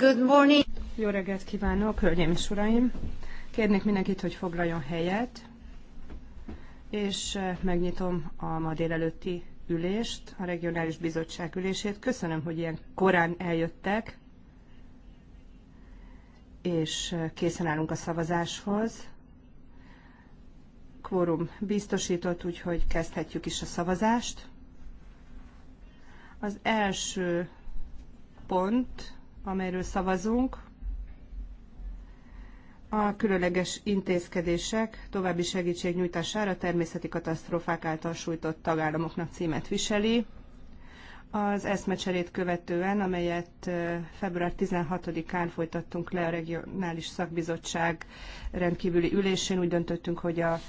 Good morning. Jó reggelt kívánok, hölgyeim és uraim! Kérnék mindenkit, hogy foglaljon helyet, és eh, megnyitom a ma délelőtti ülést, a Regionális Bizottság ülését. Köszönöm, hogy ilyen korán eljöttek, és eh, készen állunk a szavazáshoz. Kvórum biztosított, úgyhogy kezdhetjük is a szavazást. Az első pont amelyről szavazunk, a különleges intézkedések további segítségnyújtására természeti katasztrófák által sújtott tagállamoknak címet viseli. Az eszmecserét követően, amelyet február 16-án folytattunk le a regionális szakbizottság rendkívüli ülésén, úgy döntöttünk, hogy a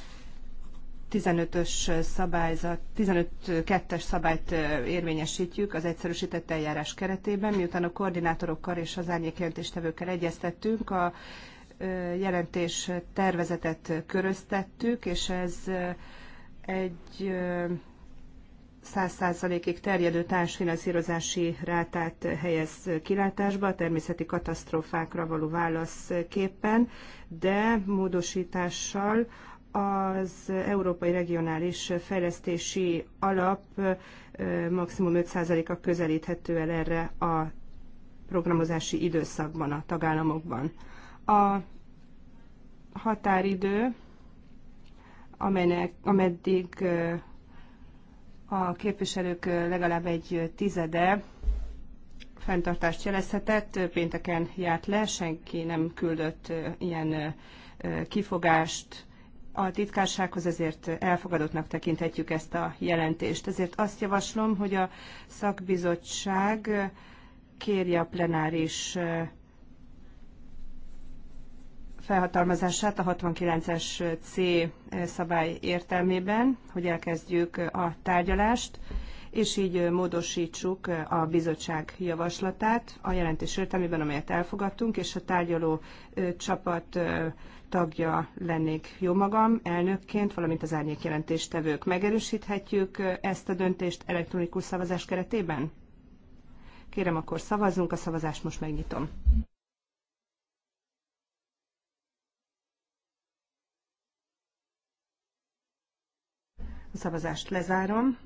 15-ös szabályzat, 15-2-es szabályt érvényesítjük az egyszerűsített eljárás keretében. Miután a koordinátorokkal és az árnyékjelentéstevőkkel egyeztettünk, a jelentés tervezetet köröztettük, és ez egy száz százalékig terjedő társfinanszírozási rátát helyez kilátásba a természeti katasztrófákra való válaszképpen, de módosítással az Európai Regionális Fejlesztési Alap maximum 5%-a közelíthető el erre a programozási időszakban a tagállamokban. A határidő, amelynek, ameddig a képviselők legalább egy tizede fenntartást jelezhetett, pénteken járt le, senki nem küldött ilyen kifogást, a titkársághoz, ezért elfogadottnak tekinthetjük ezt a jelentést. Ezért azt javaslom, hogy a szakbizottság kérje a plenáris felhatalmazását a 69-es C szabály értelmében, hogy elkezdjük a tárgyalást, és így módosítsuk a bizottság javaslatát a jelentés értelmében, amelyet elfogadtunk, és a tárgyaló csapat tagja lennék jó magam, elnökként, valamint az árnyék jelentéstevők. Megerősíthetjük ezt a döntést elektronikus szavazás keretében? Kérem, akkor szavazzunk, a szavazást most megnyitom. A szavazást lezárom,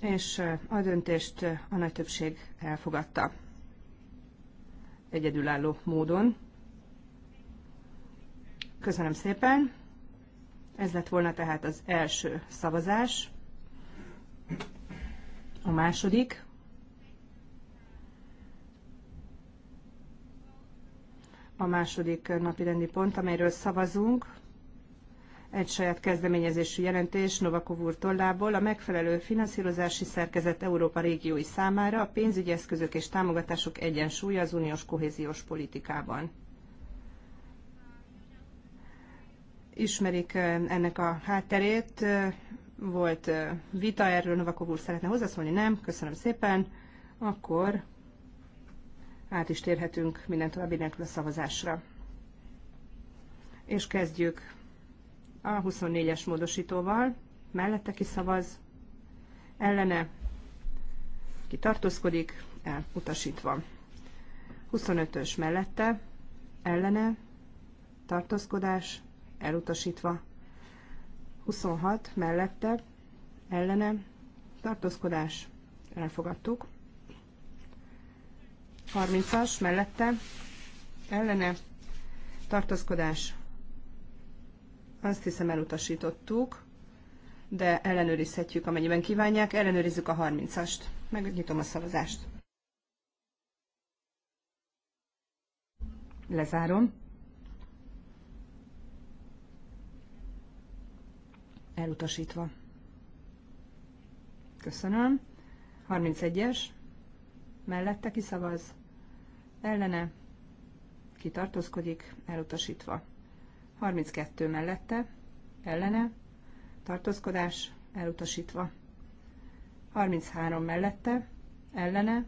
és a döntést a nagy többség elfogadta egyedülálló módon. Köszönöm szépen! Ez lett volna tehát az első szavazás. A második. A második napi rendi pont, amelyről szavazunk, egy saját kezdeményezésű jelentés Novakov úr tollából a megfelelő finanszírozási szerkezet Európa régiói számára a pénzügyi eszközök és támogatások egyensúlya az uniós kohéziós politikában. Ismerik eh, ennek a hátterét, eh, volt eh, vita erről, Novakov úr szeretne hozzászólni, nem? Köszönöm szépen. Akkor át is térhetünk minden további nélkül a szavazásra. És kezdjük a 24-es módosítóval, mellette kiszavaz, ellene kitartózkodik, elutasítva. 25-ös mellette, ellene, tartózkodás, elutasítva. 26 mellette, ellene, tartózkodás, elfogadtuk. 30-as mellette, ellene, tartózkodás, azt hiszem elutasítottuk, de ellenőrizhetjük, amennyiben kívánják. Ellenőrizzük a 30-ast. Megnyitom a szavazást. Lezárom. Elutasítva. Köszönöm. 31-es. Mellette kiszavaz. Ellene. Kitartózkodik. Elutasítva. 32 mellette, ellene, tartózkodás elutasítva. 33 mellette, ellene,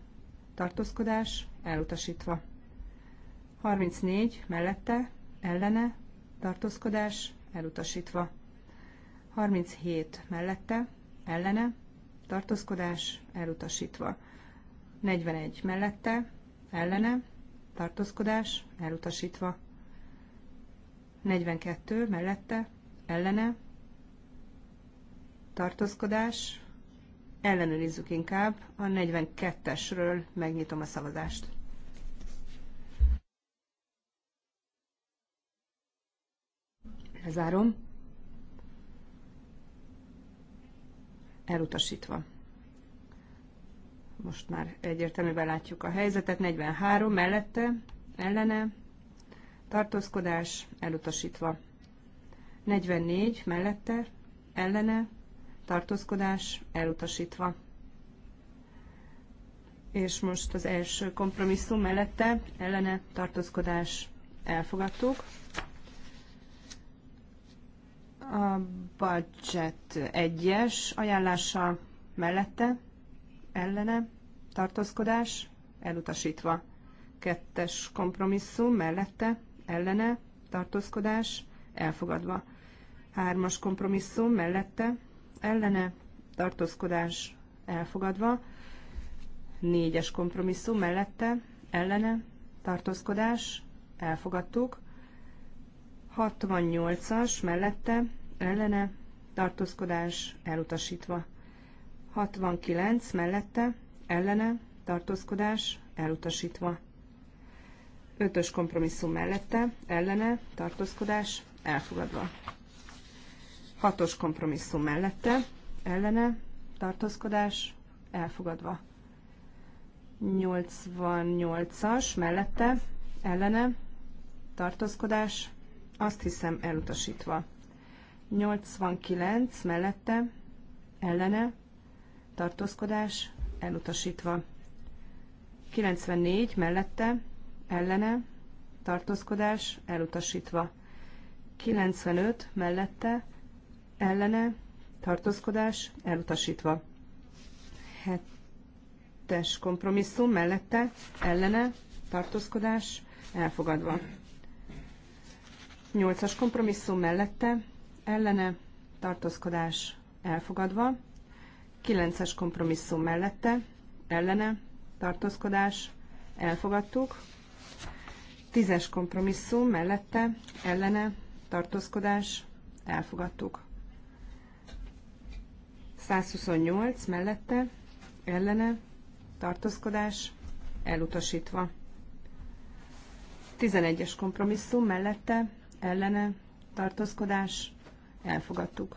tartózkodás elutasítva. 34 mellette, ellene, tartózkodás elutasítva. 37 mellette, ellene, tartózkodás elutasítva. 41 mellette, ellene, tartózkodás elutasítva. 42 mellette, ellene, tartózkodás, ellenőrizzük inkább, a 42-esről megnyitom a szavazást. Lezárom. Elutasítva. Most már egyértelműen látjuk a helyzetet. 43 mellette, ellene, tartózkodás elutasítva. 44 mellette, ellene, tartózkodás elutasítva. És most az első kompromisszum mellette, ellene, tartózkodás elfogadtuk. A budget egyes ajánlása mellette, ellene, tartózkodás elutasítva. Kettes kompromisszum mellette, ellene, tartózkodás elfogadva. Hármas kompromisszum mellette, ellene, tartózkodás elfogadva. Négyes kompromisszum mellette, ellene, tartózkodás elfogadtuk. 68-as mellette, ellene, tartózkodás elutasítva. 69 mellette, ellene, tartózkodás elutasítva. Ötös kompromisszum mellette, ellene, tartózkodás, elfogadva. Hatos kompromisszum mellette, ellene, tartózkodás, elfogadva. 88-as mellette, ellene, tartózkodás, azt hiszem elutasítva. 89 mellette, ellene, tartózkodás, elutasítva. 94 mellette, ellene, tartózkodás elutasítva. 95 mellette, ellene, tartózkodás elutasítva. 7-es kompromisszum mellette, ellene, tartózkodás elfogadva. 8-as kompromisszum mellette, ellene, tartózkodás elfogadva. 9-es kompromisszum mellette, ellene, tartózkodás elfogadtuk. Tízes kompromisszum mellette, ellene, tartózkodás, elfogadtuk. 128 mellette, ellene, tartózkodás, elutasítva. 11-es kompromisszum mellette, ellene, tartózkodás, elfogadtuk.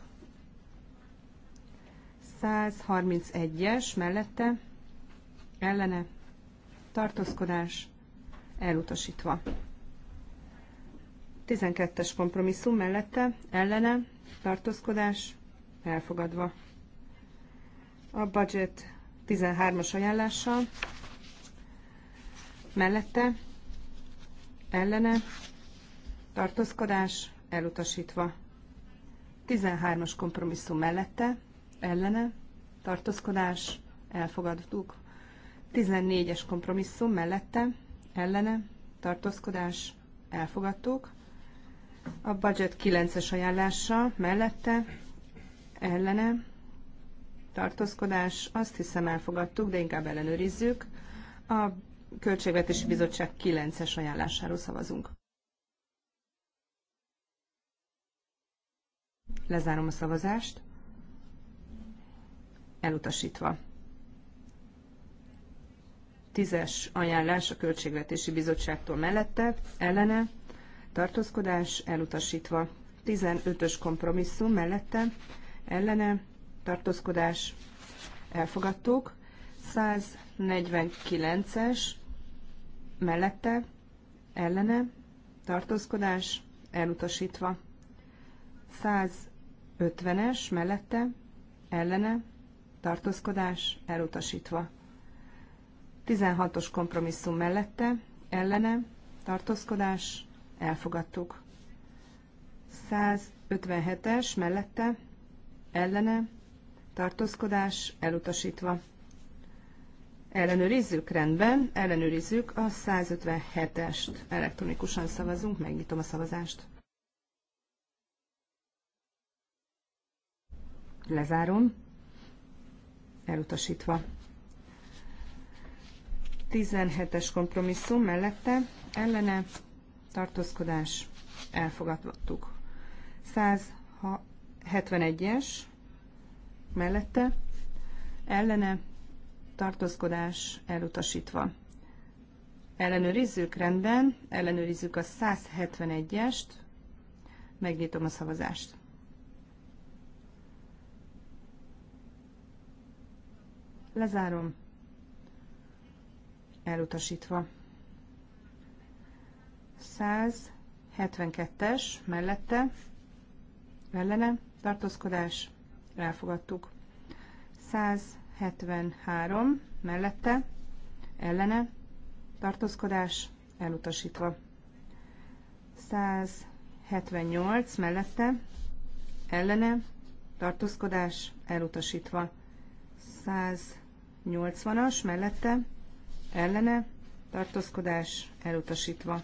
131-es mellette, ellene, tartózkodás, elutasítva. 12-es kompromisszum mellette, ellene, tartózkodás, elfogadva. A budget 13-as ajánlása mellette, ellene, tartózkodás, elutasítva. 13-as kompromisszum mellette, ellene, tartózkodás, elfogadtuk. 14-es kompromisszum mellette, ellene, tartózkodás, elfogadtuk. A budget 9-es ajánlása mellette, ellene, tartózkodás, azt hiszem elfogadtuk, de inkább ellenőrizzük. A Költségvetési Bizottság 9-es ajánlásáról szavazunk. Lezárom a szavazást. Elutasítva. Tízes ajánlás a Költségvetési Bizottságtól mellette, ellene, tartózkodás elutasítva. 15-ös kompromisszum mellette, ellene, tartózkodás elfogadtuk. 149-es mellette, ellene, tartózkodás elutasítva. 150-es mellette, ellene, tartózkodás elutasítva. 16-os kompromisszum mellette, ellene, tartózkodás, elfogadtuk. 157-es mellette, ellene, tartózkodás, elutasítva. Ellenőrizzük, rendben, ellenőrizzük a 157-est. Elektronikusan szavazunk, megnyitom a szavazást. Lezárom, elutasítva. 17-es kompromisszum mellette ellene tartózkodás elfogadtuk. 171-es mellette ellene tartózkodás elutasítva. Ellenőrizzük rendben, ellenőrizzük a 171-est, megnyitom a szavazást. Lezárom elutasítva. 172-es mellette ellene tartózkodás elfogadtuk. 173 mellette ellene tartózkodás elutasítva. 178 mellette ellene tartózkodás elutasítva. 180-as mellette ellene, tartózkodás elutasítva.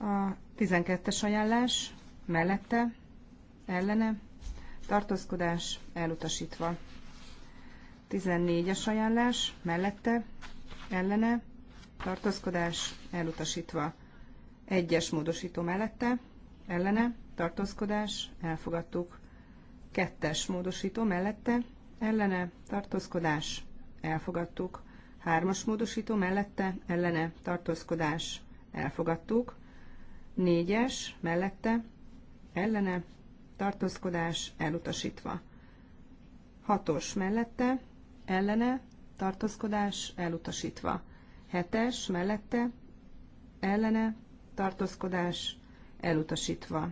A 12-es ajánlás mellette, ellene, tartózkodás elutasítva. 14-es ajánlás mellette, ellene, tartózkodás elutasítva. 1-es módosító mellette, ellene, tartózkodás elfogadtuk. 2-es módosító mellette, ellene, tartózkodás elfogadtuk. Hármas módosító mellette ellene tartózkodás elfogadtuk. Négyes mellette ellene tartózkodás elutasítva. Hatos mellette ellene tartózkodás elutasítva. Hetes mellette ellene tartózkodás elutasítva.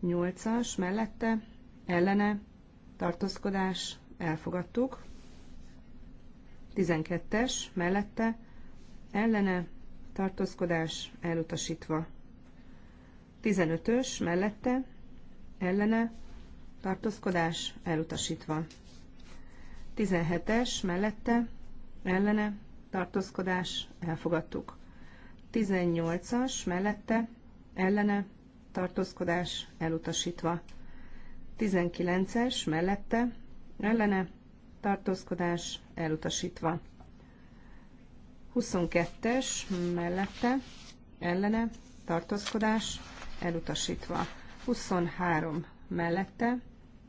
Nyolcas mellette ellene tartózkodás elfogadtuk. 12-es mellette ellene tartózkodás elutasítva. 15-ös mellette ellene tartózkodás elutasítva. 17-es mellette ellene tartózkodás elfogadtuk. 18-as mellette ellene tartózkodás elutasítva. 19-es mellette ellene tartózkodás elutasítva. 22-es mellette ellene tartózkodás elutasítva. 23 mellette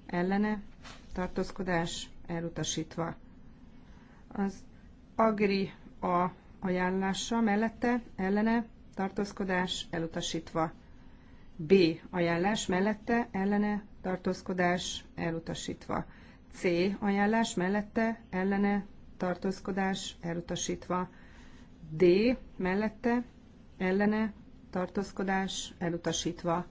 ellene tartózkodás elutasítva. Az agri a ajánlása mellette ellene tartózkodás elutasítva. B ajánlás mellette ellene tartózkodás elutasítva. C ajánlás mellette ellene tartózkodás elutasítva. D mellette ellene tartózkodás elutasítva.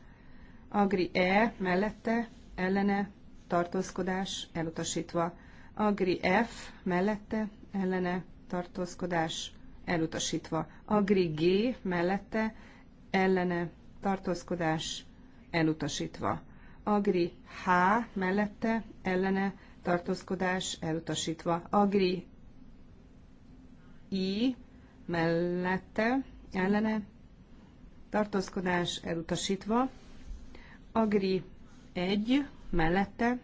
Agri E mellette ellene tartózkodás elutasítva. Agri F mellette ellene tartózkodás elutasítva. Agri G mellette ellene tartózkodás elutasítva. Agri H mellette ellene tartózkodás elutasítva. Agri I mellette ellene tartózkodás elutasítva. Agri 1 mellette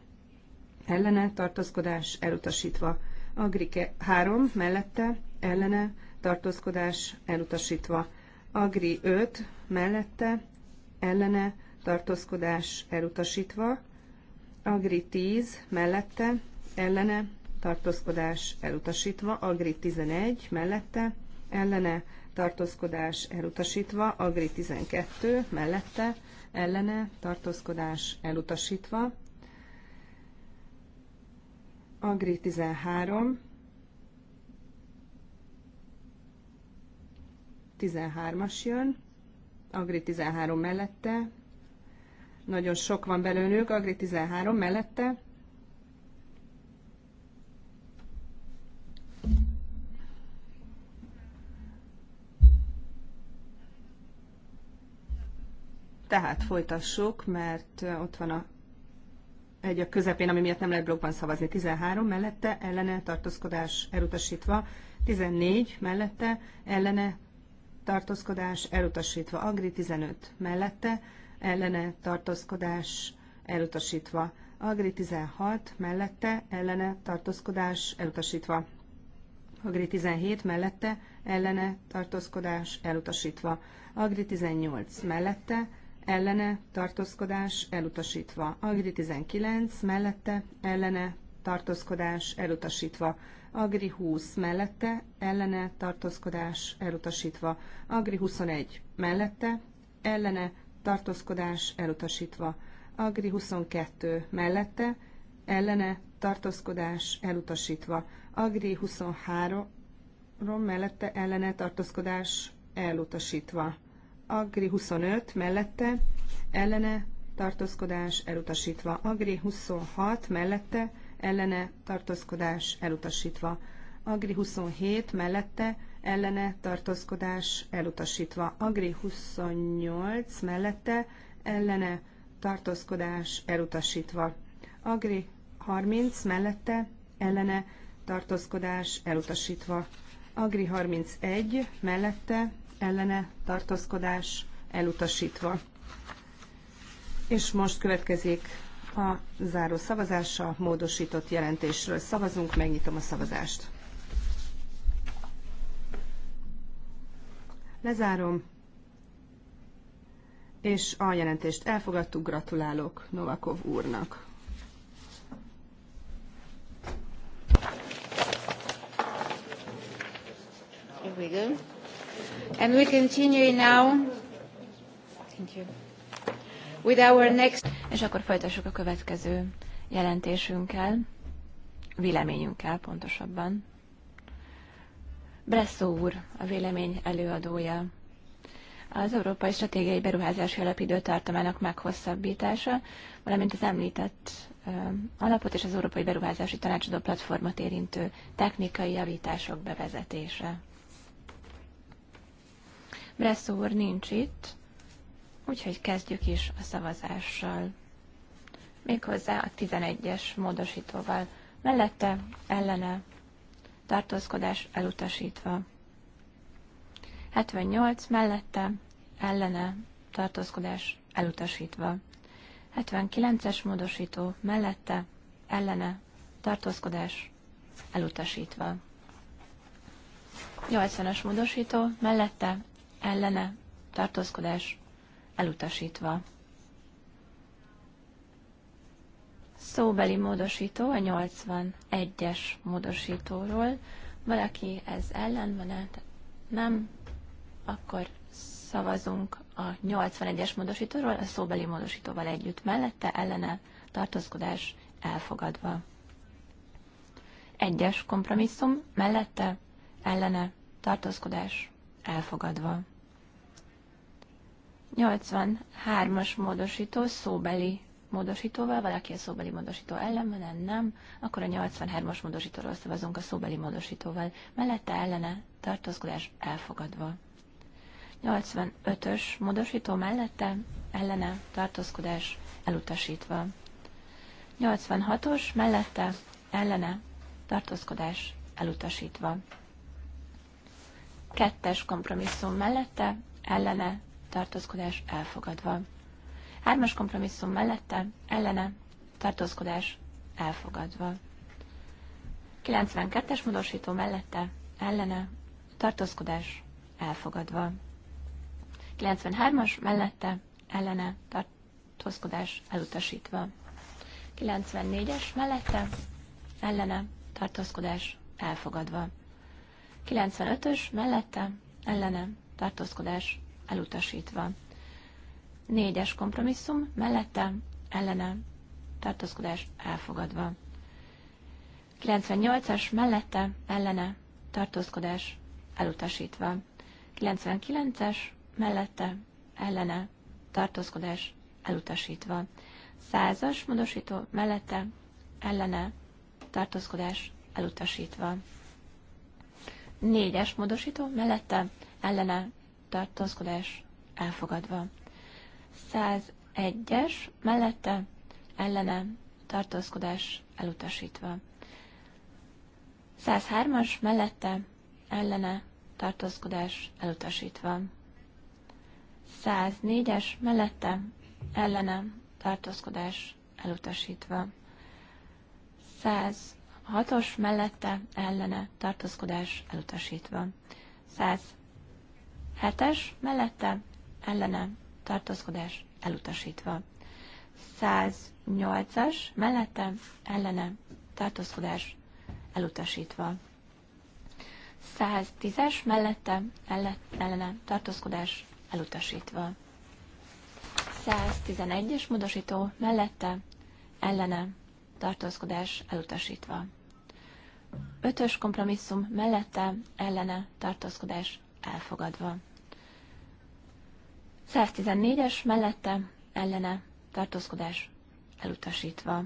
ellene tartózkodás elutasítva. Agri 3 mellette ellene tartózkodás elutasítva. Agri 5 mellette ellene tartózkodás elutasítva. Agri 10 mellette, ellene, tartózkodás elutasítva, Agri 11 mellette, ellene, tartózkodás elutasítva, Agri 12 mellette, ellene, tartózkodás elutasítva, Agri 13, 13-as jön, Agri 13 mellette, nagyon sok van belőlük, Agri 13 mellette. Tehát folytassuk, mert ott van a egy a közepén, ami miatt nem lehet blogban szavazni. 13 mellette, ellene, tartózkodás elutasítva. 14 mellette, ellene, tartózkodás elutasítva. Agri 15 mellette, ellene tartózkodás elutasítva. Agri 16 mellette ellene tartózkodás elutasítva. Agri 17 mellette ellene tartózkodás elutasítva. Agri 18 mellette ellene tartózkodás elutasítva. Agri 19 mellette ellene tartózkodás elutasítva. Agri 20 mellette ellene tartózkodás elutasítva. Agri 21 mellette ellene tartózkodás elutasítva. Agri 22 mellette, ellene tartózkodás elutasítva. Agri 23 mellette, ellene tartózkodás elutasítva. Agri 25 mellette, ellene tartózkodás elutasítva. Agri 26 mellette, ellene tartózkodás elutasítva. Agri 27 mellette, ellene tartózkodás elutasítva. Agri 28 mellette ellene tartózkodás elutasítva. Agri 30 mellette ellene tartózkodás elutasítva. Agri 31 mellette ellene tartózkodás elutasítva. És most következik a záró szavazása, módosított jelentésről szavazunk, megnyitom a szavazást. Lezárom. És a jelentést elfogadtuk, gratulálok Novakov úrnak. Here we go. And we continue now. Thank you. With our next... És akkor folytassuk a következő jelentésünkkel, véleményünkkel pontosabban. Bresszó úr, a vélemény előadója. Az Európai Stratégiai Beruházási Alapidőtartamának meghosszabbítása, valamint az említett alapot és az Európai Beruházási Tanácsadó Platformot érintő technikai javítások bevezetése. Bresszó úr nincs itt, úgyhogy kezdjük is a szavazással. Méghozzá a 11-es módosítóval. Mellette, ellene, tartózkodás elutasítva. 78 mellette, ellene, tartózkodás elutasítva. 79-es módosító mellette, ellene, tartózkodás elutasítva. 80-as módosító mellette, ellene, tartózkodás elutasítva. szóbeli módosító a 81-es módosítóról. Valaki ez ellen van-e? Nem? Akkor szavazunk a 81-es módosítóról a szóbeli módosítóval együtt. Mellette ellene tartózkodás elfogadva. Egyes kompromisszum mellette ellene tartózkodás elfogadva. 83-as módosító szóbeli módosítóval, valaki a szóbeli módosító ellen van, nem, akkor a 83-as módosítóról szavazunk a szóbeli módosítóval, mellette ellene tartózkodás elfogadva. 85-ös módosító mellette ellene tartózkodás elutasítva. 86-os mellette ellene tartózkodás elutasítva. Kettes kompromisszum mellette ellene tartózkodás elfogadva. Hármas kompromisszum mellette, ellene, tartózkodás elfogadva. 92-es módosító mellette, ellene, tartózkodás elfogadva. 93-as mellette, ellene, tartózkodás elutasítva. 94-es mellette, ellene, tartózkodás elfogadva. 95-ös mellette, ellene, tartózkodás elutasítva. Négyes kompromisszum, mellette, ellene, tartózkodás elfogadva. 98-as, mellette, ellene, tartózkodás elutasítva. 99-es, mellette, ellene, tartózkodás elutasítva. 100-as módosító, mellette, ellene, tartózkodás elutasítva. 4-es módosító, mellette, ellene, tartózkodás elfogadva. 101-es mellette ellene tartózkodás elutasítva. 103-as mellette ellene tartózkodás elutasítva. 104-es mellette ellene tartózkodás elutasítva. 106-os mellette ellene tartózkodás elutasítva. 107-es mellette ellene tartózkodás elutasítva. 108-as mellette ellene tartózkodás elutasítva. 110-es mellette ellene tartózkodás elutasítva. 111-es módosító mellette ellene tartózkodás elutasítva. 5-ös kompromisszum mellette ellene tartózkodás elfogadva. 114-es mellette ellene tartózkodás elutasítva.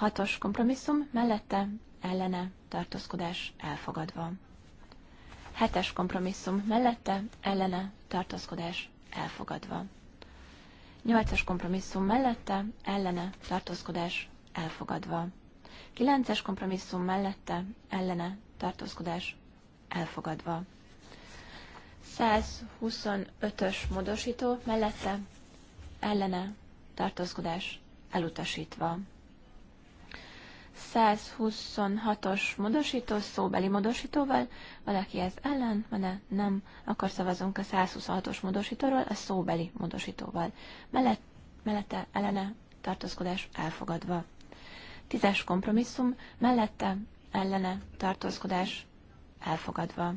6-os kompromisszum mellette ellene tartózkodás elfogadva. 7-es kompromisszum mellette ellene tartózkodás elfogadva. 8-as kompromisszum mellette ellene tartózkodás elfogadva. 9-es kompromisszum mellette ellene tartózkodás elfogadva. 125-ös módosító mellette ellene tartózkodás elutasítva. 126-os módosító szóbeli módosítóval, valaki ez ellen, van nem, akkor szavazunk a 126-os módosítóról a szóbeli módosítóval. Mellett, mellette ellene tartózkodás elfogadva. Tízes kompromisszum, mellette ellene tartózkodás elfogadva.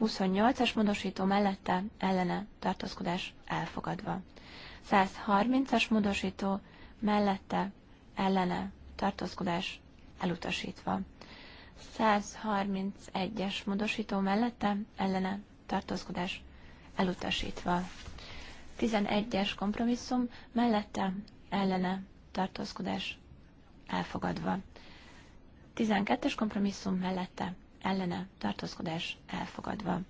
28-as módosító mellette ellene tartózkodás elfogadva. 130-as módosító mellette ellene tartózkodás elutasítva. 131-es módosító mellette ellene tartózkodás elutasítva. 11-es kompromisszum mellette ellene tartózkodás elfogadva. 12-es kompromisszum mellette ellene tartózkodás elfogadva.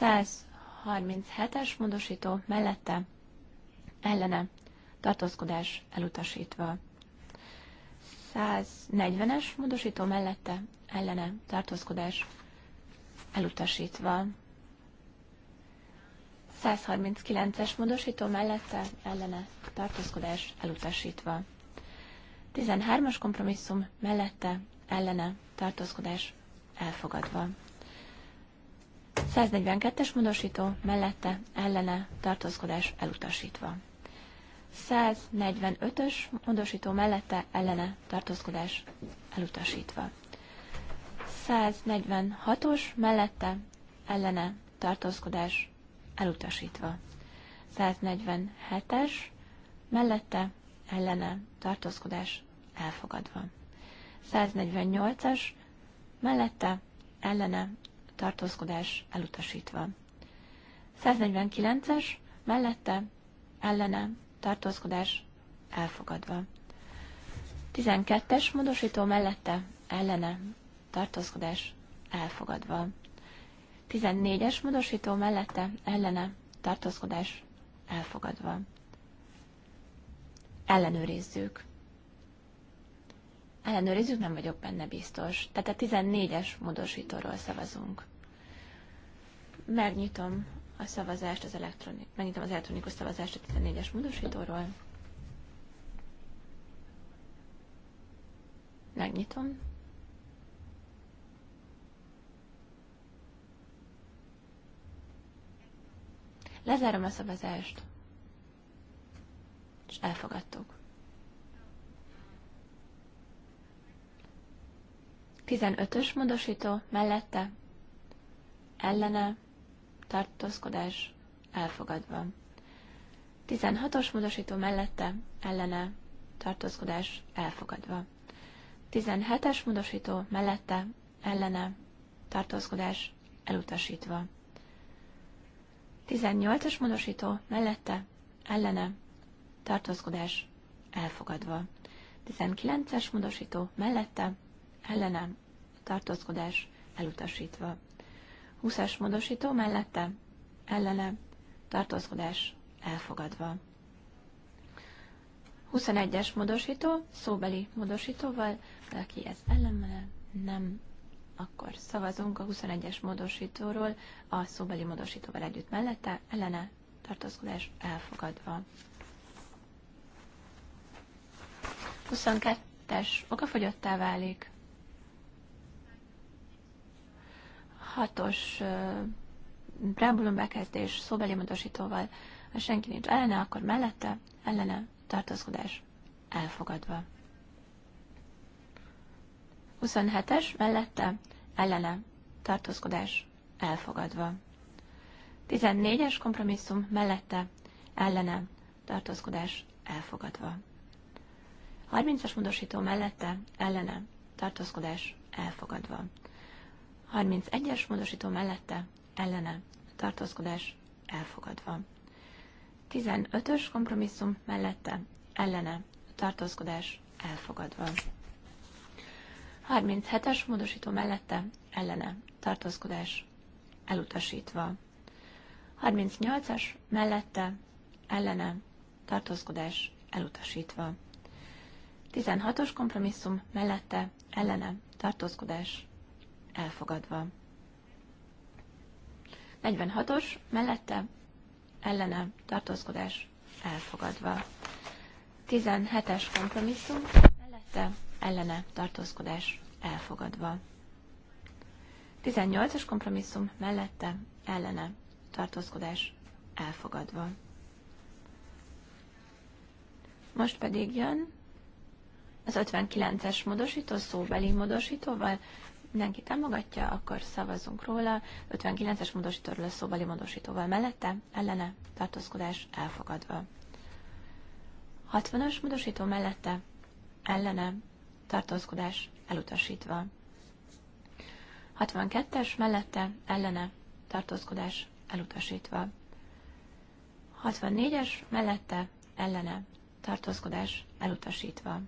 137-es módosító mellette ellene tartózkodás elutasítva. 140-es módosító mellette ellene tartózkodás elutasítva. 139-es módosító mellette ellene tartózkodás elutasítva. 13-as kompromisszum mellette ellene tartózkodás elfogadva. 142-es módosító mellette ellene tartózkodás elutasítva. 145-ös módosító mellette ellene tartózkodás elutasítva. 146-os mellette ellene tartózkodás elutasítva. 147-es mellette ellene tartózkodás elfogadva. 148-as mellette, ellene, tartózkodás elutasítva. 149-es, mellette, ellene, tartózkodás elfogadva. 12-es módosító mellette, ellene, tartózkodás elfogadva. 14-es módosító mellette, ellene, tartózkodás elfogadva. Ellenőrizzük ellenőrizzük, nem vagyok benne biztos. Tehát a 14-es módosítóról szavazunk. Megnyitom a szavazást, az elektronikus, megnyitom az elektronikus szavazást a 14-es módosítóról. Megnyitom. Lezárom a szavazást. És elfogadtuk. 15-ös módosító mellette ellene tartózkodás elfogadva. 16-os módosító mellette ellene tartózkodás elfogadva. 17-es módosító mellette ellene tartózkodás elutasítva. 18-as módosító mellette ellene tartózkodás elfogadva. 19-es módosító mellette ellenem tartózkodás elutasítva. 20 módosító mellette ellene tartózkodás elfogadva. 21-es módosító, szóbeli módosítóval, valaki ez ellenmel, nem, akkor szavazunk a 21-es módosítóról, a szóbeli módosítóval együtt mellette, ellene, tartózkodás elfogadva. 22-es okafogyottá válik. hatos preambulum bekezdés szóbeli módosítóval, ha senki nincs ellene, akkor mellette, ellene, tartózkodás elfogadva. 27-es mellette, ellene, tartózkodás elfogadva. 14-es kompromisszum mellette, ellene, tartózkodás elfogadva. 30-as módosító mellette, ellene, tartózkodás elfogadva. 31-es módosító mellette ellene tartózkodás elfogadva. 15-ös kompromisszum mellette ellene tartózkodás elfogadva. 37-es módosító mellette ellene tartózkodás elutasítva. 38-as mellette ellene tartózkodás elutasítva. 16-os kompromisszum mellette ellene tartózkodás elfogadva. 46-os mellette ellene tartózkodás elfogadva. 17-es kompromisszum mellette ellene tartózkodás elfogadva. 18-as kompromisszum mellette ellene tartózkodás elfogadva. Most pedig jön az 59-es módosító szóbeli módosítóval, Mindenki támogatja, akkor szavazunk róla. 59-es módosítóról a szóbeli módosítóval mellette, ellene, tartózkodás elfogadva. 60-as módosító mellette, ellene, tartózkodás elutasítva. 62-es mellette, ellene, tartózkodás elutasítva. 64-es mellette, ellene, tartózkodás elutasítva.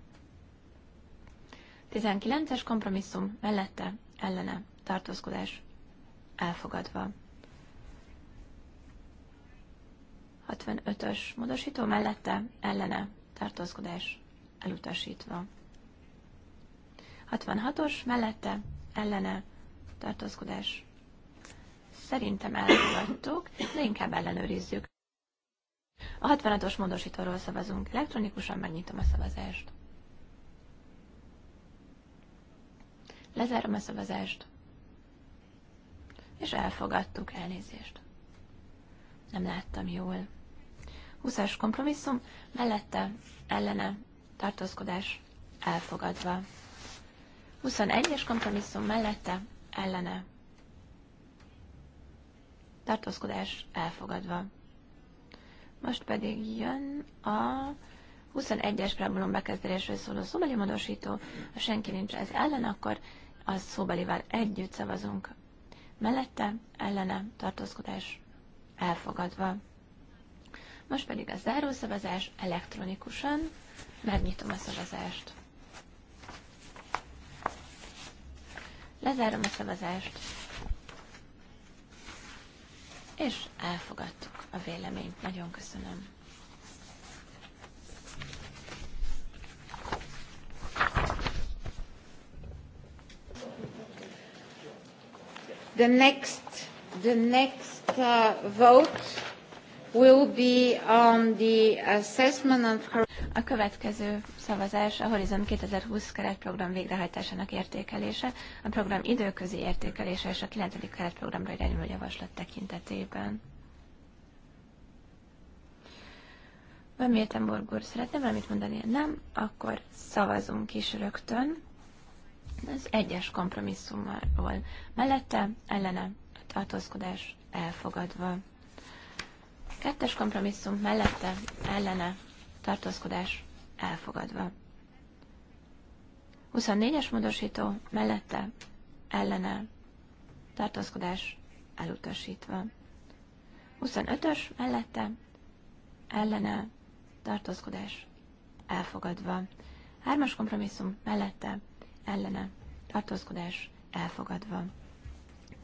19-es kompromisszum mellette ellene tartózkodás elfogadva. 65-ös módosító mellette ellene tartózkodás elutasítva. 66-os mellette ellene tartózkodás. Szerintem elfogadtuk, de inkább ellenőrizzük. A 66-os módosítóról szavazunk elektronikusan, megnyitom a szavazást. Lezárom a szavazást. És elfogadtuk elnézést. Nem láttam jól. 20-as kompromisszum, mellette, ellene, tartózkodás, elfogadva. 21-es kompromisszum mellette, ellene. Tartózkodás elfogadva. Most pedig jön a 21-es preambulum bekezdésről szóló szóbeli módosító, ha senki nincs ez ellen, akkor az szóbelivel együtt szavazunk. Mellette, ellene, tartózkodás elfogadva. Most pedig a zárószavazás elektronikusan. Megnyitom a szavazást. Lezárom a szavazást. És elfogadtuk a véleményt. Nagyon köszönöm. The next, the next uh, vote will be on the assessment of... A következő szavazás a Horizon 2020 keretprogram végrehajtásának értékelése, a program időközi értékelése és a 9. keretprogramra irányuló javaslat tekintetében. Van Miltenborg úr, szeretne valamit mondani? Nem? Akkor szavazunk is rögtön. Az egyes kompromisszumról. Mellette ellene tartózkodás elfogadva. Kettes kompromisszum mellette ellene tartózkodás elfogadva. 24-es módosító mellette ellene tartózkodás elutasítva. 25-ös mellette ellene tartózkodás elfogadva. Hármas kompromisszum mellette ellene, tartózkodás elfogadva.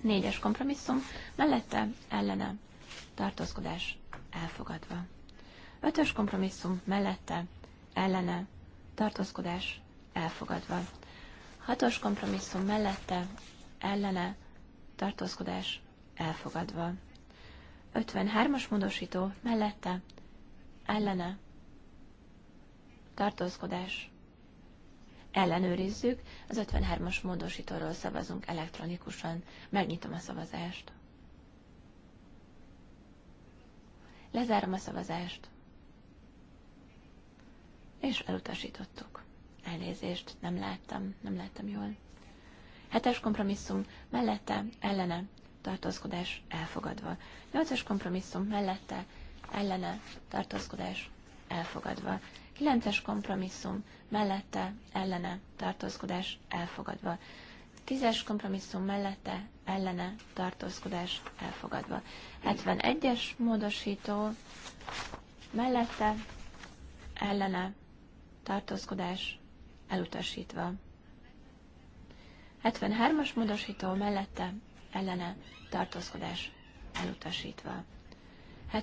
Négyes kompromisszum, mellette, ellene, tartózkodás elfogadva. Ötös kompromisszum, mellette, ellene, tartózkodás elfogadva. Hatos kompromisszum mellette, ellene, tartózkodás elfogadva. 53-as módosító mellette, ellene, tartózkodás ellenőrizzük. Az 53-as módosítóról szavazunk elektronikusan. Megnyitom a szavazást. Lezárom a szavazást. És elutasítottuk. Elnézést, nem láttam, nem láttam jól. Hetes kompromisszum mellette, ellene, tartózkodás elfogadva. Nyolcas kompromisszum mellette, ellene, tartózkodás elfogadva. kilences kompromisszum mellette, ellene, tartózkodás elfogadva. tízes kompromisszum mellette, ellene, tartózkodás elfogadva. 71-es módosító mellette, ellene, tartózkodás elutasítva. 73-as módosító mellette, ellene, tartózkodás elutasítva.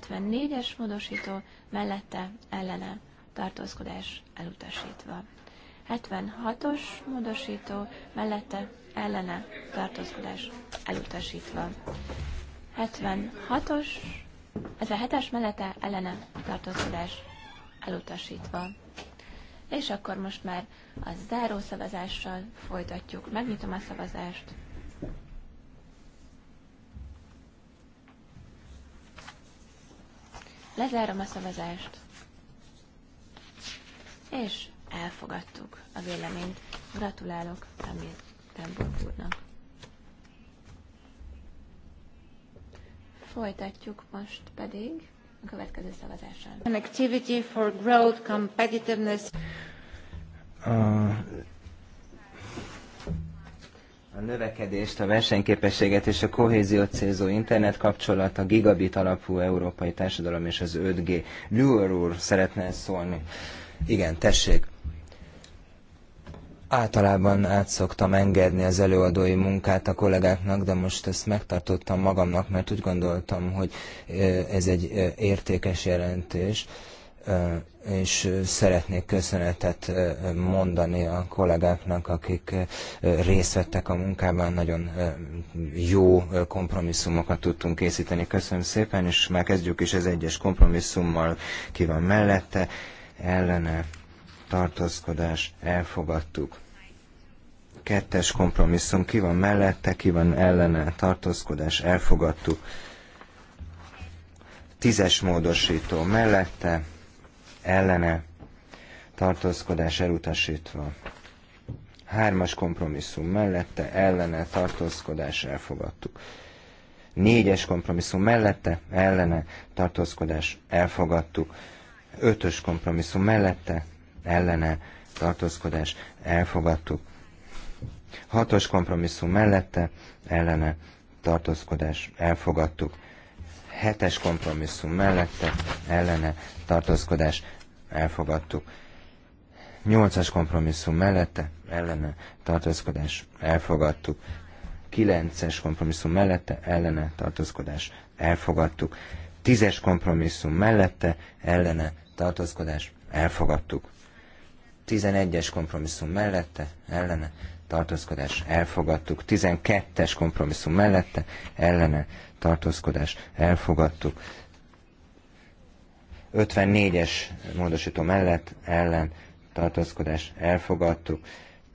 74-es módosító mellette ellene tartózkodás elutasítva. 76-os módosító mellette ellene tartózkodás elutasítva. 76-os, 77-es mellette ellene tartózkodás elutasítva. És akkor most már a záró szavazással folytatjuk. Megnyitom a szavazást. Lezárom a szavazást. És elfogadtuk a véleményt. Gratulálok Tamil Temburg úrnak. Folytatjuk most pedig a következő szavazással. An activity for growth competitiveness. A a növekedést, a versenyképességet és a kohéziót célzó internet kapcsolat, a gigabit alapú európai társadalom és az 5G. Luer úr szeretne szólni. Igen, tessék. Általában át szoktam engedni az előadói munkát a kollégáknak, de most ezt megtartottam magamnak, mert úgy gondoltam, hogy ez egy értékes jelentés és szeretnék köszönetet mondani a kollégáknak, akik részt vettek a munkában, nagyon jó kompromisszumokat tudtunk készíteni. Köszönöm szépen, és már kezdjük is az egyes kompromisszummal, ki van mellette, ellene, tartózkodás, elfogadtuk. Kettes kompromisszum, ki van mellette, ki van ellene, tartózkodás, elfogadtuk. Tízes módosító mellette, ellene tartózkodás elutasítva. Hármas kompromisszum mellette, ellene tartózkodás elfogadtuk. Négyes kompromisszum mellette, ellene tartózkodás elfogadtuk. Ötös kompromisszum mellette, ellene tartózkodás elfogadtuk. Hatos kompromisszum mellette, ellene tartózkodás elfogadtuk hetes kompromisszum mellette ellene tartózkodás elfogadtuk. Nyolcas kompromisszum mellette ellene tartózkodás elfogadtuk. Kilences kompromisszum mellette ellene tartózkodás elfogadtuk. Tízes kompromisszum mellette ellene tartózkodás elfogadtuk. Tizenegyes kompromisszum mellette ellene tartózkodás elfogadtuk. 12-es kompromisszum mellette ellene tartózkodás elfogadtuk. 54-es módosító mellett ellen tartózkodás elfogadtuk.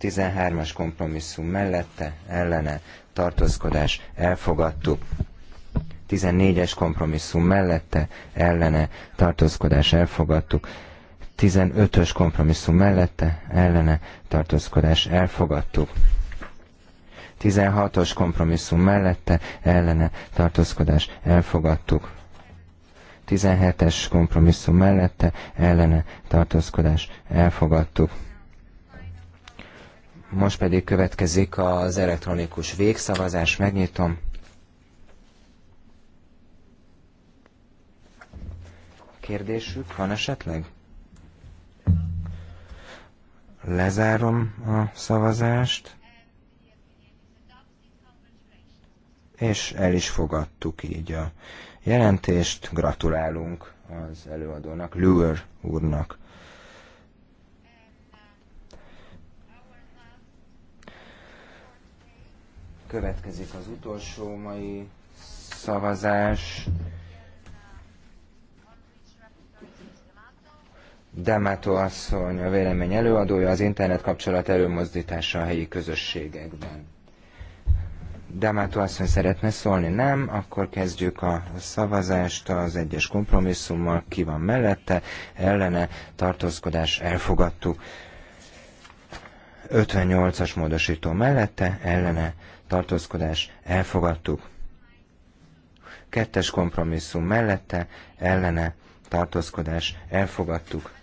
13-as kompromisszum mellette ellene tartózkodás elfogadtuk. 14-es kompromisszum mellette ellene tartózkodás elfogadtuk. 15-ös kompromisszum mellette ellene tartózkodás elfogadtuk. 16-os kompromisszum mellette ellene tartózkodás elfogadtuk. 17-es kompromisszum mellette ellene tartózkodás elfogadtuk. Most pedig következik az elektronikus végszavazás, megnyitom. Kérdésük van esetleg? Lezárom a szavazást. És el is fogadtuk így a jelentést. Gratulálunk az előadónak, Luer úrnak. Következik az utolsó mai szavazás. Demato asszony a vélemény előadója az internet kapcsolat előmozdítása a helyi közösségekben. Demato asszony szeretne szólni? Nem, akkor kezdjük a szavazást az egyes kompromisszummal, ki van mellette, ellene, tartózkodás, elfogadtuk. 58-as módosító mellette, ellene, tartózkodás, elfogadtuk. Kettes kompromisszum mellette, ellene, tartózkodás, elfogadtuk.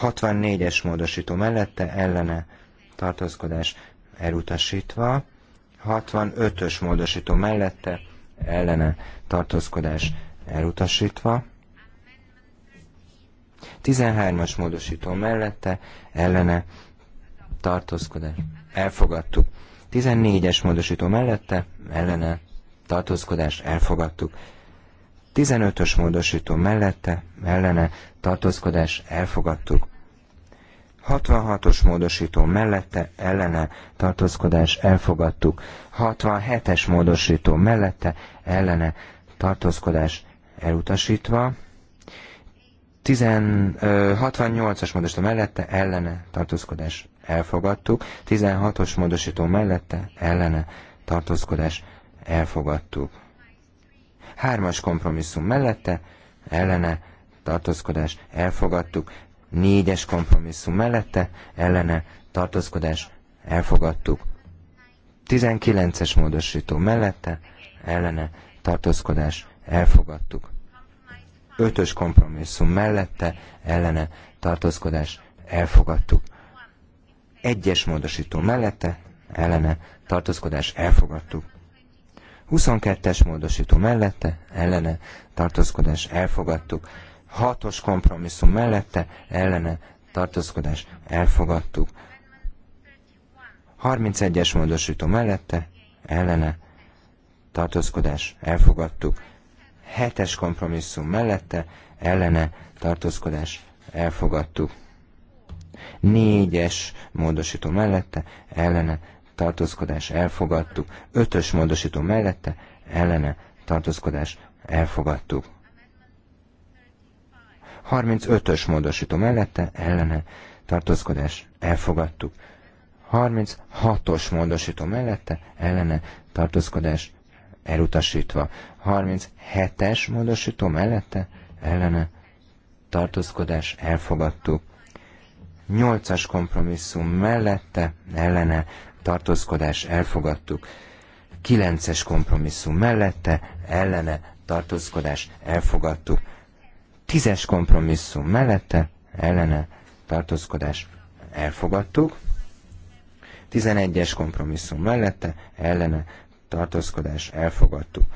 64-es módosító mellette ellene tartózkodás elutasítva, 65-ös módosító mellette ellene tartózkodás elutasítva, 13-as módosító mellette ellene tartózkodás elfogadtuk, 14-es módosító mellette ellene tartózkodás elfogadtuk, 15-ös módosító mellette, ellene, tartózkodás, elfogadtuk. 66-os módosító mellette, ellene, tartózkodás, elfogadtuk. 67-es módosító mellette, ellene, tartózkodás, elutasítva. 68-as módosító mellette, ellene, tartózkodás, elfogadtuk. 16-os módosító mellette, ellene, tartózkodás, elfogadtuk. Hármas kompromisszum mellette, ellene, tartózkodás, elfogadtuk. Négyes kompromisszum mellette, ellene, tartózkodás, elfogadtuk. 19-es módosító mellette, ellene, tartózkodás, elfogadtuk. Ötös kompromisszum mellette, ellene, tartózkodás, elfogadtuk. Egyes módosító mellette, ellene, tartózkodás, elfogadtuk 22-es módosító mellette, ellene, tartózkodás, elfogadtuk. 6-os kompromisszum mellette, ellene, tartózkodás, elfogadtuk. 31-es módosító mellette, ellene, tartózkodás, elfogadtuk. 7-es kompromisszum mellette, ellene, tartózkodás, elfogadtuk. 4-es módosító mellette, ellene, tartózkodás elfogadtuk. Ötös módosító mellette ellene tartózkodás elfogadtuk. 35-ös módosító mellette ellene tartózkodás elfogadtuk. 36-os módosító mellette ellene tartózkodás elutasítva. 37-es módosító mellette ellene tartózkodás elfogadtuk. 8-as kompromisszum mellette ellene tartózkodás elfogadtuk. Kilences kompromisszum mellette, ellene, tartózkodás elfogadtuk. Tízes kompromisszum mellette, ellene, tartózkodás elfogadtuk. Tizenegyes kompromisszum mellette, ellene, tartózkodás elfogadtuk.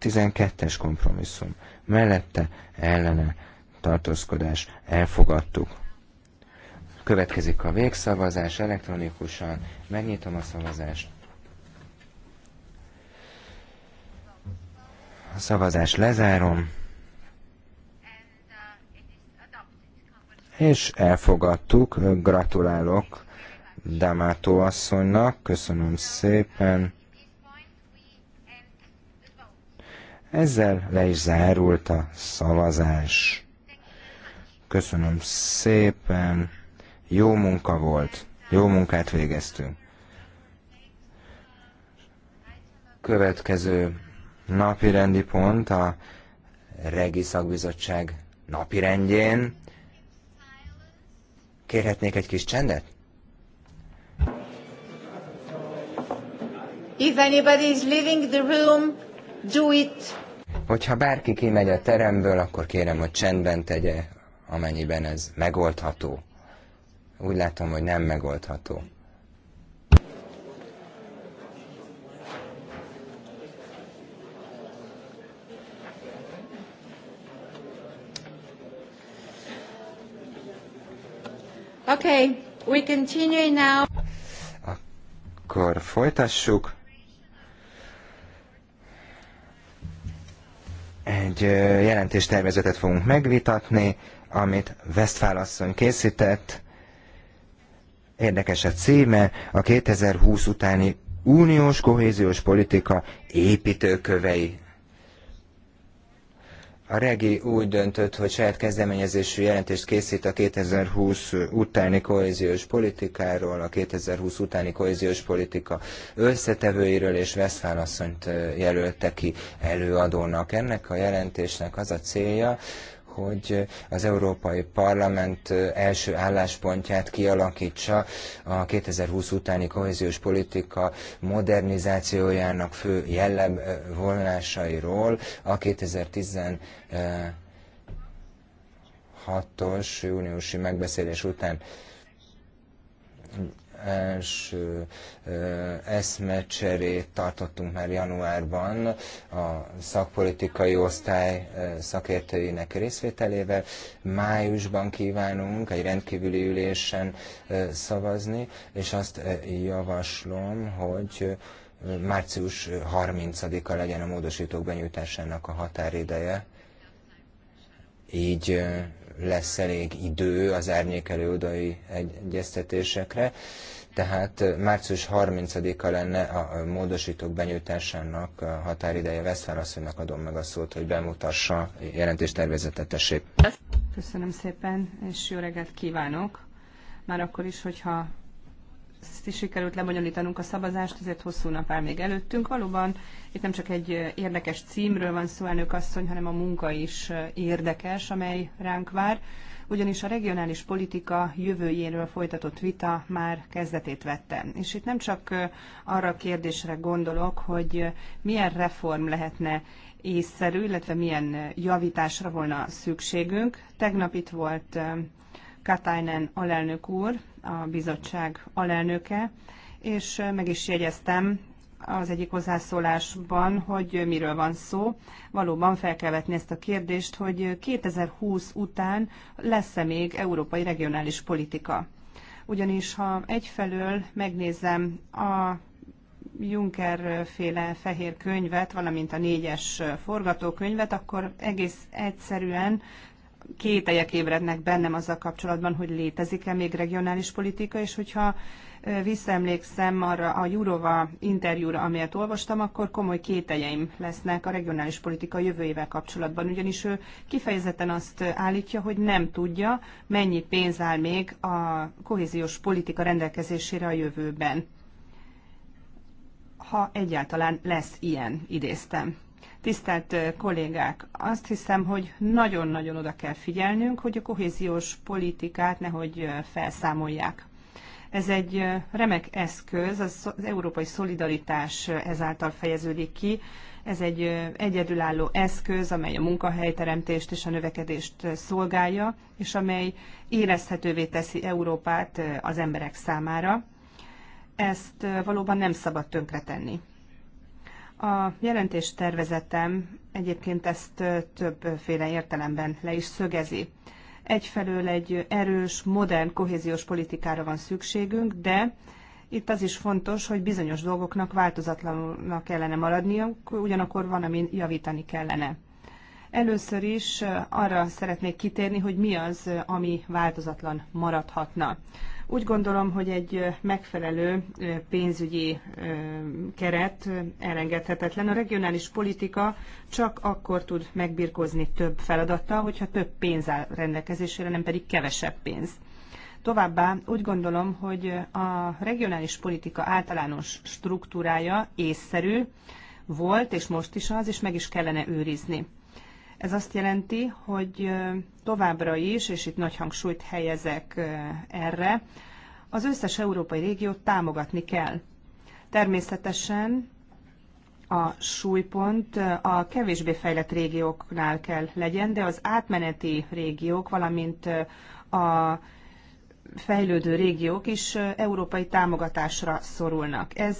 12-es kompromisszum mellette, ellene, tartózkodás elfogadtuk. Következik a végszavazás elektronikusan. Megnyitom a szavazást. A szavazás lezárom. És elfogadtuk. Gratulálok Damato asszonynak. Köszönöm szépen. Ezzel le is zárult a szavazás. Köszönöm szépen. Jó munka volt, jó munkát végeztünk. Következő napi rendi pont a Regi Szakbizottság napi rendjén. Kérhetnék egy kis csendet? If anybody is leaving the room, do it. Hogyha bárki kimegy a teremből, akkor kérem, hogy csendben tegye, amennyiben ez megoldható úgy látom, hogy nem megoldható. Okay, we continue now. Akkor folytassuk. Egy jelentéstervezetet fogunk megvitatni, amit Westphal asszony készített Érdekes a címe, a 2020 utáni uniós kohéziós politika építőkövei. A regi úgy döntött, hogy saját kezdeményezésű jelentést készít a 2020 utáni kohéziós politikáról, a 2020 utáni kohéziós politika összetevőiről, és Veszfálasszonyt jelölte ki előadónak. Ennek a jelentésnek az a célja, hogy az Európai Parlament első álláspontját kialakítsa a 2020 utáni kohéziós politika modernizációjának fő jellem vonásairól a 2016. os júniusi megbeszélés után első eszmecserét tartottunk már januárban a szakpolitikai osztály szakértőinek részvételével. Májusban kívánunk egy rendkívüli ülésen szavazni, és azt javaslom, hogy március 30-a legyen a módosítók benyújtásának a határideje. Így lesz elég idő az árnyék előadói egyeztetésekre, tehát március 30-a lenne a módosítók benyújtásának a határideje. Veszfár asszonynak adom meg a szót, hogy bemutassa jelentéstervezetet, tessék. Köszönöm szépen, és jó reggelt kívánok! Már akkor is, hogyha is sikerült lebonyolítanunk a szavazást, ezért hosszú nap áll még előttünk. Valóban itt nem csak egy érdekes címről van szó, elnök asszony, hanem a munka is érdekes, amely ránk vár, ugyanis a regionális politika jövőjéről folytatott vita már kezdetét vette. És itt nem csak arra a kérdésre gondolok, hogy milyen reform lehetne észszerű, illetve milyen javításra volna szükségünk. Tegnap itt volt Katainen alelnök úr, a bizottság alelnöke, és meg is jegyeztem az egyik hozzászólásban, hogy miről van szó. Valóban fel kell vetni ezt a kérdést, hogy 2020 után lesz-e még európai regionális politika. Ugyanis ha egyfelől megnézem a Juncker féle fehér könyvet, valamint a négyes forgatókönyvet, akkor egész egyszerűen kételyek ébrednek bennem azzal kapcsolatban, hogy létezik-e még regionális politika, és hogyha visszaemlékszem arra a Jurova interjúra, amelyet olvastam, akkor komoly kételjeim lesznek a regionális politika jövőjével kapcsolatban, ugyanis ő kifejezetten azt állítja, hogy nem tudja, mennyi pénz áll még a kohéziós politika rendelkezésére a jövőben. Ha egyáltalán lesz ilyen, idéztem. Tisztelt kollégák, azt hiszem, hogy nagyon-nagyon oda kell figyelnünk, hogy a kohéziós politikát nehogy felszámolják. Ez egy remek eszköz, az, európai szolidaritás ezáltal fejeződik ki. Ez egy egyedülálló eszköz, amely a munkahelyteremtést és a növekedést szolgálja, és amely érezhetővé teszi Európát az emberek számára. Ezt valóban nem szabad tönkretenni. A jelentés tervezetem egyébként ezt többféle értelemben le is szögezi. Egyfelől egy erős, modern kohéziós politikára van szükségünk, de itt az is fontos, hogy bizonyos dolgoknak változatlanulnak kellene maradniuk, ugyanakkor van, amin javítani kellene. Először is arra szeretnék kitérni, hogy mi az, ami változatlan maradhatna. Úgy gondolom, hogy egy megfelelő pénzügyi keret elengedhetetlen. A regionális politika csak akkor tud megbirkózni több feladattal, hogyha több pénz áll rendelkezésére, nem pedig kevesebb pénz. Továbbá úgy gondolom, hogy a regionális politika általános struktúrája észszerű volt, és most is az, és meg is kellene őrizni. Ez azt jelenti, hogy továbbra is, és itt nagy hangsúlyt helyezek erre, az összes európai régiót támogatni kell. Természetesen a súlypont a kevésbé fejlett régióknál kell legyen, de az átmeneti régiók, valamint a fejlődő régiók is európai támogatásra szorulnak. Ez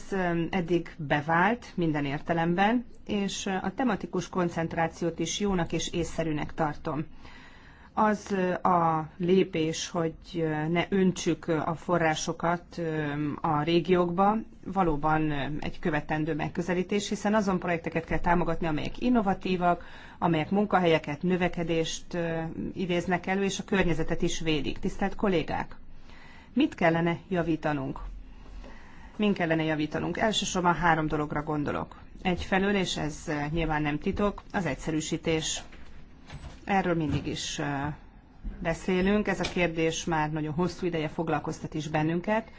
eddig bevált minden értelemben, és a tematikus koncentrációt is jónak és észszerűnek tartom az a lépés, hogy ne öntsük a forrásokat a régiókba, valóban egy követendő megközelítés, hiszen azon projekteket kell támogatni, amelyek innovatívak, amelyek munkahelyeket, növekedést idéznek elő, és a környezetet is védik. Tisztelt kollégák! Mit kellene javítanunk? Min kellene javítanunk? Elsősorban három dologra gondolok. Egyfelől, és ez nyilván nem titok, az egyszerűsítés Erről mindig is beszélünk, ez a kérdés már nagyon hosszú ideje foglalkoztat is bennünket.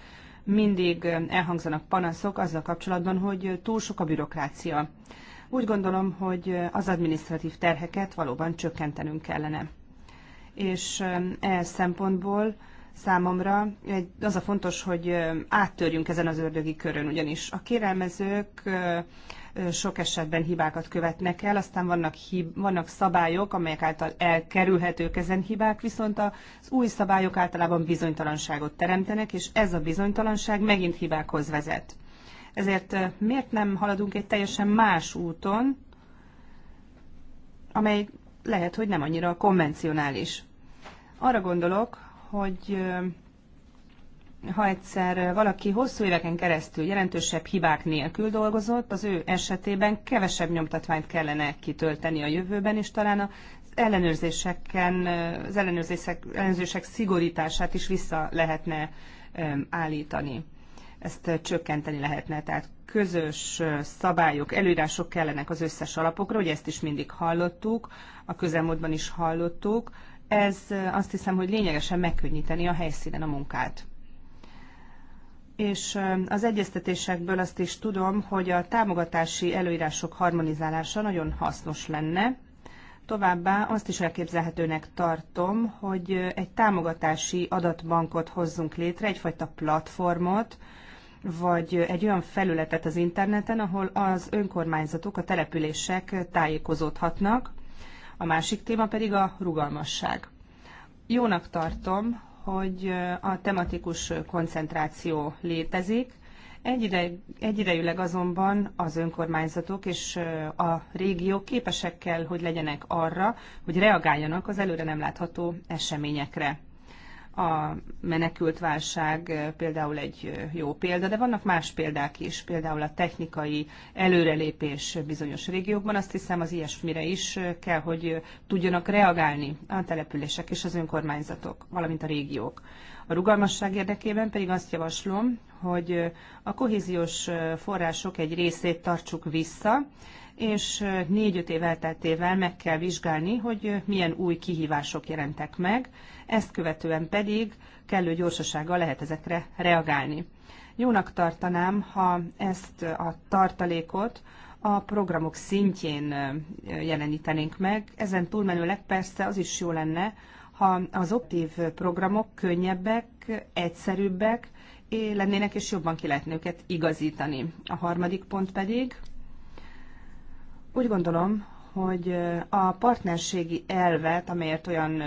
Mindig elhangzanak panaszok azzal kapcsolatban, hogy túl sok a bürokrácia. Úgy gondolom, hogy az administratív terheket valóban csökkentenünk kellene. És ehhez szempontból számomra az a fontos, hogy áttörjünk ezen az ördögi körön, ugyanis a kérelmezők sok esetben hibákat követnek el, aztán vannak, hib- vannak szabályok, amelyek által elkerülhetők ezen hibák, viszont az új szabályok általában bizonytalanságot teremtenek, és ez a bizonytalanság megint hibákhoz vezet. Ezért miért nem haladunk egy teljesen más úton, amely lehet, hogy nem annyira konvencionális. Arra gondolok, hogy ha egyszer valaki hosszú éveken keresztül jelentősebb hibák nélkül dolgozott, az ő esetében kevesebb nyomtatványt kellene kitölteni a jövőben, és talán az ellenőrzéseken, az ellenőrzések, ellenőrzések szigorítását is vissza lehetne állítani. Ezt csökkenteni lehetne, tehát közös szabályok, előírások kellenek az összes alapokra, hogy ezt is mindig hallottuk, a közelmúltban is hallottuk, ez azt hiszem, hogy lényegesen megkönnyíteni a helyszínen a munkát és az egyeztetésekből azt is tudom, hogy a támogatási előírások harmonizálása nagyon hasznos lenne. Továbbá azt is elképzelhetőnek tartom, hogy egy támogatási adatbankot hozzunk létre, egyfajta platformot, vagy egy olyan felületet az interneten, ahol az önkormányzatok, a települések tájékozódhatnak. A másik téma pedig a rugalmasság. Jónak tartom, hogy a tematikus koncentráció létezik, Egyide, egyidejűleg azonban az önkormányzatok és a régiók képesek kell, hogy legyenek arra, hogy reagáljanak az előre nem látható eseményekre. A menekült válság például egy jó példa, de vannak más példák is, például a technikai előrelépés bizonyos régiókban. Azt hiszem az ilyesmire is kell, hogy tudjanak reagálni a települések és az önkormányzatok, valamint a régiók. A rugalmasság érdekében pedig azt javaslom, hogy a kohéziós források egy részét tartsuk vissza, és négy-öt év elteltével meg kell vizsgálni, hogy milyen új kihívások jelentek meg, ezt követően pedig kellő gyorsasággal lehet ezekre reagálni. Jónak tartanám, ha ezt a tartalékot a programok szintjén jelenítenénk meg, ezen túlmenőleg persze az is jó lenne, ha az optív programok könnyebbek, egyszerűbbek lennének, és jobban ki lehetne őket igazítani. A harmadik pont pedig, úgy gondolom, hogy a partnerségi elvet, amelyet olyan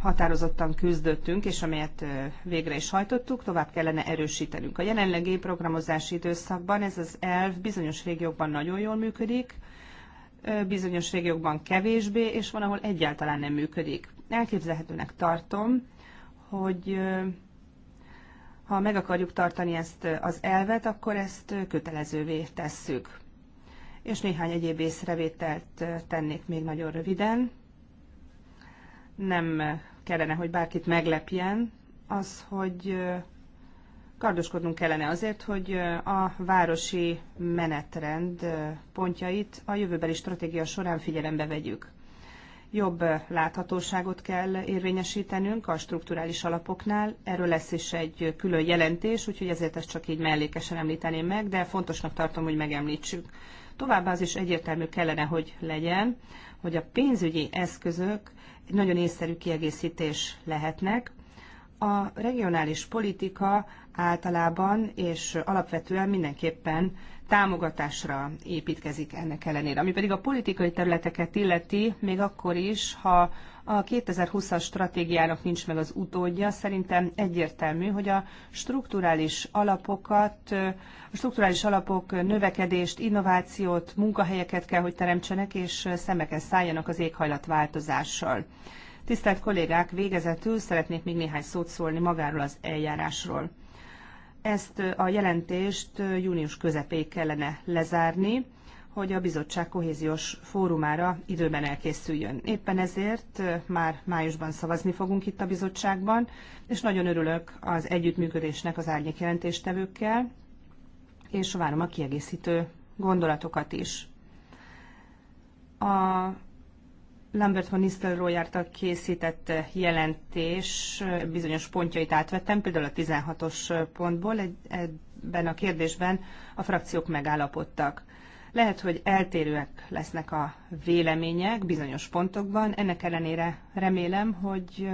határozottan küzdöttünk, és amelyet végre is hajtottuk, tovább kellene erősítenünk. A jelenlegi programozási időszakban ez az elv bizonyos régiókban nagyon jól működik, bizonyos régiókban kevésbé, és van, ahol egyáltalán nem működik. Elképzelhetőnek tartom, hogy ha meg akarjuk tartani ezt az elvet, akkor ezt kötelezővé tesszük és néhány egyéb észrevételt tennék még nagyon röviden. Nem kellene, hogy bárkit meglepjen az, hogy kardoskodnunk kellene azért, hogy a városi menetrend pontjait a jövőbeli stratégia során figyelembe vegyük. Jobb láthatóságot kell érvényesítenünk a strukturális alapoknál, erről lesz is egy külön jelentés, úgyhogy ezért ezt csak így mellékesen említeném meg, de fontosnak tartom, hogy megemlítsük. Továbbá az is egyértelmű kellene, hogy legyen, hogy a pénzügyi eszközök egy nagyon észszerű kiegészítés lehetnek. A regionális politika általában és alapvetően mindenképpen támogatásra építkezik ennek ellenére. Ami pedig a politikai területeket illeti, még akkor is, ha a 2020-as stratégiának nincs meg az utódja. Szerintem egyértelmű, hogy a strukturális alapokat, a strukturális alapok növekedést, innovációt, munkahelyeket kell, hogy teremtsenek, és szemeken szálljanak az éghajlatváltozással. Tisztelt kollégák, végezetül szeretnék még néhány szót szólni magáról az eljárásról. Ezt a jelentést június közepéig kellene lezárni hogy a bizottság kohéziós fórumára időben elkészüljön. Éppen ezért már májusban szavazni fogunk itt a bizottságban, és nagyon örülök az együttműködésnek az árnyék jelentéstevőkkel, és várom a kiegészítő gondolatokat is. A Lambert von Nistelrooy által készített jelentés bizonyos pontjait átvettem, például a 16-os pontból, ebben a kérdésben a frakciók megállapodtak. Lehet, hogy eltérőek lesznek a vélemények bizonyos pontokban, ennek ellenére remélem, hogy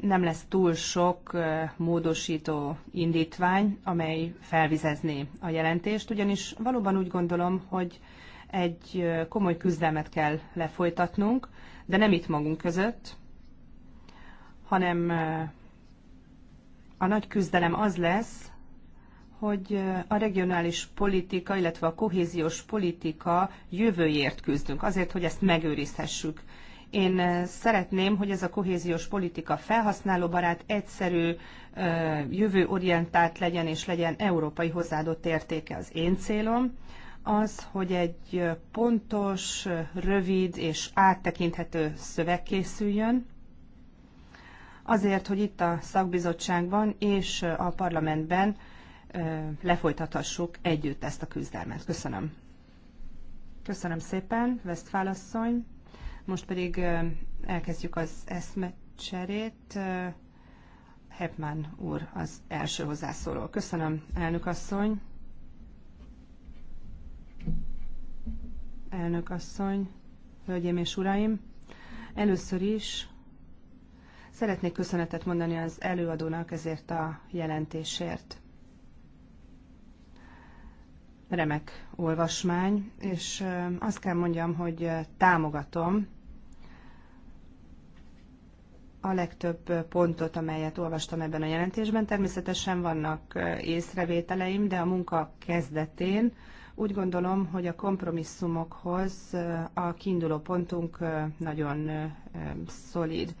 nem lesz túl sok módosító indítvány, amely felvizezné a jelentést, ugyanis valóban úgy gondolom, hogy egy komoly küzdelmet kell lefolytatnunk, de nem itt magunk között, hanem a nagy küzdelem az lesz, hogy a regionális politika, illetve a kohéziós politika jövőért küzdünk, azért, hogy ezt megőrizhessük. Én szeretném, hogy ez a kohéziós politika felhasználóbarát, egyszerű, jövőorientált legyen, és legyen európai hozzáadott értéke az én célom. Az, hogy egy pontos, rövid és áttekinthető szöveg készüljön, azért, hogy itt a szakbizottságban és a parlamentben lefolytathassuk együtt ezt a küzdelmet. Köszönöm. Köszönöm szépen, Vesztfálasszony. Most pedig elkezdjük az eszmecserét. Hepman úr az első hozzászóló. Köszönöm, elnök asszony. Elnök asszony, hölgyeim és uraim. Először is szeretnék köszönetet mondani az előadónak ezért a jelentésért remek olvasmány, és azt kell mondjam, hogy támogatom a legtöbb pontot, amelyet olvastam ebben a jelentésben. Természetesen vannak észrevételeim, de a munka kezdetén úgy gondolom, hogy a kompromisszumokhoz a kiinduló pontunk nagyon szolid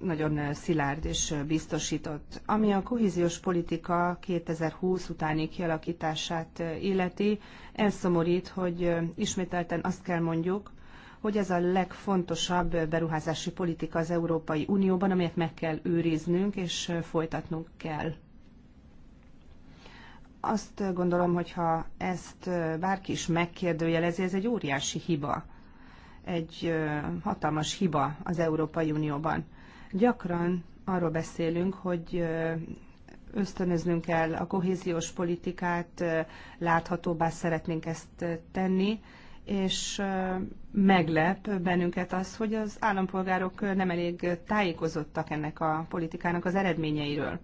nagyon szilárd és biztosított. Ami a kohéziós politika 2020 utáni kialakítását illeti, elszomorít, hogy ismételten azt kell mondjuk, hogy ez a legfontosabb beruházási politika az Európai Unióban, amelyet meg kell őriznünk és folytatnunk kell. Azt gondolom, hogy ha ezt bárki is megkérdőjelezi, ez egy óriási hiba, egy hatalmas hiba az Európai Unióban. Gyakran arról beszélünk, hogy ösztönöznünk kell a kohéziós politikát, láthatóbbá szeretnénk ezt tenni, és meglep bennünket az, hogy az állampolgárok nem elég tájékozottak ennek a politikának az eredményeiről.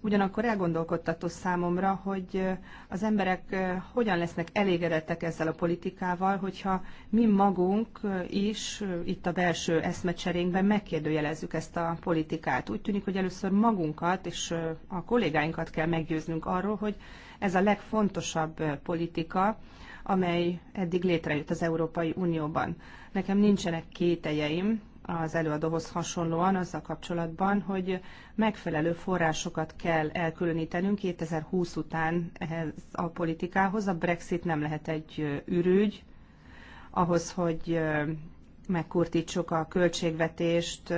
Ugyanakkor elgondolkodtató számomra, hogy az emberek hogyan lesznek elégedettek ezzel a politikával, hogyha mi magunk is itt a belső eszmecserénkben megkérdőjelezzük ezt a politikát. Úgy tűnik, hogy először magunkat és a kollégáinkat kell meggyőznünk arról, hogy ez a legfontosabb politika, amely eddig létrejött az Európai Unióban. Nekem nincsenek kételjeim az előadóhoz hasonlóan azzal kapcsolatban, hogy megfelelő forrásokat kell elkülönítenünk 2020 után ehhez a politikához. A Brexit nem lehet egy ürügy ahhoz, hogy megkurtítsuk a költségvetést,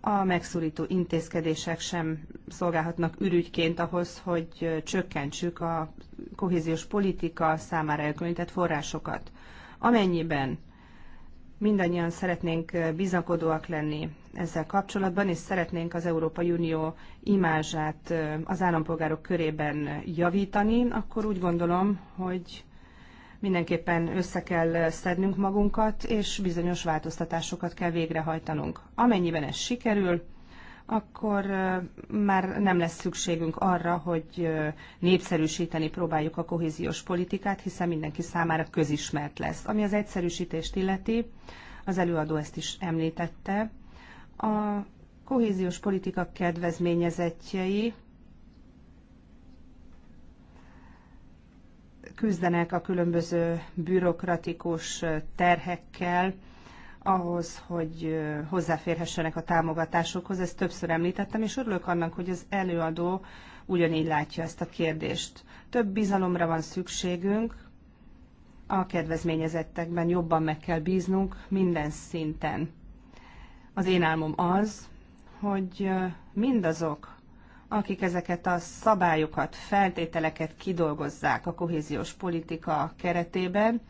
a megszorító intézkedések sem szolgálhatnak ürügyként ahhoz, hogy csökkentsük a kohéziós politika számára elkülönített forrásokat. Amennyiben mindannyian szeretnénk bizakodóak lenni ezzel kapcsolatban, és szeretnénk az Európai Unió imázsát az állampolgárok körében javítani, akkor úgy gondolom, hogy mindenképpen össze kell szednünk magunkat, és bizonyos változtatásokat kell végrehajtanunk. Amennyiben ez sikerül, akkor már nem lesz szükségünk arra, hogy népszerűsíteni próbáljuk a kohéziós politikát, hiszen mindenki számára közismert lesz. Ami az egyszerűsítést illeti, az előadó ezt is említette, a kohéziós politika kedvezményezettjei küzdenek a különböző bürokratikus terhekkel, ahhoz, hogy hozzáférhessenek a támogatásokhoz. Ezt többször említettem, és örülök annak, hogy az előadó ugyanígy látja ezt a kérdést. Több bizalomra van szükségünk, a kedvezményezettekben jobban meg kell bíznunk minden szinten. Az én álmom az, hogy mindazok, akik ezeket a szabályokat, feltételeket kidolgozzák a kohéziós politika keretében,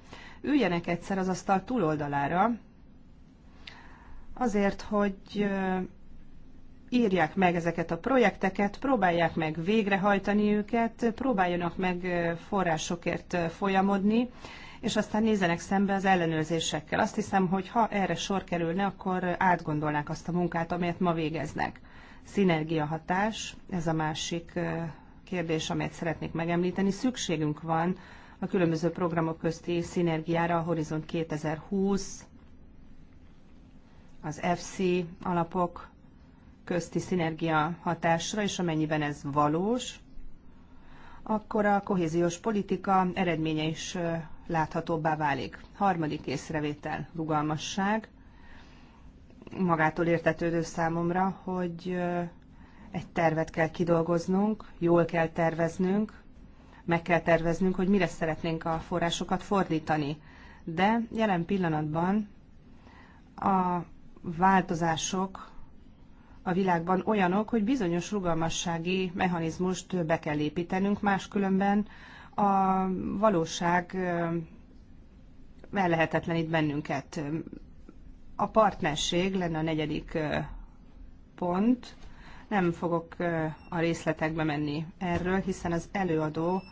üljenek egyszer az asztal túloldalára, azért, hogy írják meg ezeket a projekteket, próbálják meg végrehajtani őket, próbáljanak meg forrásokért folyamodni, és aztán nézenek szembe az ellenőrzésekkel. Azt hiszem, hogy ha erre sor kerülne, akkor átgondolnák azt a munkát, amelyet ma végeznek. Szinergiahatás, ez a másik kérdés, amelyet szeretnék megemlíteni. Szükségünk van a különböző programok közti szinergiára a Horizont 2020 az FC alapok közti szinergia hatásra, és amennyiben ez valós, akkor a kohéziós politika eredménye is láthatóbbá válik. Harmadik észrevétel, rugalmasság. Magától értetődő számomra, hogy egy tervet kell kidolgoznunk, jól kell terveznünk, meg kell terveznünk, hogy mire szeretnénk a forrásokat fordítani. De jelen pillanatban a változások a világban olyanok, hogy bizonyos rugalmassági mechanizmust be kell építenünk, máskülönben a valóság eh, ellehetetlenít bennünket. A partnerség lenne a negyedik eh, pont. Nem fogok eh, a részletekbe menni erről, hiszen az előadó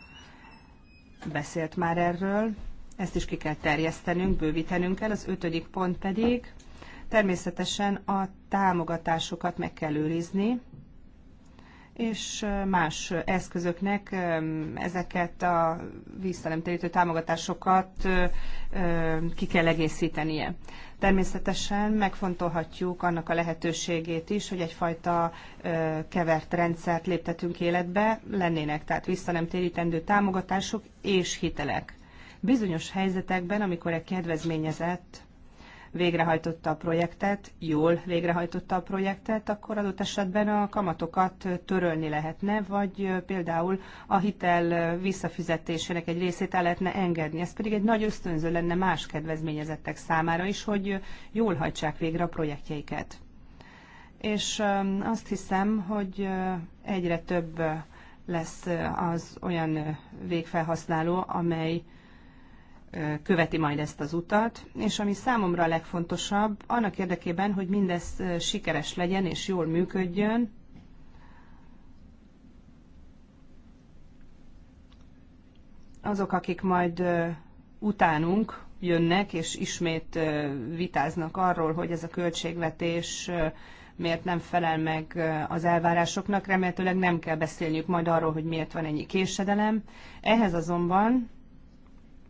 beszélt már erről. Ezt is ki kell terjesztenünk, bővítenünk kell. Az ötödik pont pedig Természetesen a támogatásokat meg kell őrizni, és más eszközöknek ezeket a visszanemtérítő támogatásokat ki kell egészítenie. Természetesen megfontolhatjuk annak a lehetőségét is, hogy egyfajta kevert rendszert léptetünk életbe, lennének tehát visszanemtérítendő támogatások és hitelek. Bizonyos helyzetekben, amikor egy kedvezményezett végrehajtotta a projektet, jól végrehajtotta a projektet, akkor adott esetben a kamatokat törölni lehetne, vagy például a hitel visszafizetésének egy részét el lehetne engedni. Ez pedig egy nagy ösztönző lenne más kedvezményezettek számára is, hogy jól hajtsák végre a projektjeiket. És azt hiszem, hogy egyre több lesz az olyan végfelhasználó, amely követi majd ezt az utat, és ami számomra a legfontosabb, annak érdekében, hogy mindez sikeres legyen és jól működjön, azok, akik majd utánunk jönnek, és ismét vitáznak arról, hogy ez a költségvetés miért nem felel meg az elvárásoknak, remélhetőleg nem kell beszélniük majd arról, hogy miért van ennyi késedelem. Ehhez azonban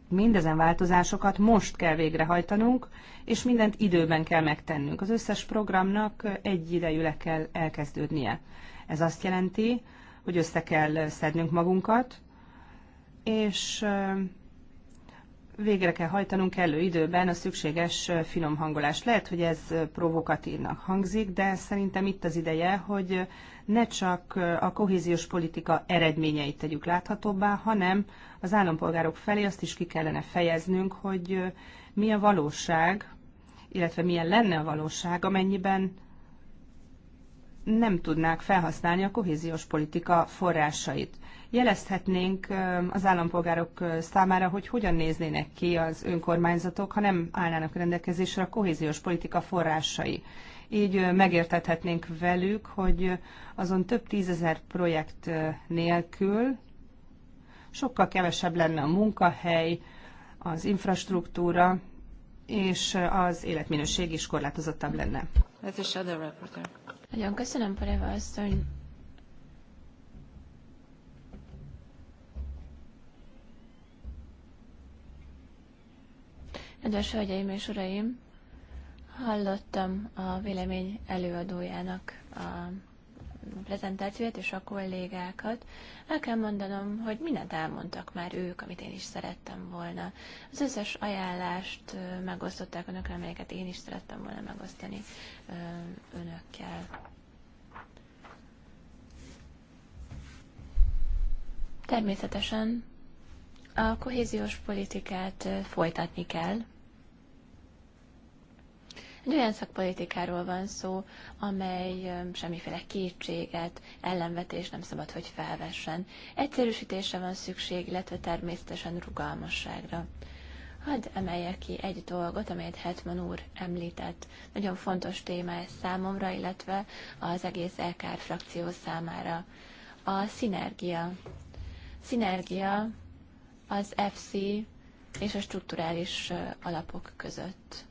mindezen változásokat most kell végrehajtanunk, és mindent időben kell megtennünk. Az összes programnak egy idejűleg kell elkezdődnie. Ez azt jelenti, hogy össze kell szednünk magunkat, és végre kell hajtanunk elő időben a szükséges hangolást. Lehet, hogy ez provokatívnak hangzik, de szerintem itt az ideje, hogy ne csak a kohéziós politika eredményeit tegyük láthatóbbá, hanem az állampolgárok felé azt is ki kellene fejeznünk, hogy mi a valóság, illetve milyen lenne a valóság, amennyiben nem tudnák felhasználni a kohéziós politika forrásait jelezhetnénk az állampolgárok számára, hogy hogyan néznének ki az önkormányzatok, ha nem állnának rendelkezésre a kohéziós politika forrásai. Így megértethetnénk velük, hogy azon több tízezer projekt nélkül sokkal kevesebb lenne a munkahely, az infrastruktúra, és az életminőség is korlátozottabb lenne. Nagyon köszönöm, Pareva asszony. Kedves hölgyeim és uraim, hallottam a vélemény előadójának a prezentációt és a kollégákat, el kell mondanom, hogy mindent elmondtak már ők, amit én is szerettem volna. Az összes ajánlást megosztották önökkel, amelyeket én is szerettem volna megosztani önökkel. Természetesen a kohéziós politikát folytatni kell. Egy olyan szakpolitikáról van szó, amely semmiféle kétséget, ellenvetés nem szabad, hogy felvessen. Egyszerűsítésre van szükség, illetve természetesen rugalmasságra. Hadd emeljek ki egy dolgot, amelyet Hetman úr említett. Nagyon fontos téma ez számomra, illetve az egész LKR frakció számára. A szinergia. Szinergia az FC és a strukturális alapok között.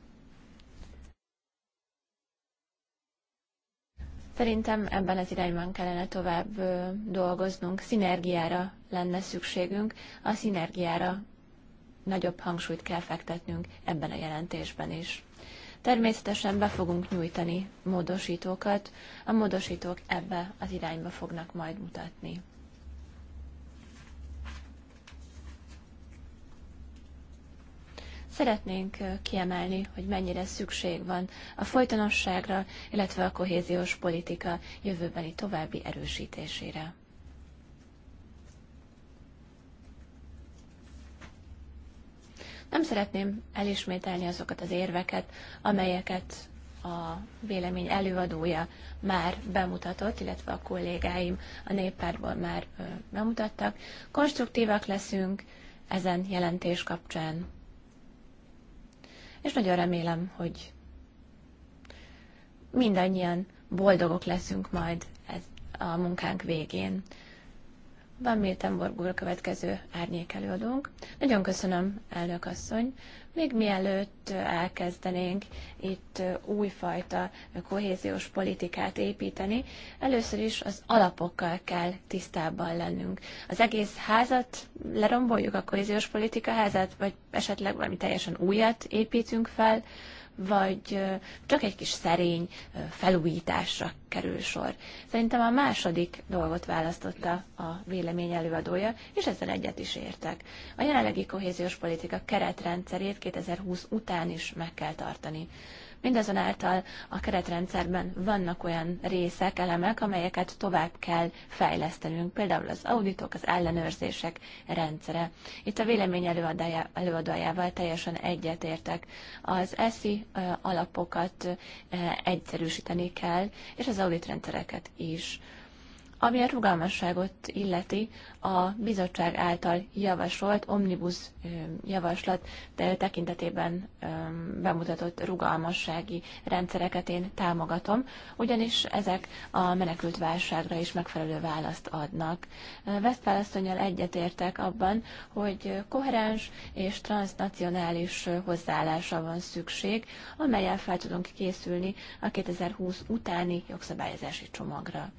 Szerintem ebben az irányban kellene tovább dolgoznunk, szinergiára lenne szükségünk, a szinergiára nagyobb hangsúlyt kell fektetnünk ebben a jelentésben is. Természetesen be fogunk nyújtani módosítókat, a módosítók ebbe az irányba fognak majd mutatni. Szeretnénk kiemelni, hogy mennyire szükség van a folytonosságra, illetve a kohéziós politika jövőbeni további erősítésére. Nem szeretném elismételni azokat az érveket, amelyeket a vélemény előadója már bemutatott, illetve a kollégáim a néppárból már bemutattak. Konstruktívak leszünk ezen jelentés kapcsán és nagyon remélem, hogy mindannyian boldogok leszünk majd ez a munkánk végén. Van Miltenborg úr következő árnyék előadónk. Nagyon köszönöm, elnök asszony. Még mielőtt elkezdenénk itt újfajta kohéziós politikát építeni, először is az alapokkal kell tisztában lennünk. Az egész házat leromboljuk, a kohéziós politika házát, vagy esetleg valami teljesen újat építünk fel, vagy csak egy kis szerény felújításra kerül sor. Szerintem a második dolgot választotta a vélemény előadója, és ezzel egyet is értek. A jelenlegi kohéziós politika keretrendszerét 2020 után is meg kell tartani mindazonáltal a keretrendszerben vannak olyan részek, elemek, amelyeket tovább kell fejlesztenünk, például az auditok, az ellenőrzések rendszere. Itt a vélemény előadójával teljesen egyetértek. Az ESZI alapokat egyszerűsíteni kell, és az auditrendszereket is. Ami a rugalmasságot illeti, a bizottság által javasolt omnibus javaslat tekintetében bemutatott rugalmassági rendszereket én támogatom, ugyanis ezek a menekült válságra is megfelelő választ adnak. Westfálasztonyjal egyetértek abban, hogy koherens és transnacionális hozzáállásra van szükség, amelyel fel tudunk készülni a 2020 utáni jogszabályozási csomagra.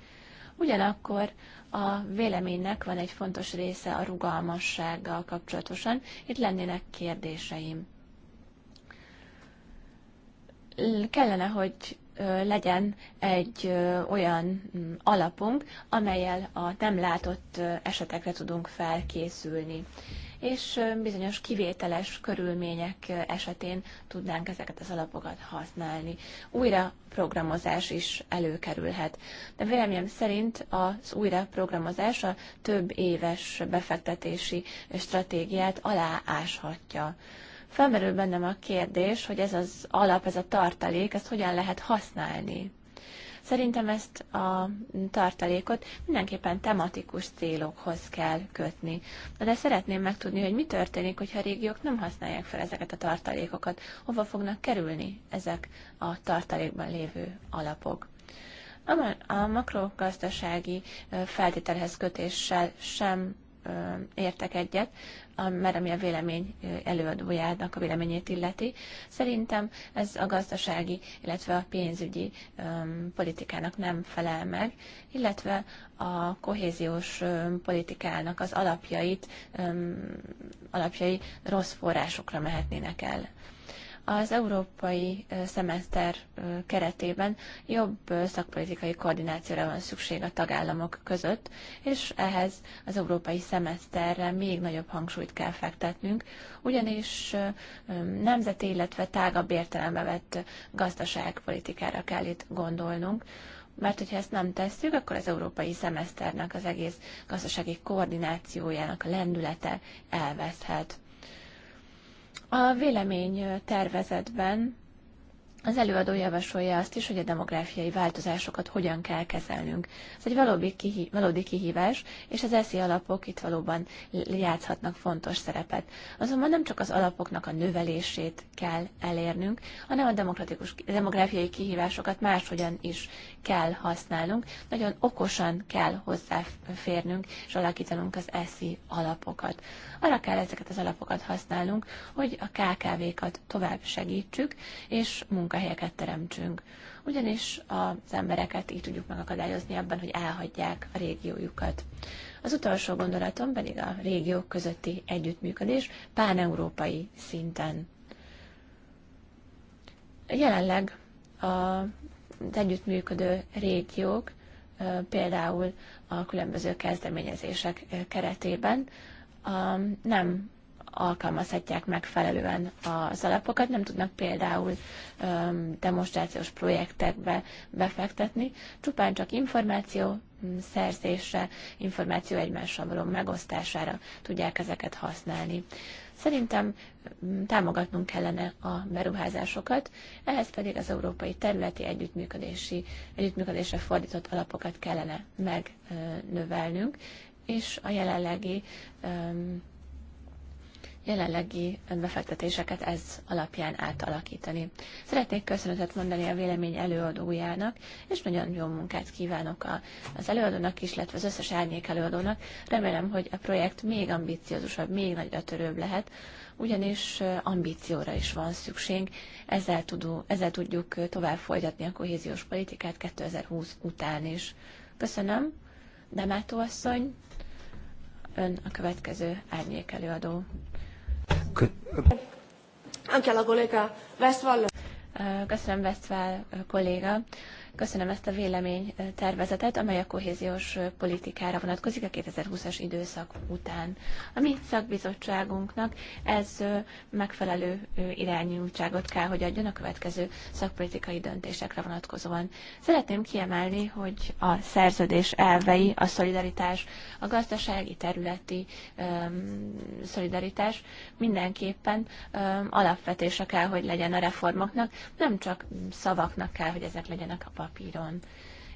Ugyanakkor a véleménynek van egy fontos része a rugalmassággal kapcsolatosan. Itt lennének kérdéseim. Kellene, hogy legyen egy olyan mm, alapunk, amelyel a nem látott esetekre tudunk felkészülni és bizonyos kivételes körülmények esetén tudnánk ezeket az alapokat használni. Újra programozás is előkerülhet. De véleményem szerint az újra programozás a több éves befektetési stratégiát alááshatja. Felmerül bennem a kérdés, hogy ez az alap, ez a tartalék, ezt hogyan lehet használni Szerintem ezt a tartalékot mindenképpen tematikus célokhoz kell kötni. Na de szeretném megtudni, hogy mi történik, hogyha a régiók nem használják fel ezeket a tartalékokat. Hova fognak kerülni ezek a tartalékban lévő alapok? A makrogazdasági feltételhez kötéssel sem értek egyet, mert ami a vélemény előadójának a véleményét illeti. Szerintem ez a gazdasági, illetve a pénzügyi politikának nem felel meg, illetve a kohéziós politikának az alapjait, alapjai rossz forrásokra mehetnének el az európai szemeszter keretében jobb szakpolitikai koordinációra van szükség a tagállamok között, és ehhez az európai szemeszterre még nagyobb hangsúlyt kell fektetnünk, ugyanis nemzeti, illetve tágabb értelembe vett gazdaságpolitikára kell itt gondolnunk, mert hogyha ezt nem tesszük, akkor az európai szemeszternek az egész gazdasági koordinációjának a lendülete elveszhet. A vélemény tervezetben az előadó javasolja azt is, hogy a demográfiai változásokat hogyan kell kezelnünk. Ez egy valódi, kihí- valódi kihívás, és az eszi alapok itt valóban játszhatnak fontos szerepet. Azonban nem csak az alapoknak a növelését kell elérnünk, hanem a demokratikus, demográfiai kihívásokat máshogyan is kell használnunk. Nagyon okosan kell hozzáférnünk és alakítanunk az eszi alapokat. Arra kell ezeket az alapokat használnunk, hogy a KKV-kat tovább segítsük, és munkát munkahelyeket teremtsünk, ugyanis az embereket így tudjuk megakadályozni abban, hogy elhagyják a régiójukat. Az utolsó gondolatom pedig a régiók közötti együttműködés páneurópai szinten. Jelenleg az együttműködő régiók például a különböző kezdeményezések keretében nem alkalmazhatják megfelelően az alapokat, nem tudnak például demonstrációs projektekbe befektetni, csupán csak információ mm, szerzésre, információ egymással való megosztására tudják ezeket használni. Szerintem mm, támogatnunk kellene a beruházásokat, ehhez pedig az európai területi együttműködési, együttműködésre fordított alapokat kellene megnövelnünk, és a jelenlegi um, jelenlegi befektetéseket ez alapján átalakítani. Szeretnék köszönetet mondani a vélemény előadójának, és nagyon jó munkát kívánok az előadónak is, illetve az összes árnyék előadónak. Remélem, hogy a projekt még ambiciózusabb, még nagyra törőbb lehet, ugyanis ambícióra is van szükség, ezzel, tudó, ezzel tudjuk tovább folytatni a kohéziós politikát 2020 után is. Köszönöm, Demátó asszony, ön a következő árnyék előadó. Anche la collega Westphal. Köszönöm, Westphal kolléga. Köszönöm ezt a véleménytervezetet, amely a kohéziós politikára vonatkozik a 2020-as időszak után. A mi szakbizottságunknak ez megfelelő irányultságot kell, hogy adjon a következő szakpolitikai döntésekre vonatkozóan. Szeretném kiemelni, hogy a szerződés elvei, a szolidaritás, a gazdasági területi um, szolidaritás mindenképpen um, alapvetése kell, hogy legyen a reformoknak, nem csak szavaknak kell, hogy ezek legyenek a papíron.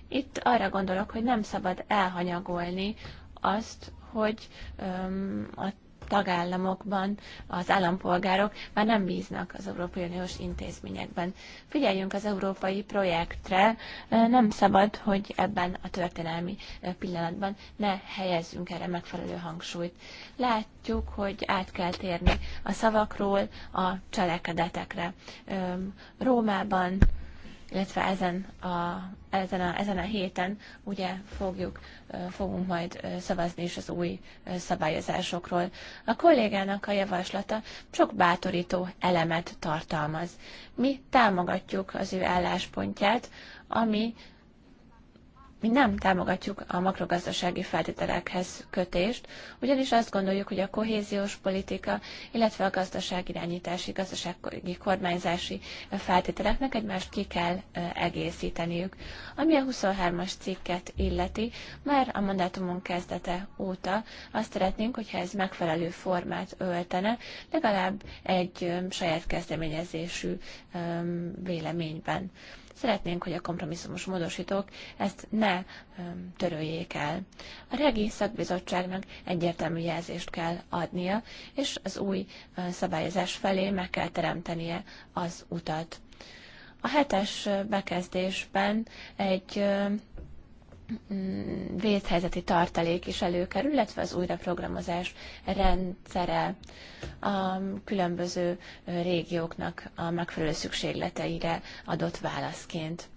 Itt arra gondolok, hogy nem szabad elhanyagolni azt, hogy öm, a tagállamokban az állampolgárok már nem bíznak az Európai Uniós intézményekben. Figyeljünk az európai projektre, nem szabad, hogy ebben a történelmi pillanatban ne helyezzünk erre megfelelő hangsúlyt. Látjuk, hogy át kell térni a szavakról a cselekedetekre. Rómában illetve ezen a, ezen a, ezen a héten ugye fogjuk, fogunk majd szavazni is az új szabályozásokról. A kollégának a javaslata sok bátorító elemet tartalmaz. Mi támogatjuk az ő álláspontját, ami mi nem támogatjuk a makrogazdasági feltételekhez kötést, ugyanis azt gondoljuk, hogy a kohéziós politika, illetve a gazdaságirányítási, gazdasági kormányzási feltételeknek egymást ki kell egészíteniük. Ami a 23-as cikket illeti, már a mandátumunk kezdete óta azt szeretnénk, hogyha ez megfelelő formát öltene, legalább egy saját kezdeményezésű véleményben. Szeretnénk, hogy a kompromisszumos módosítók ezt ne töröljék el. A regi szakbizottságnak egyértelmű jelzést kell adnia, és az új szabályozás felé meg kell teremtenie az utat. A hetes bekezdésben egy vészhelyzeti tartalék is előkerül, illetve az újraprogramozás rendszere a különböző régióknak a megfelelő szükségleteire adott válaszként.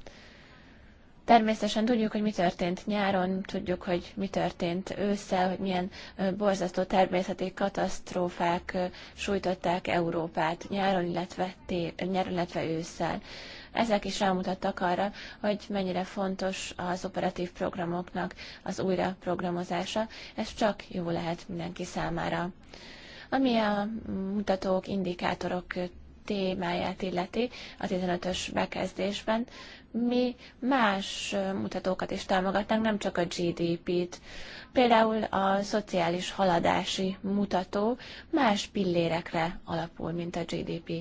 Természetesen tudjuk, hogy mi történt nyáron, tudjuk, hogy mi történt ősszel, hogy milyen borzasztó természeti katasztrófák sújtották Európát nyáron, illetve, nyáron, illetve ősszel ezek is rámutattak arra, hogy mennyire fontos az operatív programoknak az újraprogramozása. Ez csak jó lehet mindenki számára. Ami a mutatók, indikátorok témáját illeti a 15-ös bekezdésben mi más mutatókat is támogatnánk, nem csak a GDP-t. Például a szociális haladási mutató más pillérekre alapul, mint a GDP.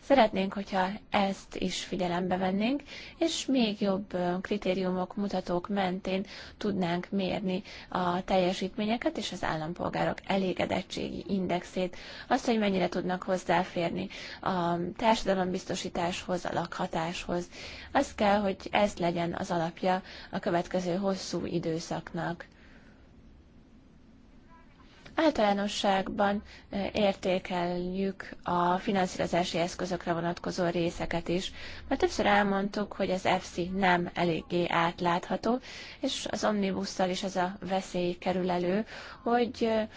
Szeretnénk, hogyha ezt is figyelembe vennénk, és még jobb kritériumok, mutatók mentén tudnánk mérni a teljesítményeket és az állampolgárok elégedettségi indexét, azt, hogy mennyire tudnak hozzáférni a társadalombiztosításhoz, a lakhatáshoz. Azt kell kell, hogy ez legyen az alapja a következő hosszú időszaknak. Általánosságban eh, értékeljük a finanszírozási eszközökre vonatkozó részeket is, mert többször elmondtuk, hogy az FC nem eléggé átlátható, és az omnibusszal is ez a veszély kerül elő, hogy eh,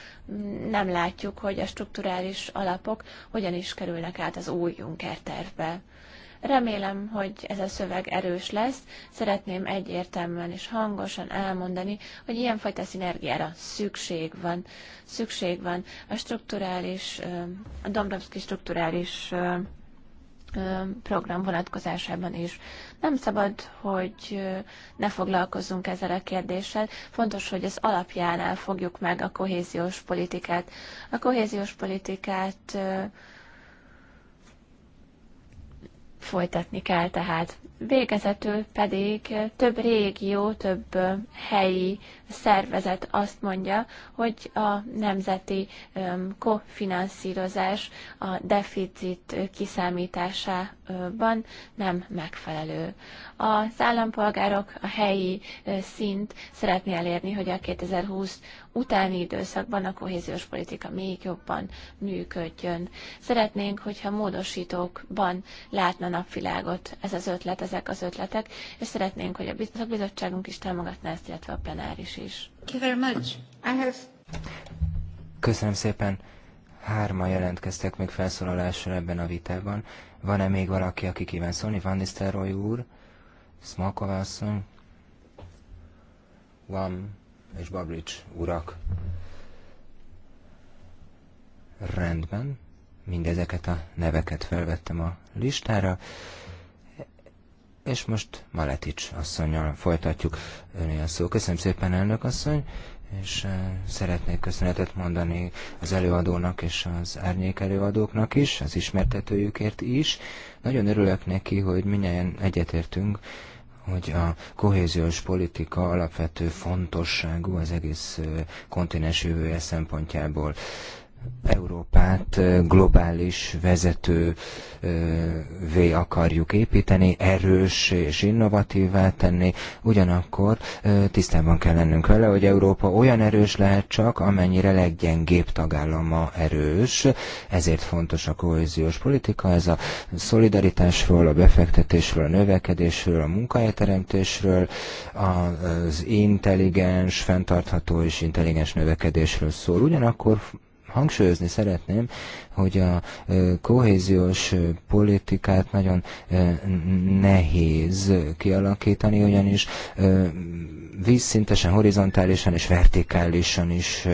nem látjuk, hogy a strukturális alapok hogyan is kerülnek át az új Juncker tervbe. Remélem, hogy ez a szöveg erős lesz. Szeretném egyértelműen és hangosan elmondani, hogy ilyenfajta szinergiára szükség van. Szükség van a strukturális, a Dombrovski strukturális program vonatkozásában is. Nem szabad, hogy ne foglalkozzunk ezzel a kérdéssel. Fontos, hogy az alapjánál fogjuk meg a kohéziós politikát. A kohéziós politikát Folytatni kell tehát Végezetül pedig több régió, több helyi szervezet azt mondja, hogy a nemzeti kofinanszírozás a deficit kiszámításában nem megfelelő. Az állampolgárok a helyi szint szeretné elérni, hogy a 2020 utáni időszakban a kohéziós politika még jobban működjön. Szeretnénk, hogyha módosítókban látna napvilágot ez az ötlet az ezek az ötletek, és szeretnénk, hogy a szakbizottságunk is támogatná ezt, illetve a plenáris is. Köszönöm szépen. Hárma jelentkeztek még felszólalásra ebben a vitában. Van-e még valaki, aki kíván szólni? Van Nisztelrói úr, Smakovászony, Van és Babrics urak. Rendben, mindezeket a neveket felvettem a listára. És most Maletics asszonynal folytatjuk önél a szó. Köszönöm szépen, elnök asszony, és eh, szeretnék köszönetet mondani az előadónak és az árnyék előadóknak is, az ismertetőjükért is. Nagyon örülök neki, hogy minnyáján egyetértünk, hogy a kohéziós politika alapvető fontosságú az egész eh, kontinens jövője szempontjából. Európát globális vezetővé akarjuk építeni, erős és innovatívvá tenni, ugyanakkor tisztában kell lennünk vele, hogy Európa olyan erős lehet csak, amennyire leggyengébb tagállama erős, ezért fontos a kohéziós politika, ez a szolidaritásról, a befektetésről, a növekedésről, a munkahelyteremtésről, az intelligens, fenntartható és intelligens növekedésről szól. Ugyanakkor hangsúlyozni szeretném, hogy a kohéziós politikát nagyon nehéz kialakítani, ugyanis vízszintesen, horizontálisan és vertikálisan is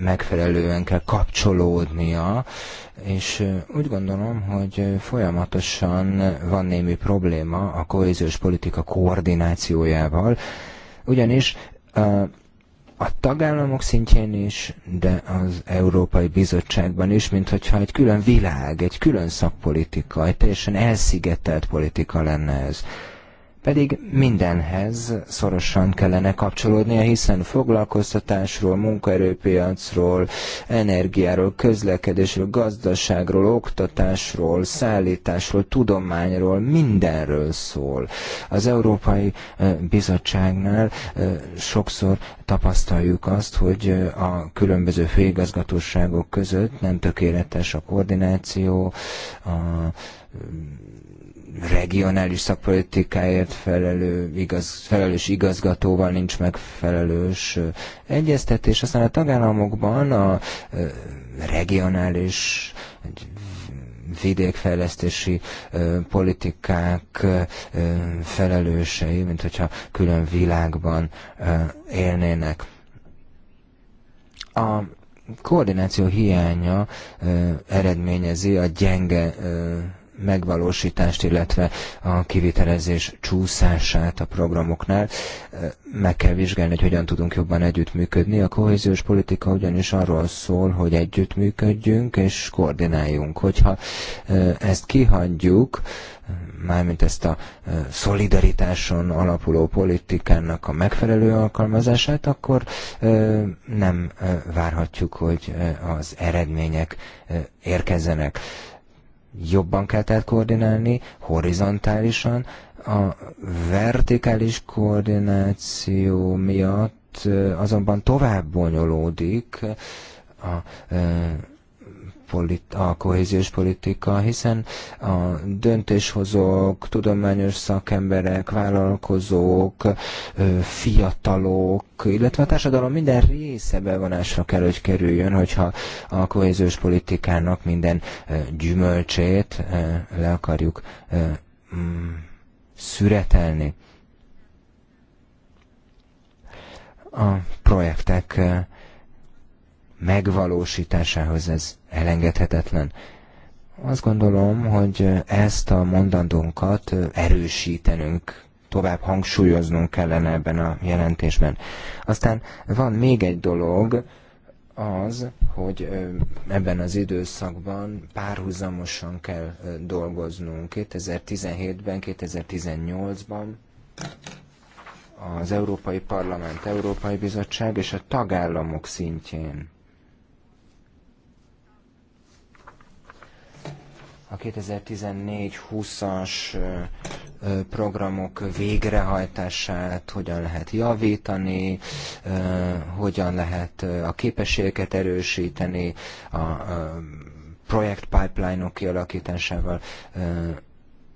megfelelően kell kapcsolódnia, és úgy gondolom, hogy folyamatosan van némi probléma a kohéziós politika koordinációjával, ugyanis a tagállamok szintjén is, de az Európai Bizottságban is, mint hogyha egy külön világ, egy külön szakpolitika, egy teljesen elszigetelt politika lenne ez pedig mindenhez szorosan kellene kapcsolódnia, hiszen foglalkoztatásról, munkaerőpiacról, energiáról, közlekedésről, gazdaságról, oktatásról, szállításról, tudományról, mindenről szól. Az Európai Bizottságnál sokszor tapasztaljuk azt, hogy a különböző főigazgatóságok között nem tökéletes a koordináció, a regionális szakpolitikáért felelő, igaz, felelős igazgatóval nincs megfelelős egyeztetés. Aztán a tagállamokban a regionális vidékfejlesztési ö, politikák ö, felelősei, mint hogyha külön világban ö, élnének. A koordináció hiánya ö, eredményezi a gyenge ö, megvalósítást, illetve a kivitelezés csúszását a programoknál. Meg kell vizsgálni, hogy hogyan tudunk jobban együttműködni. A kohéziós politika ugyanis arról szól, hogy együttműködjünk és koordináljunk. Hogyha ezt kihagyjuk, mármint ezt a szolidaritáson alapuló politikának a megfelelő alkalmazását, akkor nem várhatjuk, hogy az eredmények érkezzenek. Jobban kell tehát koordinálni, horizontálisan. A vertikális koordináció miatt azonban tovább bonyolódik a a kohéziós politika, hiszen a döntéshozók, tudományos szakemberek, vállalkozók, fiatalok, illetve a társadalom minden része bevonásra kell, hogy kerüljön, hogyha a kohéziós politikának minden gyümölcsét le akarjuk mm, szüretelni. A projektek megvalósításához ez elengedhetetlen. Azt gondolom, hogy ezt a mondandónkat erősítenünk, tovább hangsúlyoznunk kellene ebben a jelentésben. Aztán van még egy dolog, az, hogy ebben az időszakban párhuzamosan kell dolgoznunk. 2017-ben, 2018-ban az Európai Parlament, Európai Bizottság és a tagállamok szintjén. a 2014-20-as programok végrehajtását hogyan lehet javítani, hogyan lehet a képességeket erősíteni, a projekt pipeline-ok kialakításával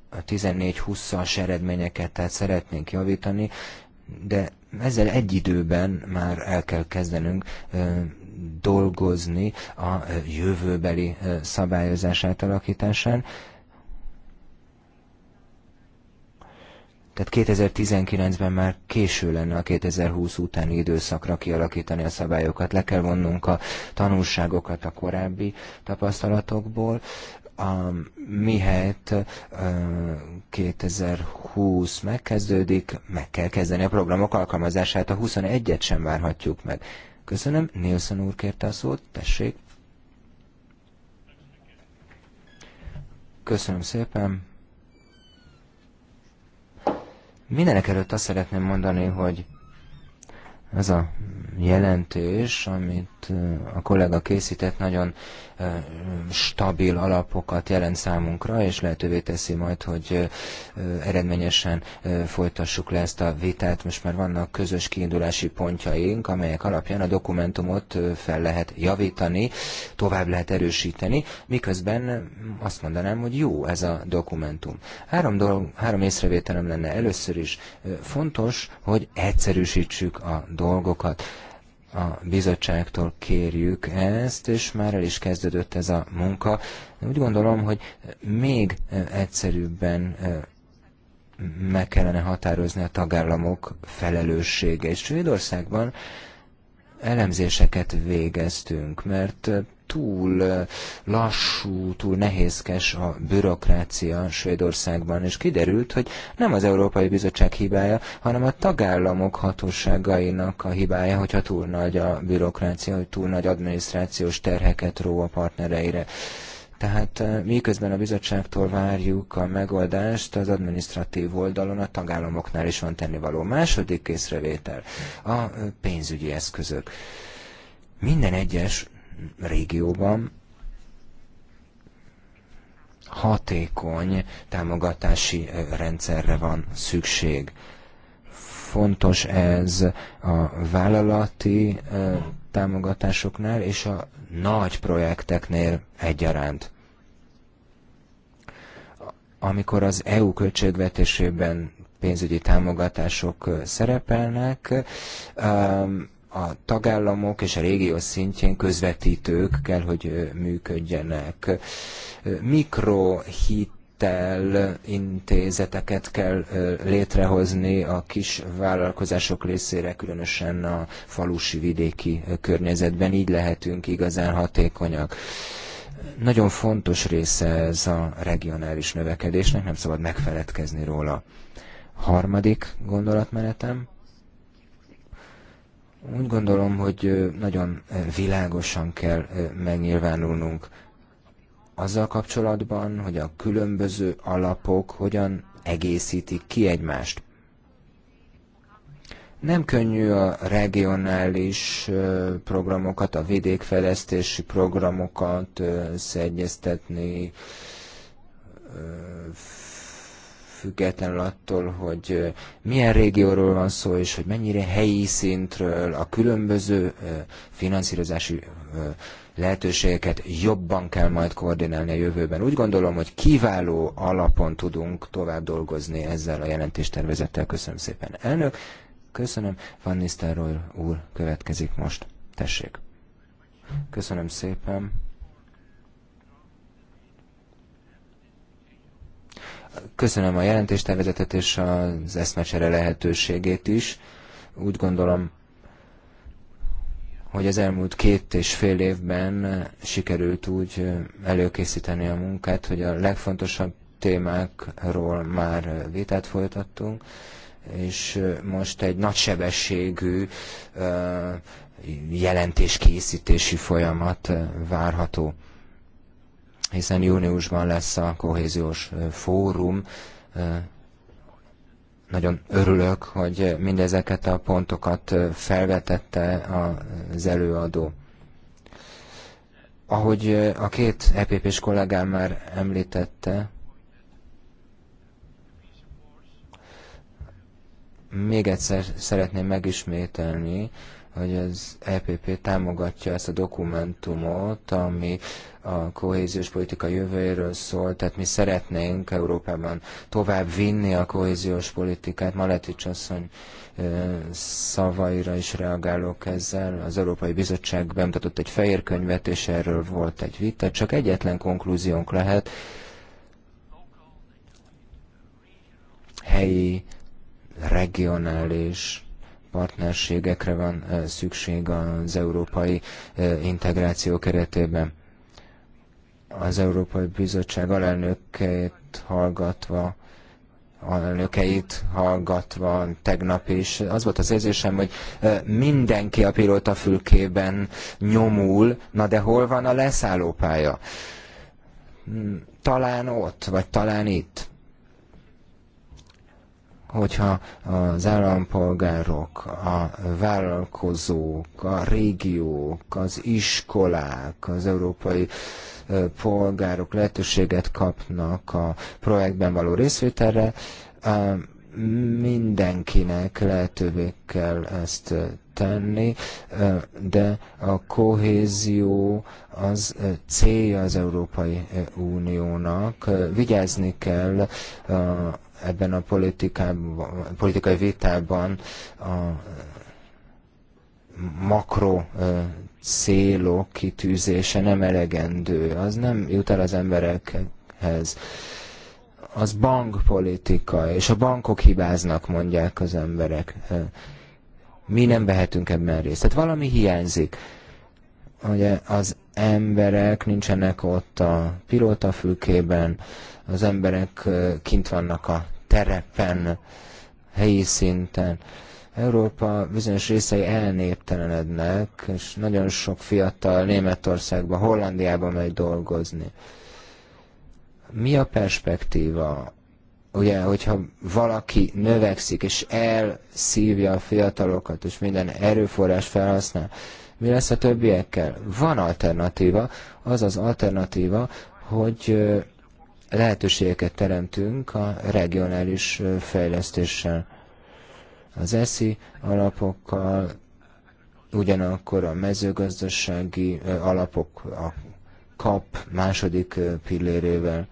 a 14-20-as eredményeket tehát szeretnénk javítani, de ezzel egy időben már el kell kezdenünk dolgozni a jövőbeli szabályozás átalakításán. Tehát 2019-ben már késő lenne a 2020 utáni időszakra kialakítani a szabályokat. Le kell vonnunk a tanulságokat a korábbi tapasztalatokból. A, mihelyt 2020 megkezdődik, meg kell kezdeni a programok alkalmazását, a 21-et sem várhatjuk meg. Köszönöm. Nielsen úr kérte a szót. Tessék. Köszönöm szépen. Mindenek előtt azt szeretném mondani, hogy ez a jelentés, amit Eh, a kollega készített, nagyon eh, stabil alapokat jelent számunkra, és lehetővé teszi majd, hogy eh, eredményesen folytassuk le ezt a vitát. Most már vannak közös kiindulási pontjaink, amelyek alapján a dokumentumot fel lehet javítani, tovább lehet erősíteni, miközben azt mondanám, hogy jó ez a dokumentum. Három, dolog, három észrevételem lenne először is. Fontos, hogy egyszerűsítsük a dolgokat a bizottságtól kérjük ezt, és már el is kezdődött ez a munka. Úgy gondolom, hogy még egyszerűbben meg kellene határozni a tagállamok felelősségeit. Svédországban elemzéseket végeztünk, mert túl lassú, túl nehézkes a bürokrácia Svédországban, és kiderült, hogy nem az Európai Bizottság hibája, hanem a tagállamok hatóságainak a hibája, hogyha túl nagy a bürokrácia, hogy túl nagy adminisztrációs terheket ró a partnereire. Tehát miközben a bizottságtól várjuk a megoldást, az administratív oldalon a tagállamoknál is van tennivaló. Második észrevétel a pénzügyi eszközök. Minden egyes régióban hatékony támogatási rendszerre van szükség. Fontos ez a vállalati támogatásoknál és a nagy projekteknél egyaránt amikor az EU költségvetésében pénzügyi támogatások szerepelnek, a tagállamok és a régió szintjén közvetítők kell, hogy működjenek. Mikrohit intézeteket kell létrehozni a kis vállalkozások részére, különösen a falusi vidéki környezetben. Így lehetünk igazán hatékonyak. Nagyon fontos része ez a regionális növekedésnek, nem szabad megfeledkezni róla. Harmadik gondolatmenetem úgy gondolom, hogy nagyon világosan kell megnyilvánulnunk azzal kapcsolatban, hogy a különböző alapok hogyan egészítik ki egymást. Nem könnyű a regionális programokat, a vidékfejlesztési programokat szegyeztetni, függetlenül attól, hogy milyen régióról van szó, és hogy mennyire helyi szintről a különböző finanszírozási lehetőségeket jobban kell majd koordinálni a jövőben. Úgy gondolom, hogy kiváló alapon tudunk tovább dolgozni ezzel a jelentéstervezettel. Köszönöm szépen, elnök. Köszönöm. Van Nisztároly úr következik most. Tessék. Köszönöm szépen. Köszönöm a jelentéstervezetet és az eszmecsere lehetőségét is. Úgy gondolom, hogy az elmúlt két és fél évben sikerült úgy előkészíteni a munkát, hogy a legfontosabb témákról már vitát folytattunk, és most egy nagysebességű jelentéskészítési folyamat várható hiszen júniusban lesz a kohéziós fórum. Nagyon örülök, hogy mindezeket a pontokat felvetette az előadó. Ahogy a két EPP-s kollégám már említette, még egyszer szeretném megismételni, hogy az EPP támogatja ezt a dokumentumot, ami a kohéziós politika jövőjéről szól, tehát mi szeretnénk Európában tovább vinni a kohéziós politikát. Maletics asszony szavaira is reagálok ezzel. Az Európai Bizottság bemutatott egy fehér könyvet, és erről volt egy vita. Csak egyetlen konklúziónk lehet, helyi, regionális partnerségekre van szükség az európai integráció keretében. Az Európai Bizottság alelnökeit hallgatva alelnökeit hallgatva tegnap is, az volt az érzésem, hogy mindenki a pilótafülkében nyomul, na de hol van a leszállópálya? Hm, talán ott, vagy talán itt hogyha az állampolgárok, a vállalkozók, a régiók, az iskolák, az európai polgárok lehetőséget kapnak a projektben való részvételre, mindenkinek lehetővé kell ezt tenni, de a kohézió az célja az Európai Uniónak. Vigyázni kell ebben a politikában, politikai vitában a makro célok kitűzése nem elegendő, az nem jut el az emberekhez. Az bankpolitika, és a bankok hibáznak, mondják az emberek. Mi nem vehetünk ebben részt. Tehát valami hiányzik. Ugye az emberek nincsenek ott a pilótafülkében, az emberek kint vannak a terepen, helyi szinten. Európa bizonyos részei elnéptelenednek, és nagyon sok fiatal Németországba, Hollandiába megy dolgozni. Mi a perspektíva? Ugye, hogyha valaki növekszik, és elszívja a fiatalokat, és minden erőforrás felhasznál, mi lesz a többiekkel? Van alternatíva, az az alternatíva, hogy lehetőségeket teremtünk a regionális fejlesztéssel. Az ESZI alapokkal, ugyanakkor a mezőgazdasági alapok, a KAP második pillérével.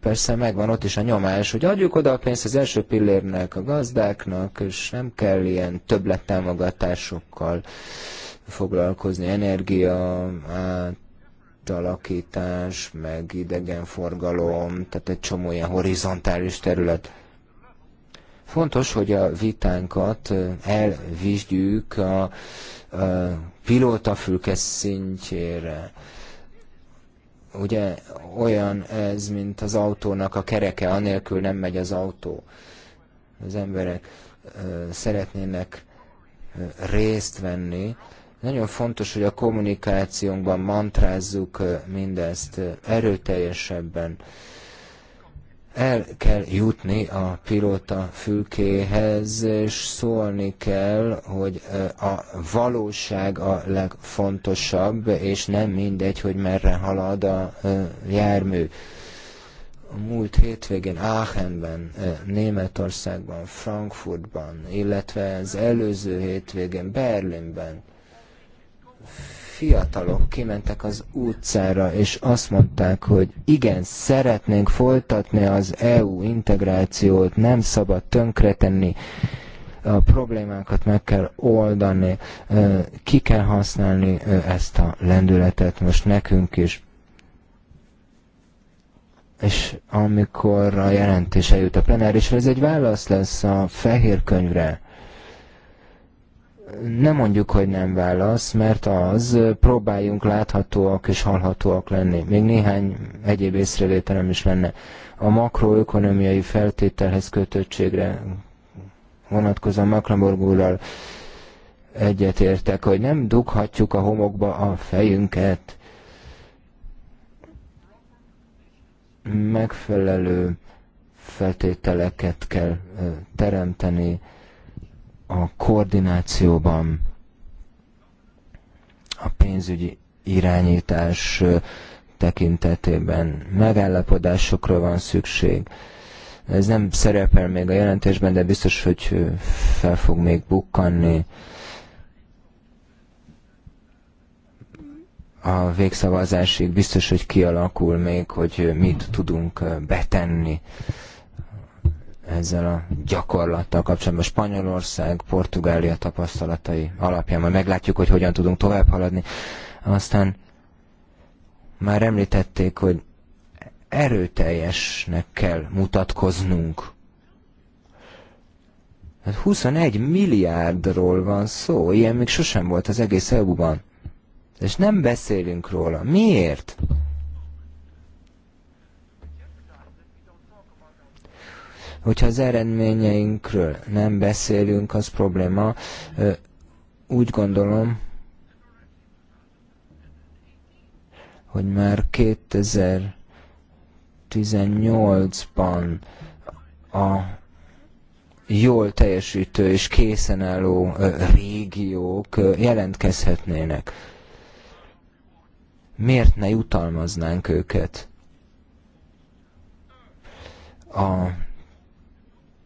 Persze megvan ott is a nyomás, hogy adjuk oda a pénzt az első pillérnek, a gazdáknak, és nem kell ilyen többlettámogatásokkal foglalkozni, energia, átalakítás, meg idegenforgalom, tehát egy csomó ilyen horizontális terület. Fontos, hogy a vitánkat elvizsgyük a, a pilótafülke szintjére. Ugye olyan ez, mint az autónak a kereke, anélkül nem megy az autó. Az emberek szeretnének részt venni, nagyon fontos, hogy a kommunikációnkban mantrázzuk mindezt erőteljesebben. El kell jutni a pilóta fülkéhez, és szólni kell, hogy a valóság a legfontosabb, és nem mindegy, hogy merre halad a jármű a múlt hétvégén Aachenben, Németországban, Frankfurtban, illetve az előző hétvégén Berlinben fiatalok kimentek az utcára, és azt mondták, hogy igen, szeretnénk folytatni az EU integrációt, nem szabad tönkretenni, a problémákat meg kell oldani, ki kell használni ezt a lendületet most nekünk is. És amikor a jelentés eljut a plenárisra, ez egy válasz lesz a fehér könyvre, nem mondjuk, hogy nem válasz, mert az próbáljunk láthatóak és hallhatóak lenni. Még néhány egyéb észrevételem is lenne. A makroökonomiai feltételhez kötöttségre vonatkozó Maklamborg úrral egyetértek, hogy nem dughatjuk a homokba a fejünket. Megfelelő feltételeket kell teremteni, a koordinációban, a pénzügyi irányítás tekintetében megállapodásokra van szükség. Ez nem szerepel még a jelentésben, de biztos, hogy fel fog még bukkanni. A végszavazásig biztos, hogy kialakul még, hogy mit tudunk betenni ezzel a gyakorlattal kapcsolatban. Spanyolország, Portugália tapasztalatai alapján majd meglátjuk, hogy hogyan tudunk tovább haladni. Aztán már említették, hogy erőteljesnek kell mutatkoznunk. Hát 21 milliárdról van szó, ilyen még sosem volt az egész EU-ban. És nem beszélünk róla. Miért? Hogyha az eredményeinkről nem beszélünk, az probléma. Úgy gondolom, hogy már 2018-ban a jól teljesítő és készen álló régiók jelentkezhetnének. Miért ne jutalmaznánk őket? A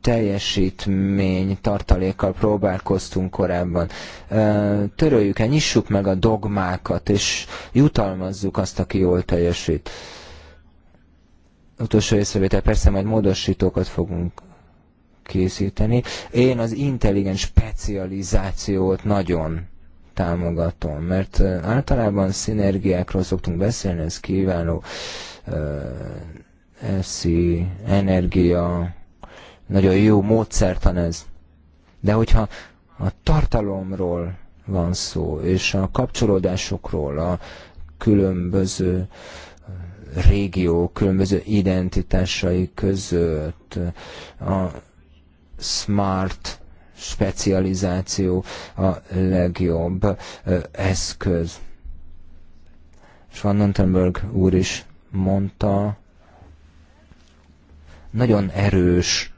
teljesítmény tartalékkal próbálkoztunk korábban. Töröljük e nyissuk meg a dogmákat, és jutalmazzuk azt, aki jól teljesít. Utolsó észrevétel, persze majd módosítókat fogunk készíteni. Én az intelligens specializációt nagyon támogatom, mert általában szinergiákról szoktunk beszélni, ez kiváló eszi, energia, nagyon jó módszertan ez. De hogyha a tartalomról van szó, és a kapcsolódásokról, a különböző régió, különböző identitásai között, a smart specializáció a legjobb eszköz. És Van Nontenberg úr is mondta, nagyon erős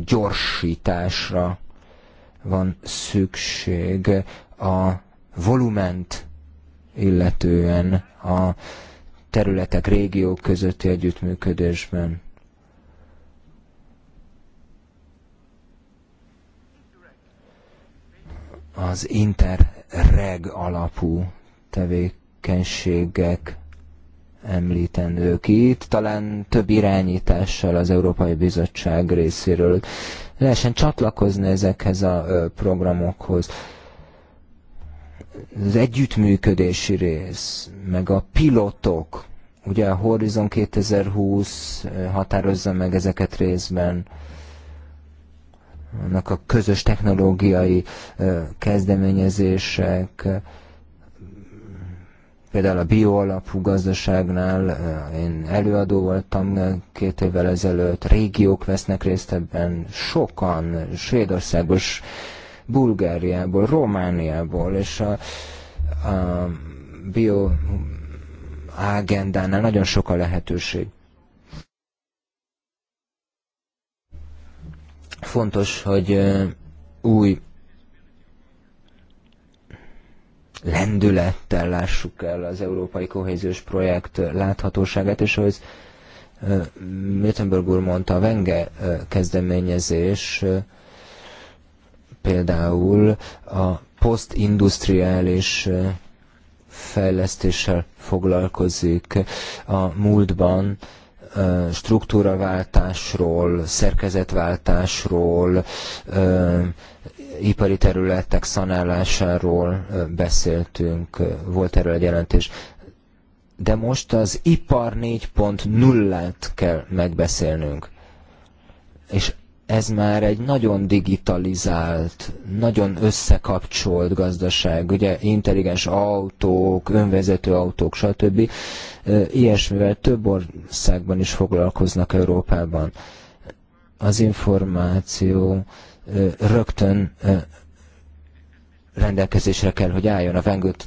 gyorsításra van szükség a volument illetően a területek, régiók közötti együttműködésben. Az interreg alapú tevékenységek említendők itt, talán több irányítással az Európai Bizottság részéről lehessen csatlakozni ezekhez a programokhoz. Az együttműködési rész, meg a pilotok, ugye a Horizon 2020 határozza meg ezeket részben, annak a közös technológiai kezdeményezések, Például a bioalapú gazdaságnál eh, én előadó voltam két évvel ezelőtt, régiók vesznek részt ebben, sokan Svédországos, Bulgáriából, Romániából, és a, a bio agendánál nagyon sok a lehetőség. Fontos, hogy eh, új lendülettel lássuk el az európai kohéziós projekt láthatóságát, és ahogy Mütenberg úr mondta, a Venge kezdeményezés például a posztindustriális fejlesztéssel foglalkozik. A múltban struktúraváltásról, szerkezetváltásról, ipari területek szanálásáról beszéltünk, volt erről egy jelentés, de most az ipar 4.0-át kell megbeszélnünk. És ez már egy nagyon digitalizált, nagyon összekapcsolt gazdaság, ugye intelligens autók, önvezető autók, stb. Ilyesmivel több országban is foglalkoznak Európában. Az információ, rögtön rendelkezésre kell, hogy álljon a Vengőt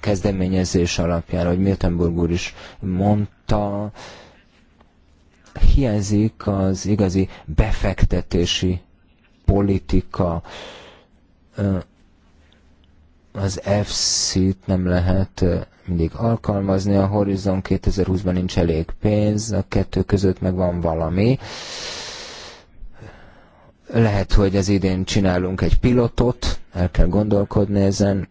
kezdeményezés alapján, hogy Miltenburg úr is mondta, hiányzik az igazi befektetési politika. Az FC-t nem lehet mindig alkalmazni, a Horizon 2020-ban nincs elég pénz, a kettő között meg van valami. Lehet, hogy az idén csinálunk egy pilotot, el kell gondolkodni ezen,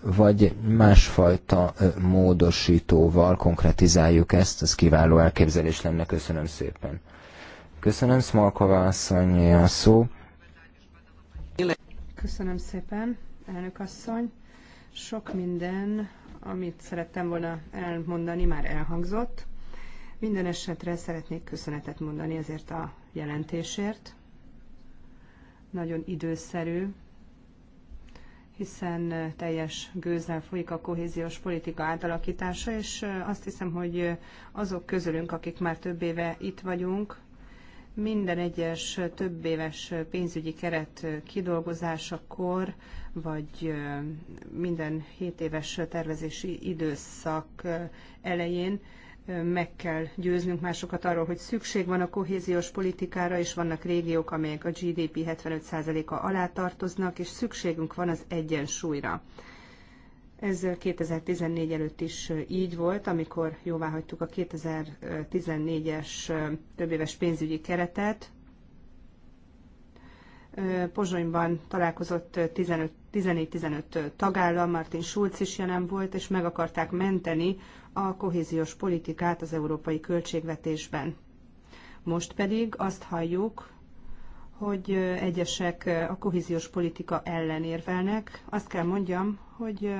vagy másfajta módosítóval konkretizáljuk ezt, ez kiváló elképzelés lenne, köszönöm szépen. Köszönöm, Smalkova asszony, a szó. Köszönöm szépen, elnök asszony. Sok minden, amit szerettem volna elmondani, már elhangzott. Minden esetre szeretnék köszönetet mondani ezért a jelentésért nagyon időszerű, hiszen eh, teljes gőzzel folyik a kohéziós politika átalakítása, és eh, azt hiszem, hogy eh, azok közülünk, akik már több éve itt vagyunk, minden egyes több éves pénzügyi keret kidolgozásakor, vagy minden 7 éves tervezési időszak elején meg kell győznünk másokat arról, hogy szükség van a kohéziós politikára, és vannak régiók, amelyek a GDP 75%-a alá tartoznak, és szükségünk van az egyensúlyra. Ez 2014 előtt is így volt, amikor jóvá hagytuk a 2014-es többéves pénzügyi keretet. Pozsonyban találkozott 14-15 tagállam, Martin Schulz is jelen volt, és meg akarták menteni a kohéziós politikát az európai költségvetésben. Most pedig azt halljuk, hogy egyesek a kohéziós politika ellen érvelnek. Azt kell mondjam, hogy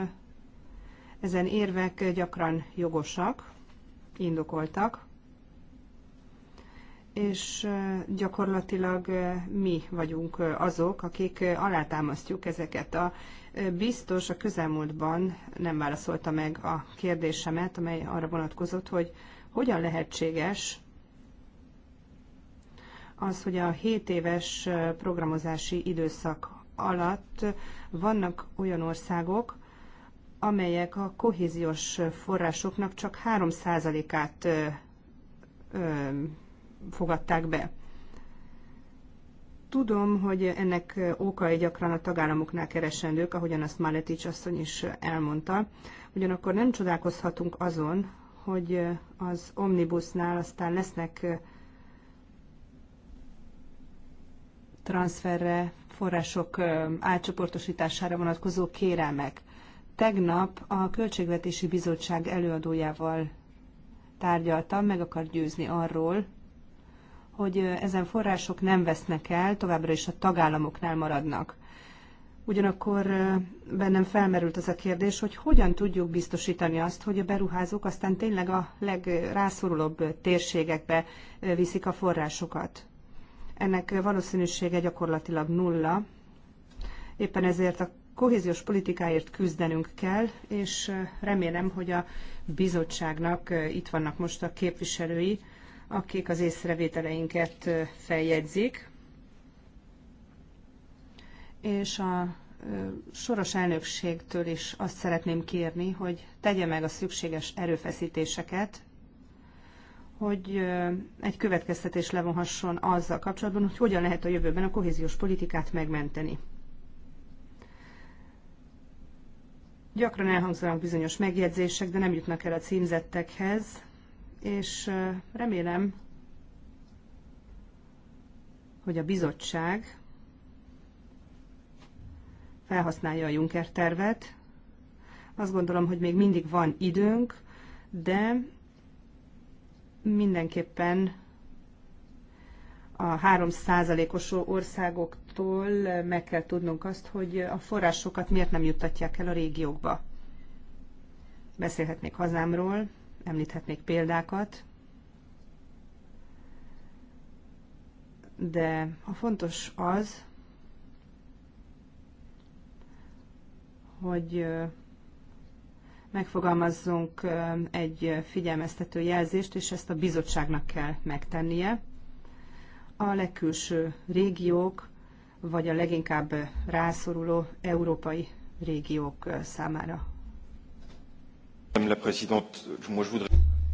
ezen érvek gyakran jogosak, indokoltak, és gyakorlatilag mi vagyunk azok, akik alátámasztjuk ezeket a biztos a közelmúltban nem válaszolta meg a kérdésemet, amely arra vonatkozott, hogy hogyan lehetséges az, hogy a 7 éves programozási időszak alatt vannak olyan országok, amelyek a kohéziós forrásoknak csak 3%-át fogadták be. Tudom, hogy ennek okai gyakran a tagállamoknál keresendők, ahogyan azt Maletics asszony is elmondta. Ugyanakkor nem csodálkozhatunk azon, hogy az omnibusnál aztán lesznek transferre, források átcsoportosítására vonatkozó kérelmek. Tegnap a Költségvetési Bizottság előadójával tárgyaltam, meg akar győzni arról, hogy ezen források nem vesznek el, továbbra is a tagállamoknál maradnak. Ugyanakkor bennem felmerült az a kérdés, hogy hogyan tudjuk biztosítani azt, hogy a beruházók aztán tényleg a legrászorulóbb térségekbe viszik a forrásokat. Ennek valószínűsége gyakorlatilag nulla. Éppen ezért a kohéziós politikáért küzdenünk kell, és remélem, hogy a bizottságnak itt vannak most a képviselői, akik az észrevételeinket feljegyzik. És a soros elnökségtől is azt szeretném kérni, hogy tegye meg a szükséges erőfeszítéseket, hogy egy következtetés levonhasson azzal kapcsolatban, hogy hogyan lehet a jövőben a kohéziós politikát megmenteni. Gyakran elhangzanak bizonyos megjegyzések, de nem jutnak el a címzettekhez, és remélem, hogy a bizottság felhasználja a Juncker tervet. Azt gondolom, hogy még mindig van időnk, de mindenképpen a három százalékos országoktól meg kell tudnunk azt, hogy a forrásokat miért nem juttatják el a régiókba. Beszélhetnék hazámról, említhetnék példákat, de a fontos az, hogy megfogalmazzunk egy figyelmeztető jelzést, és ezt a bizottságnak kell megtennie. A legkülső régiók, vagy a leginkább rászoruló európai régiók számára.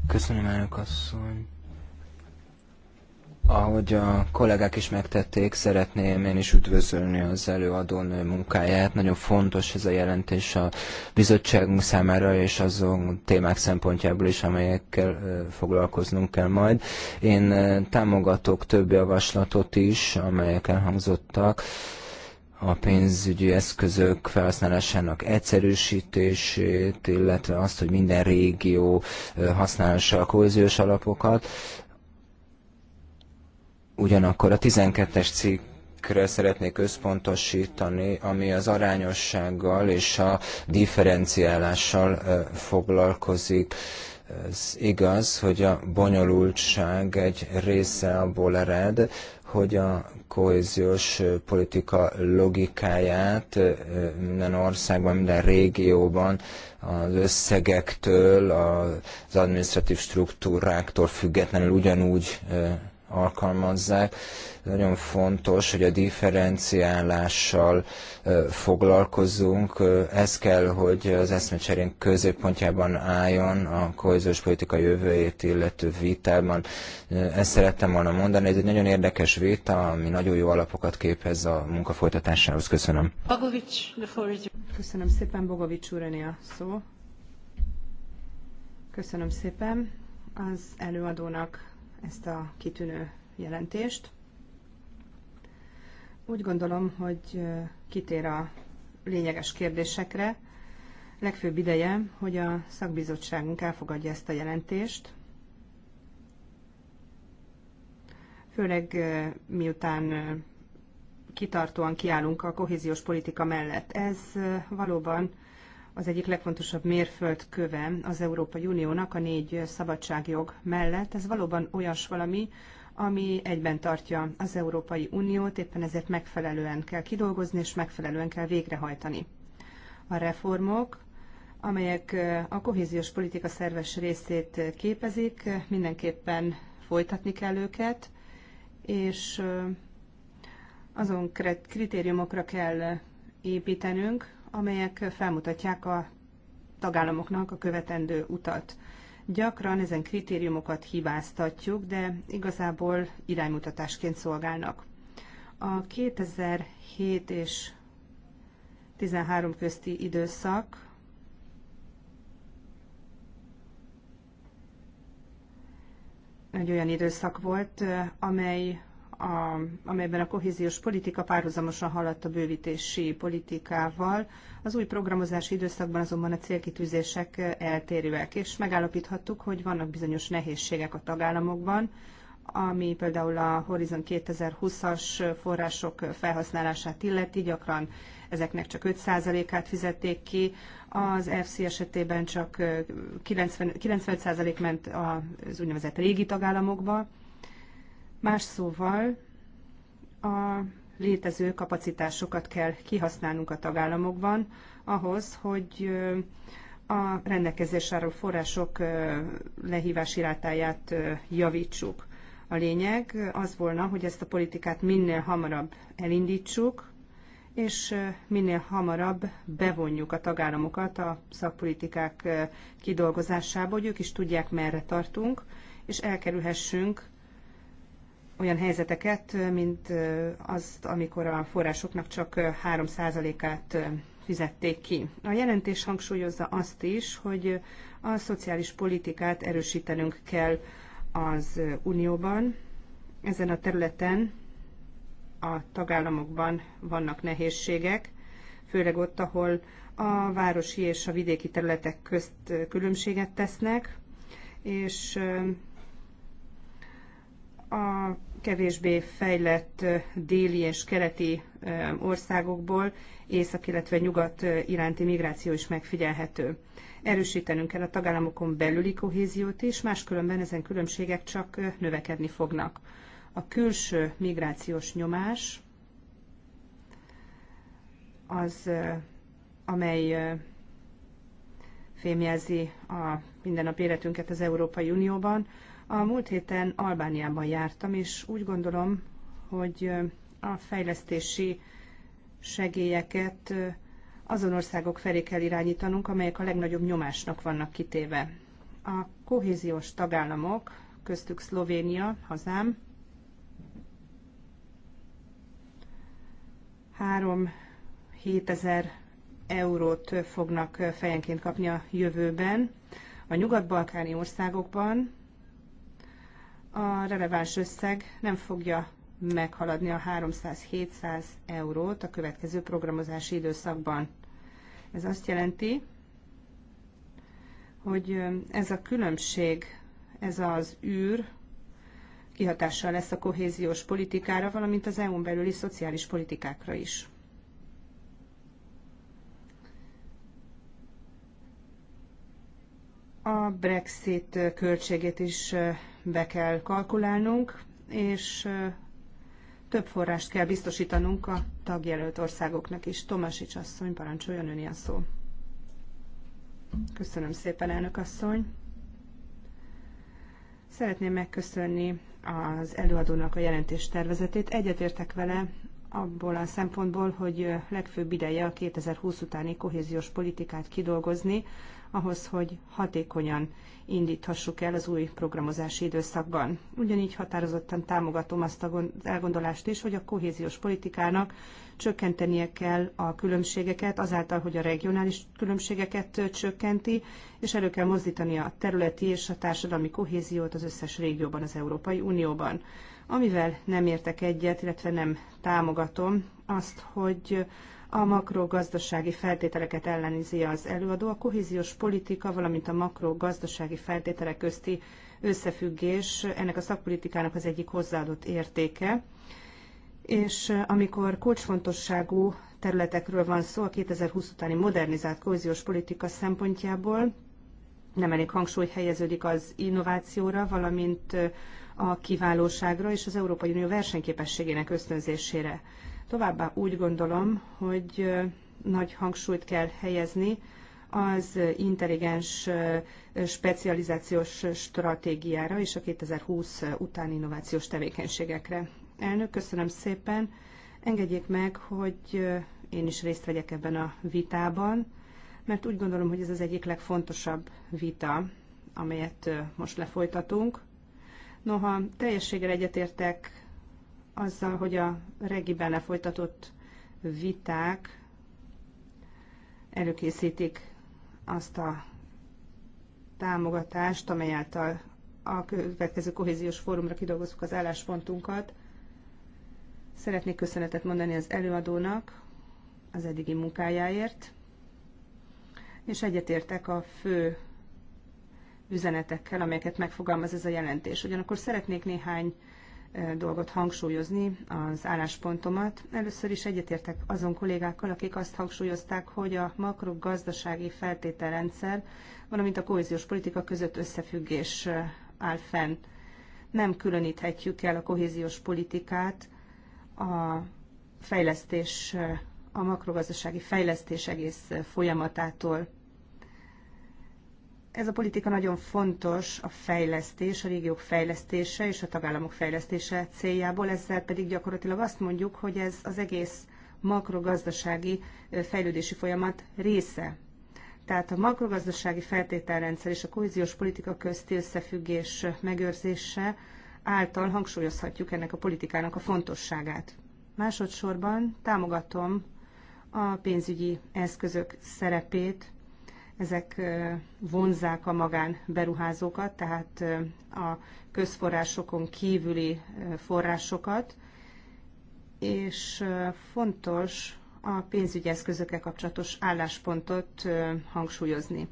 Köszönöm, elnök asszony. Ahogy a kollégák is megtették, szeretném én is üdvözölni az előadónő munkáját. Nagyon fontos ez a jelentés a bizottságunk számára és azon témák szempontjából is, amelyekkel foglalkoznunk kell majd. Én támogatok több javaslatot is, amelyek elhangzottak a pénzügyi eszközök felhasználásának egyszerűsítését, illetve azt, hogy minden régió használhassa a kohéziós alapokat. Ugyanakkor a 12-es cikk amikre szeretnék összpontosítani, ami az arányossággal és a differenciálással foglalkozik. Ez igaz, hogy a bonyolultság egy része abból ered, hogy a kohéziós politika logikáját minden országban, minden régióban az összegektől, az administratív struktúráktól függetlenül ugyanúgy alkalmazzák. Nagyon fontos, hogy a differenciálással foglalkozunk. Ez kell, hogy az eszmecserénk középpontjában álljon a kohéziós politika jövőjét illető vitában. Ezt szerettem volna mondani, ez egy nagyon érdekes vita, ami nagyon jó alapokat képez a munka folytatásához. Köszönöm. Bogovics, Köszönöm szépen, Bogovics úr, a szó. Köszönöm szépen az előadónak ezt a kitűnő jelentést. Úgy gondolom, hogy kitér a lényeges kérdésekre. Legfőbb ideje, hogy a szakbizottságunk elfogadja ezt a jelentést, főleg miután kitartóan kiállunk a kohéziós politika mellett. Ez valóban az egyik legfontosabb mérföldköve az Európai Uniónak a négy szabadságjog mellett. Ez valóban olyas valami, ami egyben tartja az Európai Uniót, éppen ezért megfelelően kell kidolgozni és megfelelően kell végrehajtani. A reformok, amelyek a kohéziós politika szerves részét képezik, mindenképpen folytatni kell őket, és azon kritériumokra kell építenünk, amelyek felmutatják a tagállamoknak a követendő utat. Gyakran ezen kritériumokat hibáztatjuk, de igazából iránymutatásként szolgálnak. A 2007 és 13 közti időszak egy olyan időszak volt, amely a, amelyben a kohéziós politika párhuzamosan haladt a bővítési politikával. Az új programozási időszakban azonban a célkitűzések eltérőek, és megállapíthattuk, hogy vannak bizonyos nehézségek a tagállamokban, ami például a Horizon 2020-as források felhasználását illeti, gyakran ezeknek csak 5%-át fizették ki, az FC esetében csak 90, 90% ment az úgynevezett régi tagállamokba, Más szóval a létező kapacitásokat kell kihasználnunk a tagállamokban ahhoz, hogy a rendelkezésáról álló források lehívási rátáját javítsuk. A lényeg az volna, hogy ezt a politikát minél hamarabb elindítsuk, és minél hamarabb bevonjuk a tagállamokat a szakpolitikák kidolgozásába, hogy ők is tudják, merre tartunk, és elkerülhessünk olyan helyzeteket, mint az, amikor a forrásoknak csak 3%-át fizették ki. A jelentés hangsúlyozza azt is, hogy a szociális politikát erősítenünk kell az Unióban. Ezen a területen a tagállamokban vannak nehézségek, főleg ott, ahol a városi és a vidéki területek közt különbséget tesznek, és a kevésbé fejlett déli és keleti országokból észak, illetve nyugat iránti migráció is megfigyelhető. Erősítenünk kell a tagállamokon belüli kohéziót is, máskülönben ezen különbségek csak növekedni fognak. A külső migrációs nyomás az, amely fémjelzi a mindennapi életünket az Európai Unióban, a múlt héten Albániában jártam, és úgy gondolom, hogy a fejlesztési segélyeket azon országok felé kell irányítanunk, amelyek a legnagyobb nyomásnak vannak kitéve. A kohéziós tagállamok, köztük Szlovénia, hazám, három 7000 eurót fognak fejenként kapni a jövőben. A nyugat-balkáni országokban a releváns összeg nem fogja meghaladni a 300-700 eurót a következő programozási időszakban. Ez azt jelenti, hogy ez a különbség, ez az űr kihatással lesz a kohéziós politikára, valamint az EU-n belüli szociális politikákra is. A Brexit költségét is be kell kalkulálnunk, és több forrást kell biztosítanunk a tagjelölt országoknak is. Tomasics asszony, parancsoljon ön a szó. Köszönöm szépen, elnök asszony. Szeretném megköszönni az előadónak a jelentés tervezetét. Egyetértek vele abból a szempontból, hogy legfőbb ideje a 2020 utáni kohéziós politikát kidolgozni, ahhoz, hogy hatékonyan indíthassuk el az új programozási időszakban. Ugyanígy határozottan támogatom azt az elgondolást is, hogy a kohéziós politikának csökkentenie kell a különbségeket, azáltal, hogy a regionális különbségeket csökkenti, és elő kell mozdítani a területi és a társadalmi kohéziót az összes régióban, az Európai Unióban. Amivel nem értek egyet, illetve nem támogatom azt, hogy a makrogazdasági feltételeket ellenzi az előadó. A kohéziós politika, valamint a makrogazdasági feltételek közti összefüggés ennek a szakpolitikának az egyik hozzáadott értéke. És eh, amikor kulcsfontosságú területekről van szó a 2020 utáni modernizált kohéziós politika szempontjából, nem elég hangsúly helyeződik az innovációra, valamint eh, a kiválóságra és az Európai Unió versenyképességének ösztönzésére. Továbbá úgy gondolom, hogy nagy hangsúlyt kell helyezni az intelligens specializációs stratégiára és a 2020 utáni innovációs tevékenységekre. Elnök, köszönöm szépen. Engedjék meg, hogy én is részt vegyek ebben a vitában, mert úgy gondolom, hogy ez az egyik legfontosabb vita, amelyet most lefolytatunk. Noha teljességgel egyetértek azzal, hogy a regiben lefolytatott viták előkészítik azt a támogatást, amely által a következő kohéziós fórumra kidolgozzuk az álláspontunkat. Szeretnék köszönetet mondani az előadónak az eddigi munkájáért, és egyetértek a fő üzenetekkel, amelyeket megfogalmaz ez a jelentés. Ugyanakkor szeretnék néhány dolgot hangsúlyozni, az álláspontomat. Először is egyetértek azon kollégákkal, akik azt hangsúlyozták, hogy a makrogazdasági feltételrendszer, valamint a kohéziós politika között összefüggés áll fenn. Nem különíthetjük el a kohéziós politikát a fejlesztés, a makrogazdasági fejlesztés egész folyamatától. Ez a politika nagyon fontos a fejlesztés, a régiók fejlesztése és a tagállamok fejlesztése céljából, ezzel pedig gyakorlatilag azt mondjuk, hogy ez az egész makrogazdasági fejlődési folyamat része. Tehát a makrogazdasági feltételrendszer és a kohéziós politika közti összefüggés megőrzése által hangsúlyozhatjuk ennek a politikának a fontosságát. Másodszorban támogatom a pénzügyi eszközök szerepét ezek vonzák a magán beruházókat, tehát a közforrásokon kívüli forrásokat, és fontos a pénzügyi eszközökkel kapcsolatos álláspontot hangsúlyozni.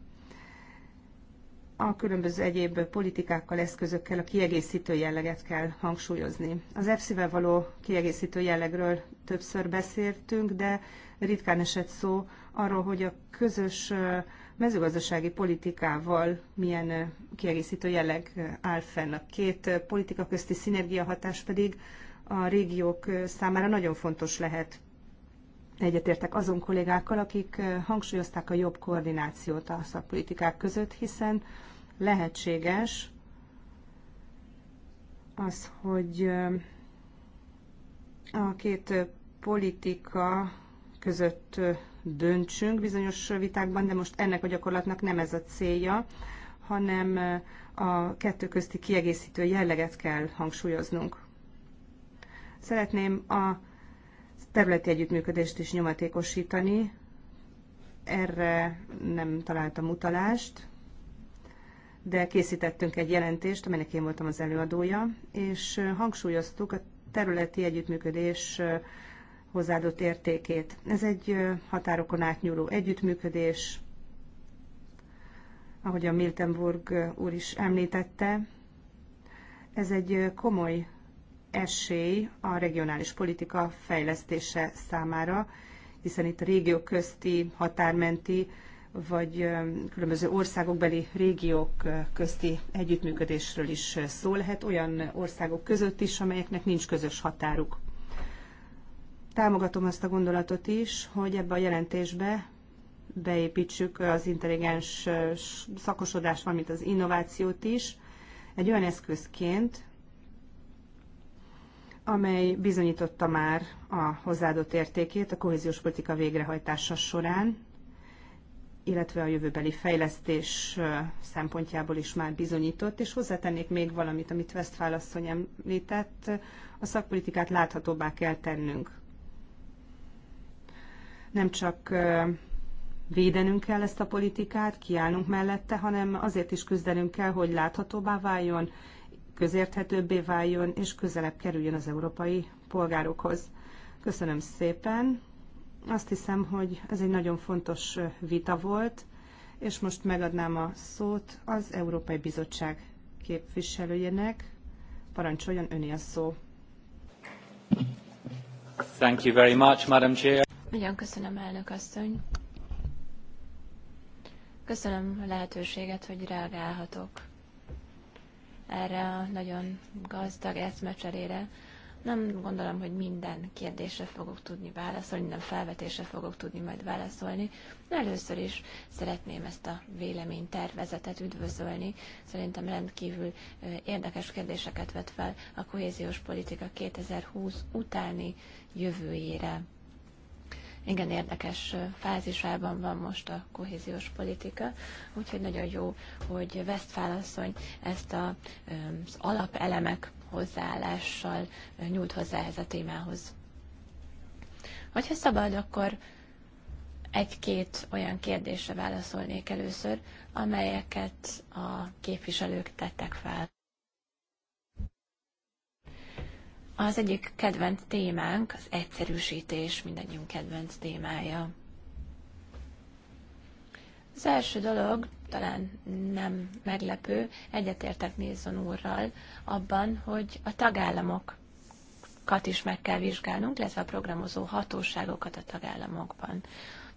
A különböző egyéb politikákkal, eszközökkel a kiegészítő jelleget kell hangsúlyozni. Az EFSZ-vel való kiegészítő jellegről többször beszéltünk, de ritkán esett szó arról, hogy a közös mezőgazdasági politikával milyen kiegészítő jelleg áll fenn. A két politika közti szinergiahatás pedig a régiók számára nagyon fontos lehet. Egyetértek azon kollégákkal, akik hangsúlyozták a jobb koordinációt a szakpolitikák között, hiszen lehetséges az, hogy a két politika között döntsünk bizonyos vitákban, de most ennek a gyakorlatnak nem ez a célja, hanem eh, a kettő közti kiegészítő jelleget kell hangsúlyoznunk. Szeretném a területi együttműködést is nyomatékosítani. Erre nem találtam utalást, de készítettünk egy jelentést, amelynek én voltam az előadója, és eh, hangsúlyoztuk a területi együttműködés eh, hozzáadott értékét. Ez egy határokon átnyúló együttműködés, ahogy a Miltenburg úr is említette, ez egy komoly esély a regionális politika fejlesztése számára, hiszen itt a régiók közti, határmenti, vagy különböző országokbeli régiók közti együttműködésről is szó lehet, olyan országok között is, amelyeknek nincs közös határuk. Támogatom azt a gondolatot is, hogy ebbe a jelentésbe beépítsük az intelligens szakosodást, valamint az innovációt is, egy olyan eszközként, amely bizonyította már a hozzáadott értékét a kohéziós politika végrehajtása során, illetve a jövőbeli fejlesztés szempontjából is már bizonyított, és hozzátennék még valamit, amit Westphal asszony említett, a szakpolitikát láthatóbbá kell tennünk nem csak védenünk kell ezt a politikát, kiállnunk mellette, hanem azért is küzdenünk kell, hogy láthatóbbá váljon, közérthetőbbé váljon, és közelebb kerüljön az európai polgárokhoz. Köszönöm szépen. Azt hiszem, hogy ez egy nagyon fontos vita volt, és most megadnám a szót az Európai Bizottság képviselőjének. Parancsoljon öné a szó. Thank you very much, Madam Chair. Nagyon köszönöm, elnök asszony. Köszönöm a lehetőséget, hogy reagálhatok erre a nagyon gazdag eszmecserére. Nem gondolom, hogy minden kérdésre fogok tudni válaszolni, minden felvetésre fogok tudni majd válaszolni. De először is szeretném ezt a véleménytervezetet üdvözölni. Szerintem rendkívül érdekes kérdéseket vet fel a kohéziós politika 2020 utáni jövőjére igen érdekes fázisában van most a kohéziós politika, úgyhogy nagyon jó, hogy Westfálasszony ezt a, az alapelemek hozzáállással nyújt hozzá ehhez a témához. Hogyha szabad, akkor egy-két olyan kérdésre válaszolnék először, amelyeket a képviselők tettek fel. Az egyik kedvenc témánk az egyszerűsítés, mindannyiunk kedvenc témája. Az első dolog talán nem meglepő, egyetértek Nézon úrral abban, hogy a tagállamokat is meg kell vizsgálnunk, illetve a programozó hatóságokat a tagállamokban.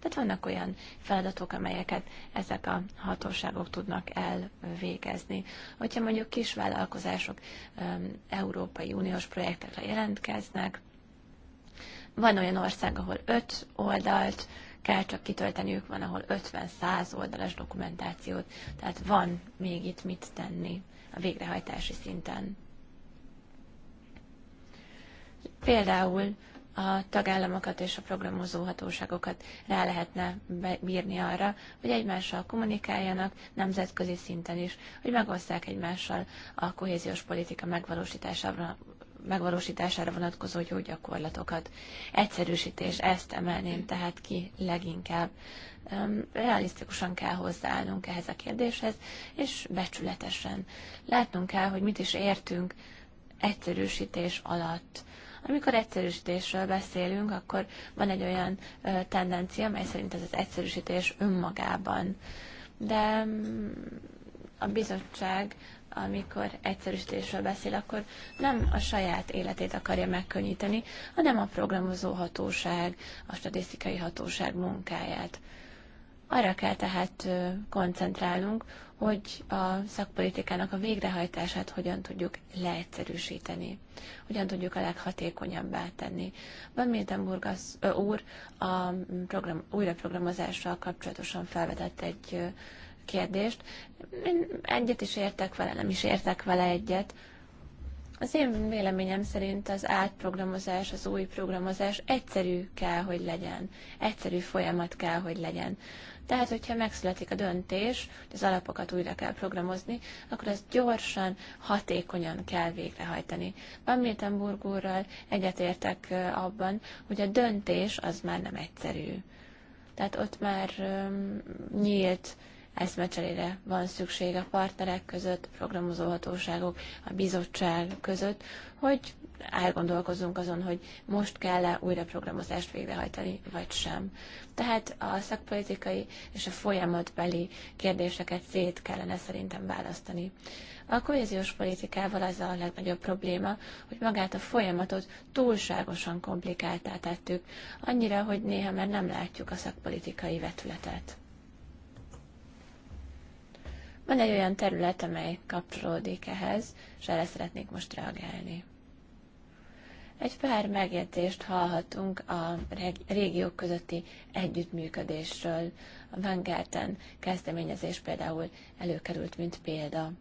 Tehát vannak olyan feladatok, amelyeket ezek a hatóságok tudnak elvégezni. Hogyha mondjuk kisvállalkozások Európai Uniós projektekre jelentkeznek, van olyan ország, ahol öt oldalt kell csak kitölteniük, van, ahol 50-100 oldalas dokumentációt, tehát van még itt mit tenni a végrehajtási szinten. Például a tagállamokat és a programozó hatóságokat rá lehetne bírni arra, hogy egymással kommunikáljanak nemzetközi szinten is, hogy megosszák egymással a kohéziós politika megvalósítására megvalósítására vonatkozó jó gyakorlatokat. Egyszerűsítés, ezt emelném tehát ki leginkább. Realisztikusan kell hozzáállnunk ehhez a kérdéshez, és becsületesen. Látnunk kell, hogy mit is értünk egyszerűsítés alatt amikor egyszerűsítésről beszélünk, akkor van egy olyan tendencia, mely szerint ez az egyszerűsítés önmagában. De mm, a bizottság amikor egyszerűsítésről beszél, akkor nem a saját életét akarja megkönnyíteni, hanem a programozó hatóság, a statisztikai hatóság munkáját. Arra kell tehát koncentrálnunk, hogy a szakpolitikának a végrehajtását hogyan tudjuk leegyszerűsíteni, hogyan tudjuk a leghatékonyabbá tenni. Van Miltenburg az, ö, úr a program, újraprogramozással kapcsolatosan felvetett egy kérdést. Én egyet is értek vele, nem is értek vele egyet. Az én véleményem szerint az átprogramozás, az új programozás egyszerű kell, hogy legyen. Egyszerű folyamat kell, hogy legyen. Tehát, hogyha megszületik a döntés, hogy az alapokat újra kell programozni, akkor ezt gyorsan, hatékonyan kell végrehajtani. Van Miltenburg úrral egyetértek abban, hogy a döntés az már nem egyszerű. Tehát ott már nyílt eszmecserére van szükség a partnerek között, a programozóhatóságok, a bizottság között, hogy elgondolkozunk azon, hogy most kell-e újra programozást végrehajtani, vagy sem. Tehát a szakpolitikai és a folyamatbeli kérdéseket szét kellene szerintem választani. A kohéziós politikával az a legnagyobb probléma, hogy magát a folyamatot túlságosan komplikáltá tettük, annyira, hogy néha már nem látjuk a szakpolitikai vetületet. Van egy olyan terület, amely kapcsolódik ehhez, és erre szeretnék most reagálni. Egy pár megértést hallhatunk a régiók közötti együttműködésről. A Vangárten kezdeményezés például előkerült, mint példa.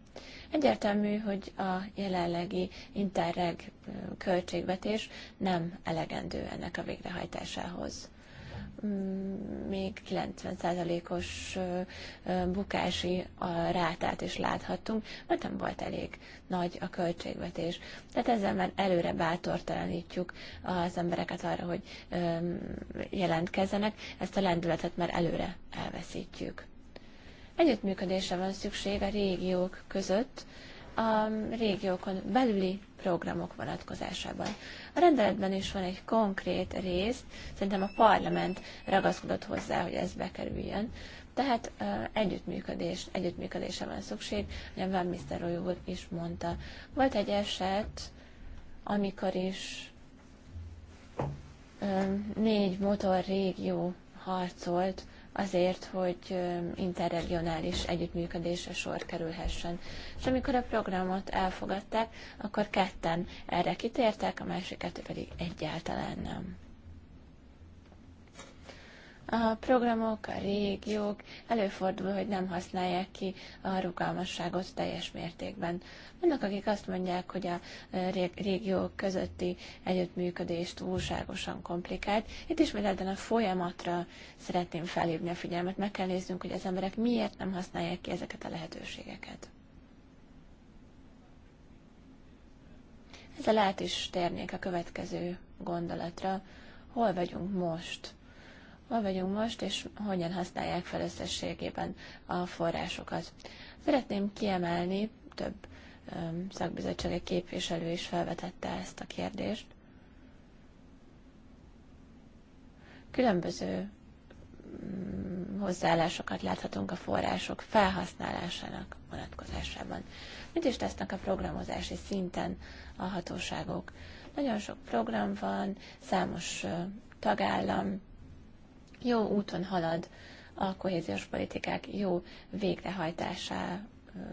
Egyértelmű, hogy a jelenlegi Interreg költségvetés nem elegendő ennek a végrehajtásához még 90%-os bukási rátát is láthattunk, mert nem volt elég nagy a költségvetés. Tehát ezzel már előre bátortalanítjuk az embereket arra, hogy jelentkezzenek, ezt a lendületet már előre elveszítjük. Együttműködésre van szükség a régiók között, a régiókon belüli programok vonatkozásában. A rendeletben is van egy konkrét rész, szerintem a parlament ragaszkodott hozzá, hogy ez bekerüljön. Tehát uh, együttműködés, együttműködésre van szükség, ahogyan Van Mr. úr is mondta. Volt egy eset, amikor is um, négy motor régió harcolt azért, hogy interregionális együttműködésre sor kerülhessen. És amikor a programot elfogadták, akkor ketten erre kitértek, a másik kettő pedig egyáltalán nem. A programok, a régiók előfordul, hogy nem használják ki a rugalmasságot teljes mértékben. Vannak, akik azt mondják, hogy a régiók közötti együttműködés túlságosan komplikált. Itt ismételten a folyamatra szeretném felhívni a figyelmet. Meg kell néznünk, hogy az emberek miért nem használják ki ezeket a lehetőségeket. Ezzel át is térnék a következő gondolatra. Hol vagyunk most? hol vagyunk most, és hogyan használják fel összességében a forrásokat. Szeretném kiemelni, több szakbizottsági képviselő is felvetette ezt a kérdést. Különböző mm, hozzáállásokat láthatunk a források felhasználásának vonatkozásában. Mit is tesznek a programozási szinten a hatóságok? Nagyon sok program van, számos tagállam jó úton halad a kohéziós politikák jó végrehajtása,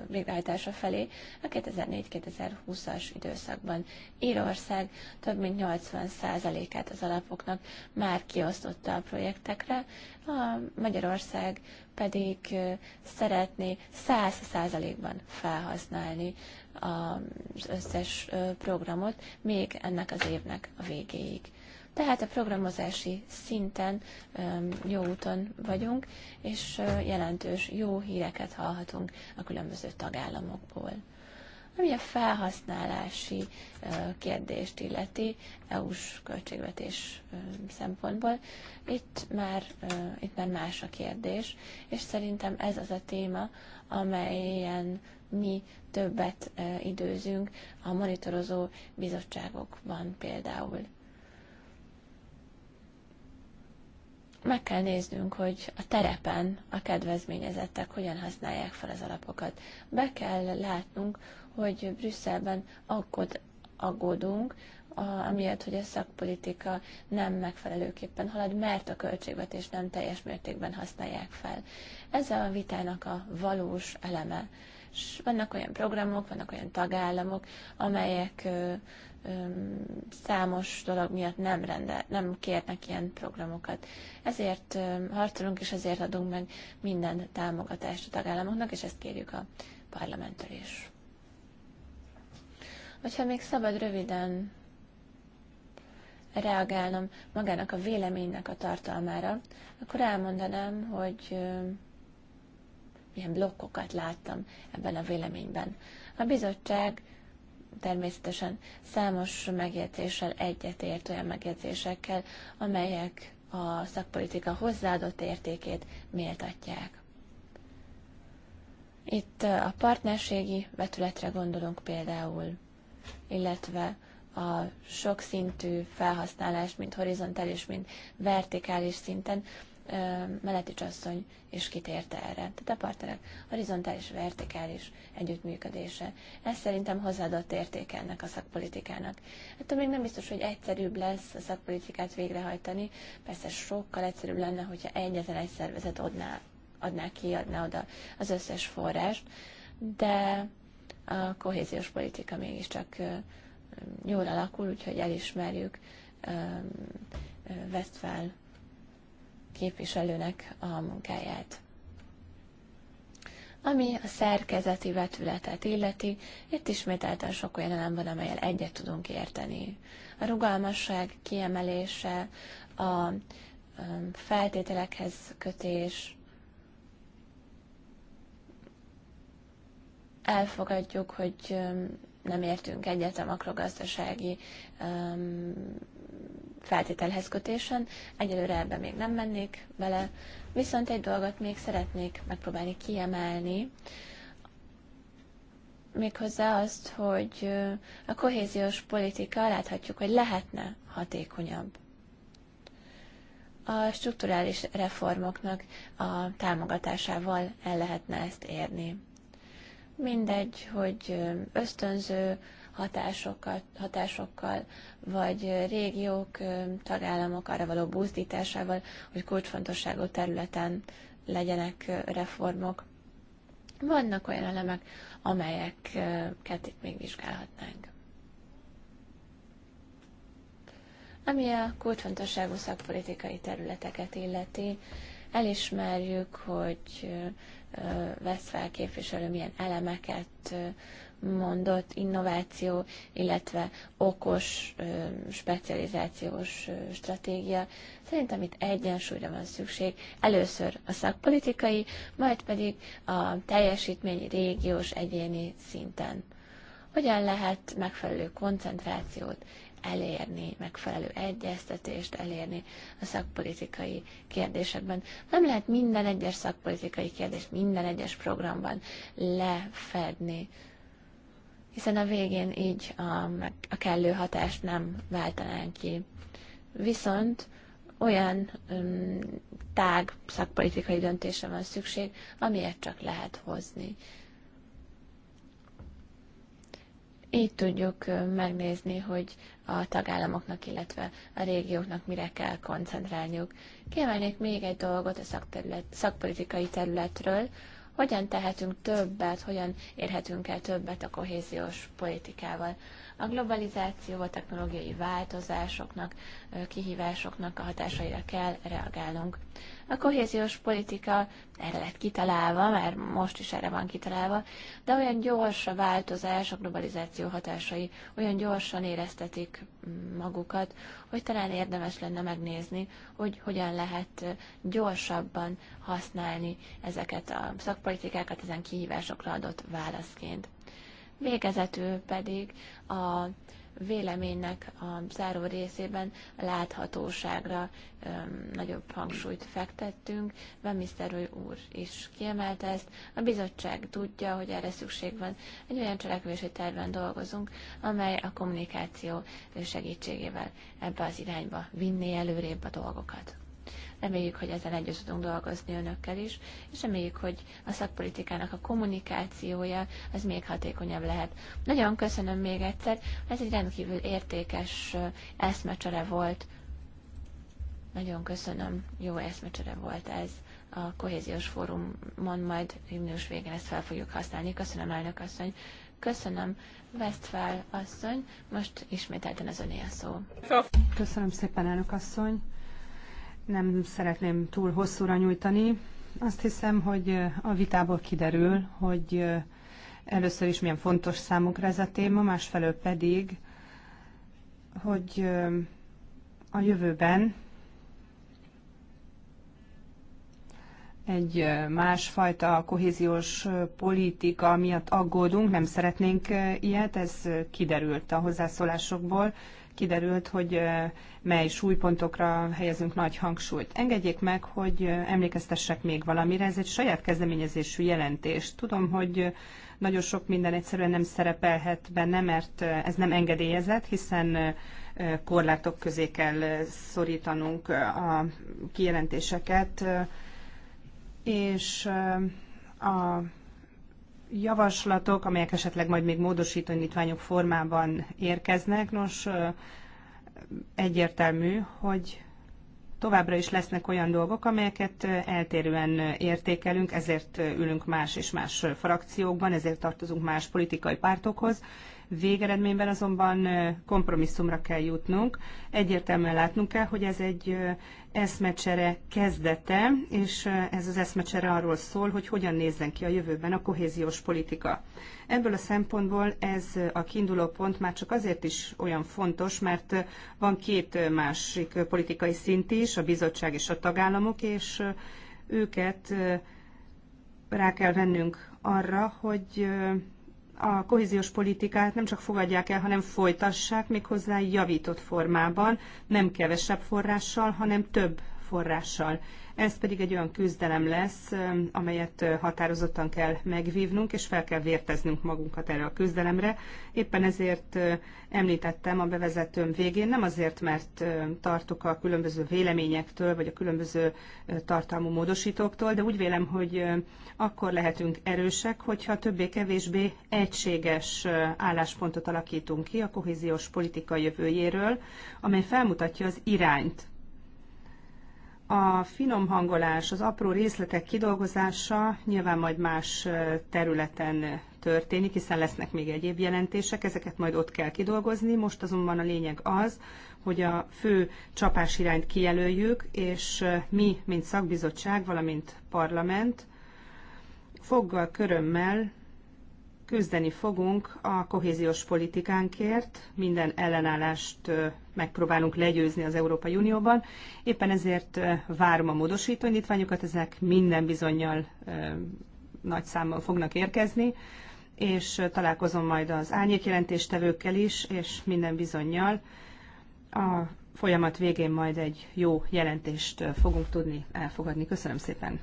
végrehajtása felé a 2004-2020-as időszakban. Írország több mint 80%-át az alapoknak már kiosztotta a projektekre, a Magyarország pedig szeretné 100%-ban felhasználni az összes programot még ennek az évnek a végéig. Tehát a programozási szinten jó úton vagyunk, és jelentős jó híreket hallhatunk a különböző tagállamokból. Ami a felhasználási kérdést illeti EU-s költségvetés szempontból, itt már, itt már más a kérdés, és szerintem ez az a téma, amelyen mi többet időzünk a monitorozó bizottságokban például meg kell néznünk, hogy a terepen a kedvezményezettek hogyan használják fel az alapokat. Be kell látnunk, hogy Brüsszelben aggód, aggódunk, amiatt, hogy a szakpolitika nem megfelelőképpen halad, mert a költségvetés nem teljes mértékben használják fel. Ez a vitának a valós eleme. És vannak olyan programok, vannak olyan tagállamok, amelyek számos dolog miatt nem, rendel, nem kérnek ilyen programokat. Ezért harcolunk, és ezért adunk meg minden támogatást a tagállamoknak, és ezt kérjük a parlamenttől is. Hogyha még szabad röviden reagálnom magának a véleménynek a tartalmára, akkor elmondanám, hogy milyen blokkokat láttam ebben a véleményben. A bizottság természetesen számos megjegyzéssel egyetért olyan megjegyzésekkel, amelyek a szakpolitika hozzáadott értékét méltatják. Itt a partnerségi vetületre gondolunk például, illetve a sokszintű felhasználás, mint horizontális, mint vertikális szinten, Meletics asszony is kitérte erre. Tehát a partnerek horizontális, vertikális együttműködése. Ez szerintem hozzáadott érték ennek a szakpolitikának. Ettől még nem biztos, hogy egyszerűbb lesz a szakpolitikát végrehajtani. Persze sokkal egyszerűbb lenne, hogyha egyetlen egy szervezet adná, adná ki, adná oda az összes forrást, de a kohéziós politika mégiscsak jól alakul, úgyhogy elismerjük fel képviselőnek a munkáját. Ami a szerkezeti vetületet illeti, itt ismételten sok olyan elem van, amelyel egyet tudunk érteni. A rugalmasság kiemelése, a um, feltételekhez kötés, elfogadjuk, hogy um, nem értünk egyet a makrogazdasági um, feltételhez kötésen, egyelőre ebbe még nem mennék bele, viszont egy dolgot még szeretnék megpróbálni kiemelni, méghozzá azt, hogy a kohéziós politika láthatjuk, hogy lehetne hatékonyabb. A strukturális reformoknak a támogatásával el lehetne ezt érni. Mindegy, hogy ösztönző, hatásokkal, hatásokkal, vagy régiók, tagállamok arra való buzdításával, hogy kulcsfontosságú területen legyenek reformok. Vannak olyan elemek, amelyeket itt még vizsgálhatnánk. Ami a kulcsfontosságú szakpolitikai területeket illeti, elismerjük, hogy Westphal képviselő milyen elemeket mondott innováció, illetve okos, specializációs stratégia. Szerintem itt egyensúlyra van szükség. Először a szakpolitikai, majd pedig a teljesítmény régiós egyéni szinten. Hogyan lehet megfelelő koncentrációt elérni, megfelelő egyeztetést elérni a szakpolitikai kérdésekben. Nem lehet minden egyes szakpolitikai kérdést minden egyes programban lefedni hiszen a végén így a, a kellő hatást nem váltanánk ki. Viszont olyan um, tág szakpolitikai döntése van szükség, amilyet csak lehet hozni. Így tudjuk megnézni, hogy a tagállamoknak, illetve a régióknak mire kell koncentrálniuk. Kiemelnék még egy dolgot a szakterület, szakpolitikai területről, hogyan tehetünk többet, hogyan érhetünk el többet a kohéziós politikával. A globalizáció, a technológiai változásoknak, kihívásoknak a hatásaira kell reagálnunk. A kohéziós politika erre lett kitalálva, már most is erre van kitalálva, de olyan gyors a változás, a globalizáció hatásai olyan gyorsan éreztetik mm, magukat, hogy talán érdemes lenne megnézni, hogy hogyan lehet gyorsabban használni ezeket a szakpolitikákat ezen kihívásokra adott válaszként. Végezetül pedig a véleménynek a záró részében a láthatóságra nagyobb hangsúlyt fektettünk. Vemiszterő úr is kiemelte ezt. A bizottság tudja, hogy erre szükség van. Egy olyan cselekvési terven dolgozunk, amely a kommunikáció segítségével ebbe az irányba vinné előrébb a dolgokat. Reméljük, hogy ezzel együtt tudunk dolgozni önökkel is, és reméljük, hogy a szakpolitikának a kommunikációja az még hatékonyabb lehet. Nagyon köszönöm még egyszer, ez egy rendkívül értékes eszmecsere volt. Nagyon köszönöm, jó eszmecsere volt ez a kohéziós fórumon, majd június végén ezt fel fogjuk használni. Köszönöm, elnök asszony. Köszönöm, Westfál asszony. Most ismételten az öné a szó. Köszönöm szépen, elnök asszony. Nem szeretném túl hosszúra nyújtani. Azt hiszem, hogy a vitából kiderül, hogy először is milyen fontos számukra ez a téma, másfelől pedig, hogy a jövőben egy másfajta kohéziós politika miatt aggódunk, nem szeretnénk ilyet, ez kiderült a hozzászólásokból, kiderült, hogy mely súlypontokra helyezünk nagy hangsúlyt. Engedjék meg, hogy emlékeztessek még valamire. Ez egy saját kezdeményezésű jelentés. Tudom, hogy nagyon sok minden egyszerűen nem szerepelhet benne, mert ez nem engedélyezett, hiszen korlátok közé kell szorítanunk a kijelentéseket, és a javaslatok, amelyek esetleg majd még módosító indítványok formában érkeznek. Nos, egyértelmű, hogy továbbra is lesznek olyan dolgok, amelyeket eltérően értékelünk, ezért ülünk más és más frakciókban, ezért tartozunk más politikai pártokhoz, Végeredményben azonban kompromisszumra kell jutnunk. Egyértelműen látnunk kell, hogy ez egy eszmecsere kezdete, és ez az eszmecsere arról szól, hogy hogyan nézzen ki a jövőben a kohéziós politika. Ebből a szempontból ez a kiinduló pont már csak azért is olyan fontos, mert van két másik politikai szint is, a bizottság és a tagállamok, és őket rá kell vennünk arra, hogy a kohéziós politikát nem csak fogadják el, hanem folytassák méghozzá javított formában, nem kevesebb forrással, hanem több forrással. Ez pedig egy olyan küzdelem lesz, amelyet határozottan kell megvívnunk, és fel kell vérteznünk magunkat erre a küzdelemre. Éppen ezért említettem a bevezetőm végén, nem azért, mert tartok a különböző véleményektől, vagy a különböző tartalmú módosítóktól, de úgy vélem, hogy akkor lehetünk erősek, hogyha többé-kevésbé egységes álláspontot alakítunk ki a kohéziós politika jövőjéről, amely felmutatja az irányt a finom hangolás, az apró részletek kidolgozása nyilván majd más területen történik, hiszen lesznek még egyéb jelentések, ezeket majd ott kell kidolgozni. Most azonban a lényeg az, hogy a fő csapásirányt kijelöljük, és mi, mint szakbizottság, valamint parlament, foggal, körömmel küzdeni fogunk a kohéziós politikánkért, minden ellenállást megpróbálunk legyőzni az Európai Unióban. Éppen ezért várom a módosító indítványokat, ezek minden bizonyal nagy számmal fognak érkezni, és találkozom majd az árnyékjelentéstevőkkel is, és minden bizonyal a folyamat végén majd egy jó jelentést fogunk tudni elfogadni. Köszönöm szépen!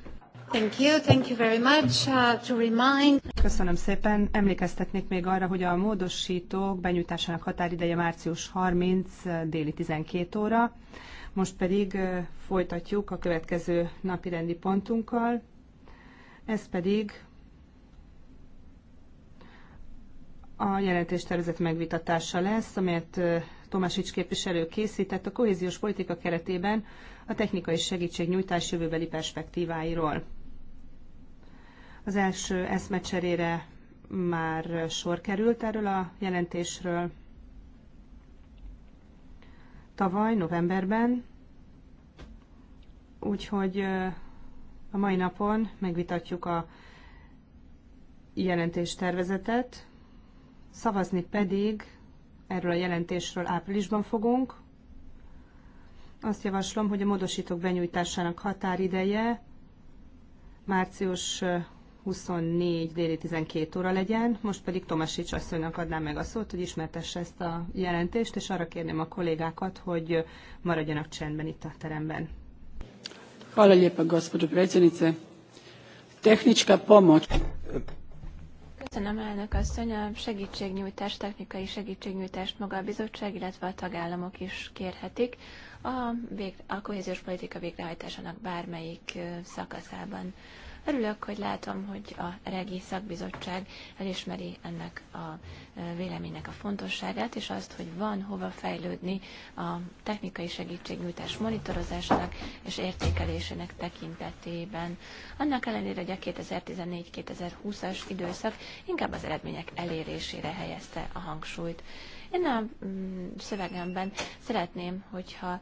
Thank you, thank you very much. Uh, to remind... Köszönöm szépen. Emlékeztetnék még arra, hogy a módosítók benyújtásának határideje március 30 uh, déli 12 óra. Most pedig uh, folytatjuk a következő napi rendi pontunkkal. Ez pedig a jelentéstervezet megvitatása lesz, amelyet uh, Tomásics képviselő készített a kohéziós politika keretében a technikai segítségnyújtás jövőbeli perspektíváiról. Az első eszmecserére már sor került erről a jelentésről. Tavaly, novemberben, úgyhogy a mai napon megvitatjuk a jelentés tervezetet, szavazni pedig erről a jelentésről áprilisban fogunk, azt javaslom, hogy a módosítók benyújtásának határideje március 24 déli 12 óra legyen. Most pedig Tomasics asszonynak adnám meg a szót, hogy ismertesse ezt a jelentést, és arra kérném a kollégákat, hogy maradjanak csendben itt a teremben. Hála lijepa, gospođo predsjednice. Technicska pomoć. Köszönöm, elnök asszony. A segítségnyújtás, technikai segítségnyújtást maga a bizottság, illetve a tagállamok is kérhetik a, vég, a kohéziós politika végrehajtásának bármelyik szakaszában. Örülök, hogy látom, hogy a regi szakbizottság elismeri ennek a véleménynek a fontosságát, és azt, hogy van hova fejlődni a technikai segítségnyújtás monitorozásának és értékelésének tekintetében. Annak ellenére, hogy a 2014-2020-as időszak inkább az eredmények elérésére helyezte a hangsúlyt. Én a mm, szövegemben szeretném, hogyha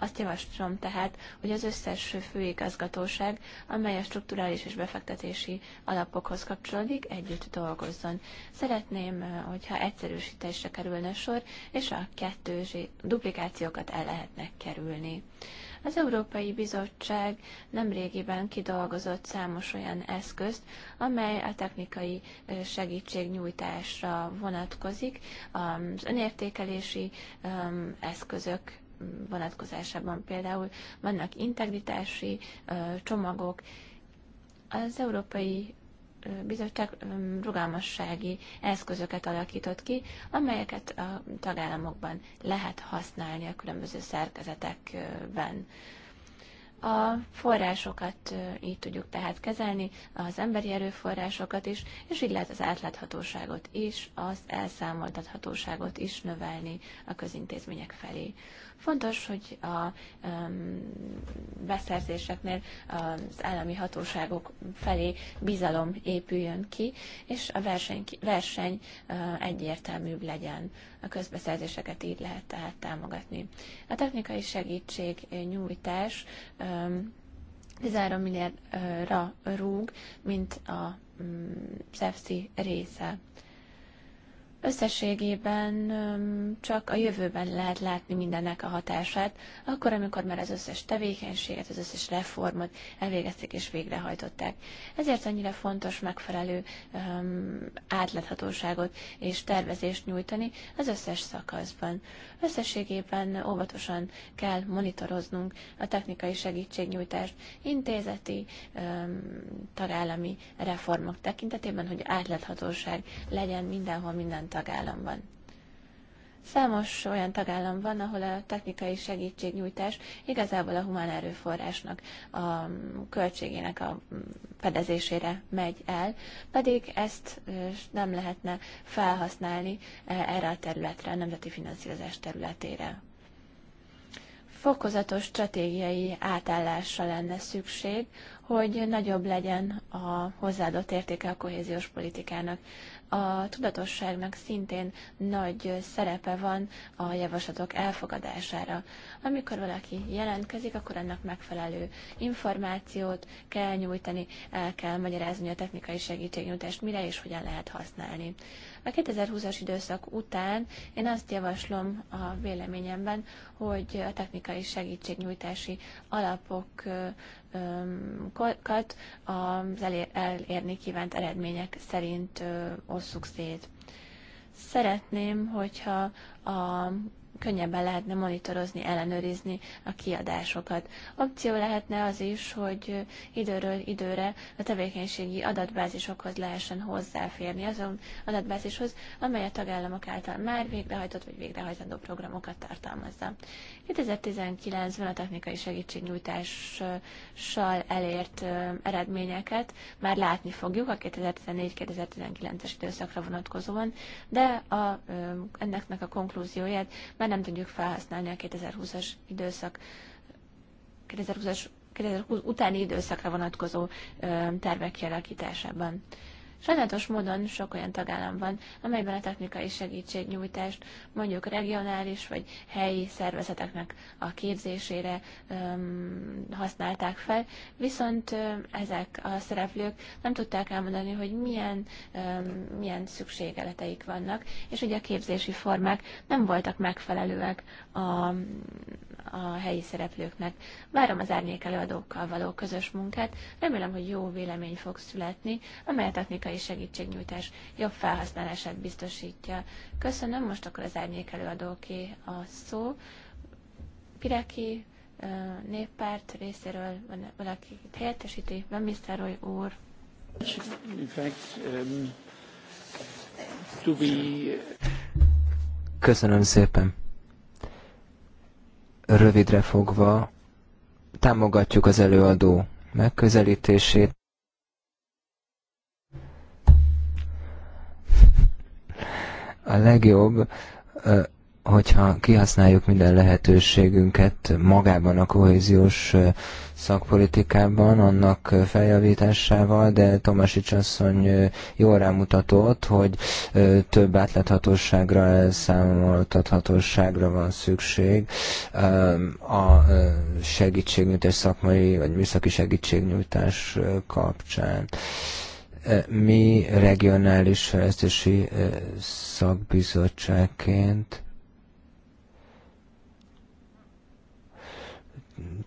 azt javaslom tehát, hogy az összes főigazgatóság, amely a strukturális és befektetési alapokhoz kapcsolódik, együtt dolgozzon. Szeretném, hogyha egyszerűsítésre kerülne sor, és a kettős duplikációkat el lehetnek kerülni. Az Európai Bizottság nemrégiben kidolgozott számos olyan eszközt, amely a technikai segítségnyújtásra vonatkozik, az önértékelési eszközök vonatkozásában például vannak integritási csomagok, az Európai bizottság rugalmassági eszközöket alakított ki, amelyeket a tagállamokban lehet használni a különböző szerkezetekben. A forrásokat így tudjuk tehát kezelni, az emberi erőforrásokat is, és így lehet az átláthatóságot is, az elszámoltathatóságot is növelni a közintézmények felé. Fontos, hogy a beszerzéseknél az állami hatóságok felé bizalom épüljön ki, és a verseny, verseny egyértelműbb legyen. A közbeszerzéseket így lehet tehát támogatni. A technikai segítség nyújtás 13 milliárdra rúg, mint a mm, SEFSI része. Összességében csak a jövőben lehet látni mindennek a hatását, akkor, amikor már az összes tevékenységet, az összes reformot elvégezték és végrehajtották. Ezért annyira fontos megfelelő átláthatóságot és tervezést nyújtani az összes szakaszban. Összességében óvatosan kell monitoroznunk a technikai segítségnyújtást intézeti, tagállami reformok tekintetében, hogy átláthatóság legyen mindenhol, minden tagállamban. Számos olyan tagállam van, ahol a technikai segítségnyújtás igazából a humán erőforrásnak a költségének a fedezésére megy el, pedig ezt nem lehetne felhasználni erre a területre, a nemzeti finanszírozás területére. Fokozatos stratégiai átállásra lenne szükség, hogy nagyobb legyen a hozzáadott értéke a kohéziós politikának a tudatosságnak szintén nagy szerepe van a javaslatok elfogadására. Amikor valaki jelentkezik, akkor ennek megfelelő információt kell nyújtani, el kell magyarázni a technikai segítségnyújtást, mire és hogyan lehet használni. A 2020-as időszak után én azt javaslom a véleményemben, hogy a technikai segítségnyújtási alapokat az elérni kívánt eredmények szerint osszuk szét szeretném, hogyha a könnyebben lehetne monitorozni, ellenőrizni a kiadásokat. Opció lehetne az is, hogy időről időre a tevékenységi adatbázisokhoz lehessen hozzáférni, azon adatbázishoz, amely a tagállamok által már végrehajtott vagy végrehajtandó programokat tartalmazza. 2019-ben a technikai segítségnyújtással elért eredményeket már látni fogjuk a 2014-2019-es időszakra vonatkozóan, de a, ennek a konklúzióját már nem tudjuk felhasználni a 2020-as időszak, 2020-as 2020 utáni időszakra vonatkozó tervek kialakításában. Sajnálatos módon sok olyan tagállam van, amelyben a technikai segítségnyújtást mondjuk regionális vagy helyi szervezeteknek a képzésére öm, használták fel, viszont öm, ezek a szereplők nem tudták elmondani, hogy milyen, öm, milyen szükségeleteik vannak, és ugye a képzési formák nem voltak megfelelőek a, a helyi szereplőknek. Várom az árnyék előadókkal való közös munkát, remélem, hogy jó vélemény fog születni, amely a technikai segítségnyújtás jobb felhasználását biztosítja. Köszönöm, most akkor az árnyék előadóké a szó. Pireki néppárt részéről van valaki itt helyettesíti, van Mr. úr. Um, Köszönöm szépen. Rövidre fogva támogatjuk az előadó megközelítését. A legjobb hogyha kihasználjuk minden lehetőségünket magában a kohéziós szakpolitikában, annak feljavításával, de Tomasi Csasszony jól rámutatott, hogy több átláthatóságra, elszámoltathatóságra van szükség a segítségnyújtás szakmai vagy műszaki segítségnyújtás kapcsán mi regionális fejlesztési szakbizottságként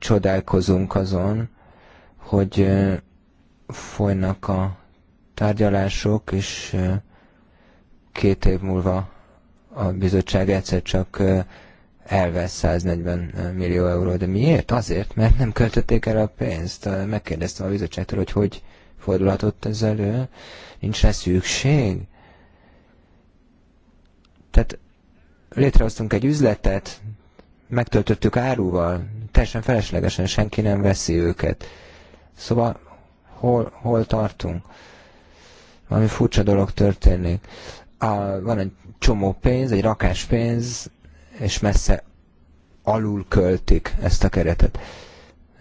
csodálkozunk azon, hogy folynak a tárgyalások, és két év múlva a bizottság egyszer csak elvesz 140 millió euró. De miért? Azért, mert nem költötték el a pénzt. Megkérdeztem a bizottságtól, hogy hogy fordulhatott ez elő. Nincs rá szükség. Tehát létrehoztunk egy üzletet, megtöltöttük áruval, teljesen feleslegesen senki nem veszi őket. Szóval hol, hol tartunk? Valami furcsa dolog történik. A, van egy csomó pénz, egy rakás pénz, és messze alul költik ezt a keretet.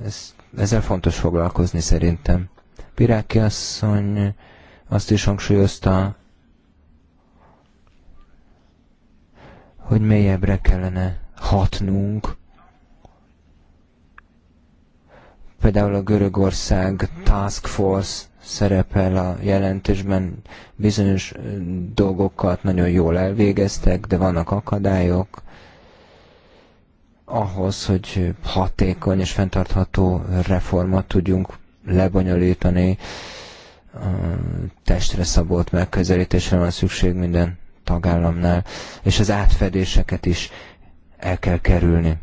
Ez, ezzel fontos foglalkozni szerintem. Piráki asszony azt is hangsúlyozta, hogy mélyebbre kellene hatnunk, Például a Görögország Task Force szerepel a jelentésben, bizonyos dolgokat nagyon jól elvégeztek, de vannak akadályok ahhoz, hogy hatékony és fenntartható reformat tudjunk lebonyolítani, a testre szabott megközelítésre van szükség minden tagállamnál, és az átfedéseket is el kell kerülni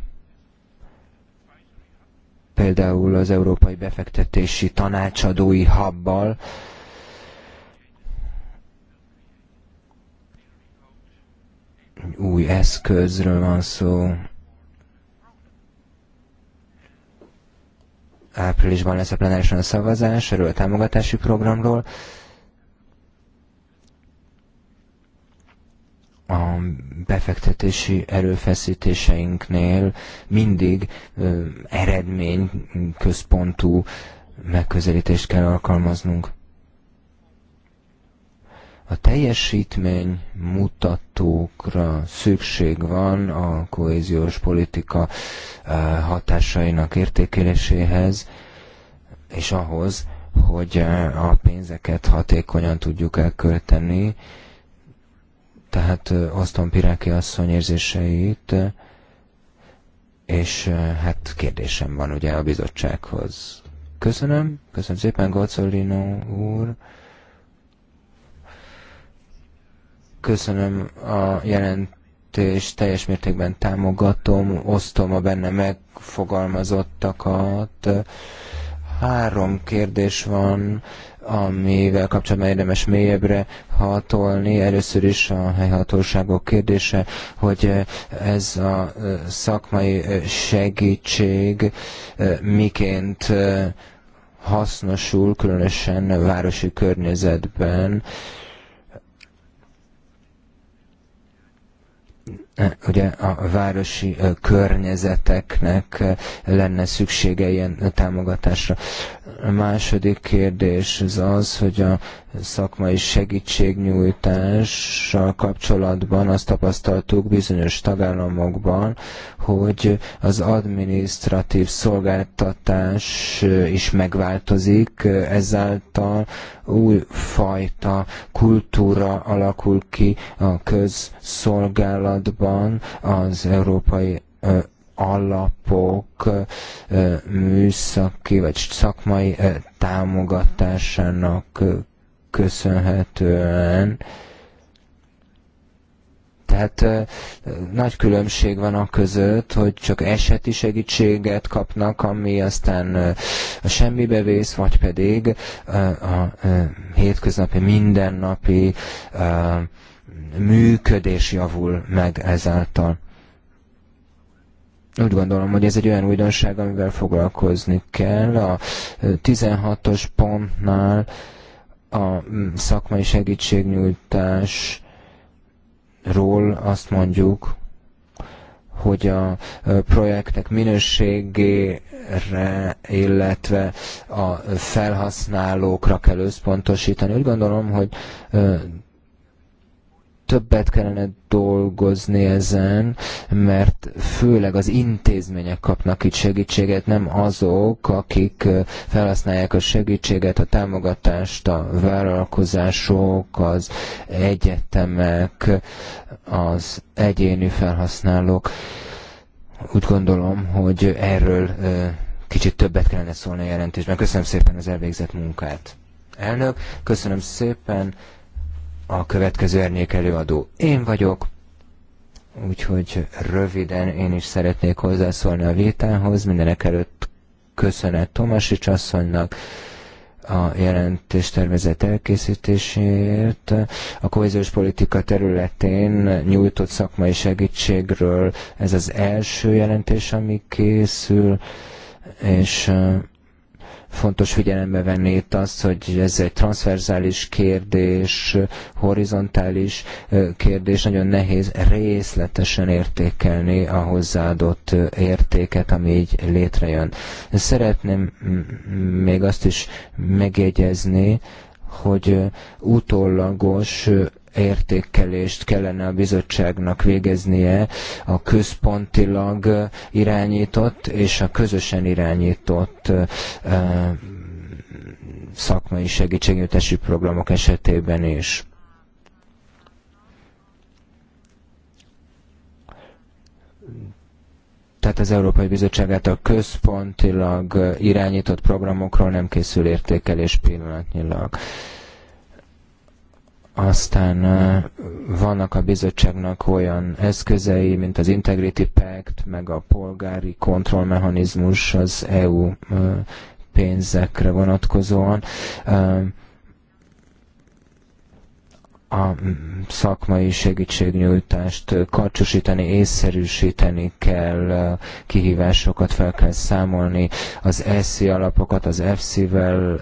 például az Európai Befektetési Tanácsadói Habbal, új eszközről van szó. Áprilisban lesz a plenárisan a szavazás erről a támogatási programról. a befektetési erőfeszítéseinknél mindig eredmény központú megközelítést kell alkalmaznunk. A teljesítmény mutatókra szükség van a kohéziós politika hatásainak értékeléséhez, és ahhoz, hogy a pénzeket hatékonyan tudjuk elkölteni, tehát osztom Piráki asszony érzéseit, és hát kérdésem van ugye a bizottsághoz. Köszönöm, köszönöm szépen Gocolino úr. Köszönöm a jelentést, teljes mértékben támogatom, osztom a benne megfogalmazottakat. Három kérdés van amivel kapcsolatban érdemes mélyebbre hatolni. Először is a helyhatóságok kérdése, hogy ez a szakmai segítség miként hasznosul, különösen városi környezetben. ugye a városi környezeteknek lenne szüksége ilyen támogatásra. A második kérdés az az, hogy a szakmai segítségnyújtással kapcsolatban azt tapasztaltuk bizonyos tagállamokban, hogy az adminisztratív szolgáltatás is megváltozik, ezáltal újfajta kultúra alakul ki a közszolgálatban az európai alapok műszaki vagy szakmai támogatásának köszönhetően tehát nagy különbség van a között, hogy csak eseti segítséget kapnak, ami aztán a semmibe vész, vagy pedig a hétköznapi, mindennapi működés javul meg ezáltal. Úgy gondolom, hogy ez egy olyan újdonság, amivel foglalkozni kell. A 16-os pontnál a mm, szakmai segítségnyújtásról azt mondjuk, hogy a projektek minőségére, illetve a felhasználókra kell összpontosítani. Úgy gondolom, hogy többet kellene dolgozni ezen, mert főleg az intézmények kapnak itt segítséget, nem azok, akik felhasználják a segítséget, a támogatást, a vállalkozások, az egyetemek, az egyéni felhasználók. Úgy gondolom, hogy erről kicsit többet kellene szólni a jelentésben. Köszönöm szépen az elvégzett munkát. Elnök, köszönöm szépen a következő ernék előadó. Én vagyok, úgyhogy röviden én is szeretnék hozzászólni a vétához. Mindenek előtt köszönet Tomasics asszonynak, a jelentés tervezet elkészítéséért, a kohéziós politika területén nyújtott szakmai segítségről ez az első jelentés, ami készül, és Fontos figyelembe venni itt azt, hogy ez egy transzverzális kérdés, horizontális kérdés, nagyon nehéz részletesen értékelni a hozzáadott értéket, ami így létrejön. Szeretném még azt is megjegyezni, hogy utólagos értékelést kellene a bizottságnak végeznie a központilag irányított és a közösen irányított szakmai segítségnyújtási programok esetében is. tehát az Európai Bizottság által központilag irányított programokról nem készül értékelés pillanatnyilag. Aztán vannak a bizottságnak olyan eszközei, mint az Integrity Pact, meg a polgári kontrollmechanizmus az EU pénzekre vonatkozóan a szakmai segítségnyújtást karcsosítani, észszerűsíteni kell, kihívásokat fel kell számolni, az ESZI alapokat az EFSZ-vel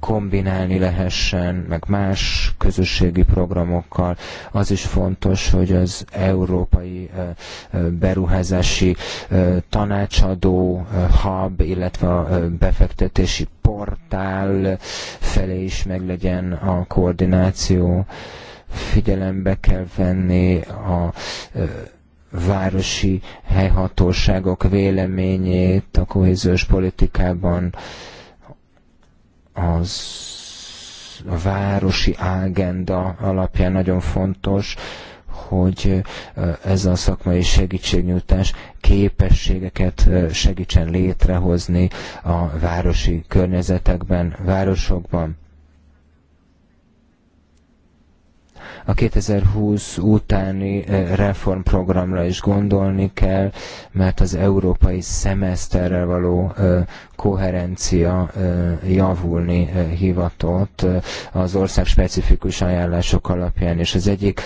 kombinálni lehessen, meg más közösségi programokkal. Az is fontos, hogy az európai eh, eh, beruházási eh, tanácsadó hub, illetve a befektetési portál felé is meglegyen a koordináció. Figyelembe kell venni a városi helyhatóságok véleményét a kohéziós politikában az a városi ágenda alapján nagyon fontos, hogy ez a szakmai segítségnyújtás képességeket segítsen létrehozni a városi környezetekben, városokban. A 2020 utáni eh, reformprogramra is gondolni kell, mert az európai szemeszterrel való eh, koherencia eh, javulni hivatott az ország specifikus ajánlások alapján, és az egyik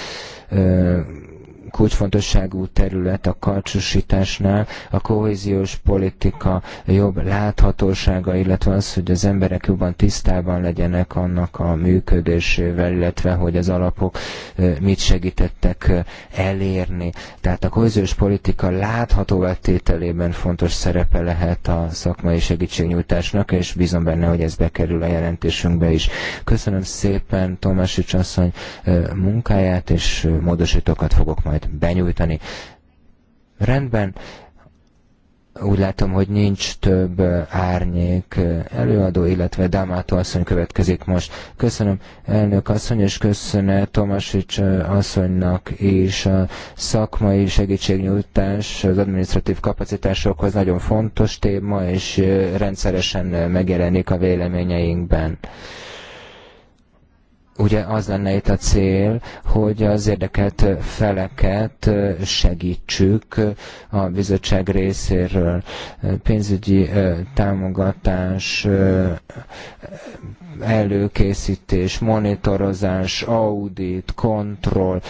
kulcsfontosságú terület a karcsúsításnál a kohéziós politika jobb láthatósága, illetve az, hogy az emberek jobban tisztában legyenek annak a működésével, illetve hogy az alapok mit segítettek elérni. Tehát a kohéziós politika láthatóvá tételében fontos szerepe lehet a szakmai segítségnyújtásnak, és bízom benne, hogy ez bekerül a jelentésünkbe is. Köszönöm szépen Tomásics asszony munkáját, és módosítókat fogok majd majd benyújtani. Rendben, úgy látom, hogy nincs több árnyék előadó, illetve Damato asszony következik most. Köszönöm elnök asszony, és köszönöm Tomasics asszonynak és a szakmai segítségnyújtás az administratív kapacitásokhoz nagyon fontos téma, és rendszeresen megjelenik a véleményeinkben ugye az lenne itt a cél, hogy az érdekelt feleket segítsük a bizottság részéről. Pénzügyi támogatás, előkészítés, monitorozás, audit, kontroll,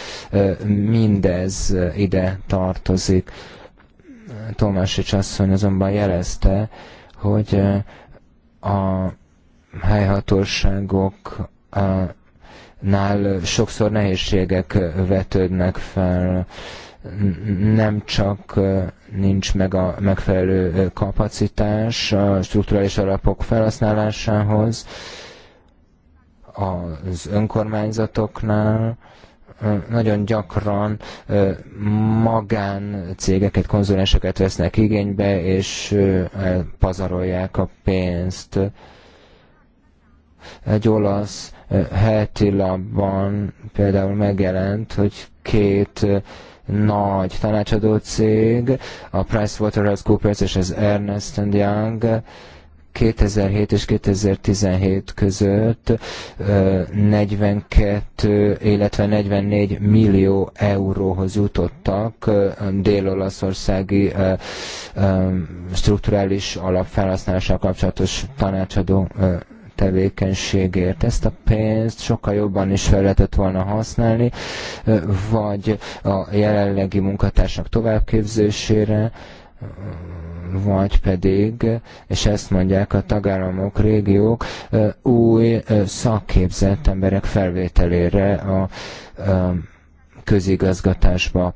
mindez ide tartozik. Tomásics asszony azonban jelezte, hogy a helyhatóságok a nál sokszor nehézségek vetődnek fel. Nem csak nincs meg a megfelelő kapacitás a strukturális alapok felhasználásához, az önkormányzatoknál, nagyon gyakran magáncégeket, konzulenseket vesznek igénybe, és pazarolják a pénzt. Egy olasz heti labban például megjelent, hogy két nagy tanácsadó cég, a PricewaterhouseCoopers és az Ernest Young 2007 és 2017 között 42, illetve 44 millió euróhoz jutottak dél-olaszországi strukturális alapfelhasználással kapcsolatos tanácsadó tevékenységért. Ezt a pénzt sokkal jobban is fel lehetett volna használni, vagy a jelenlegi munkatársak továbbképzésére, vagy pedig, és ezt mondják a tagállamok, régiók, új szakképzett emberek felvételére a közigazgatásba.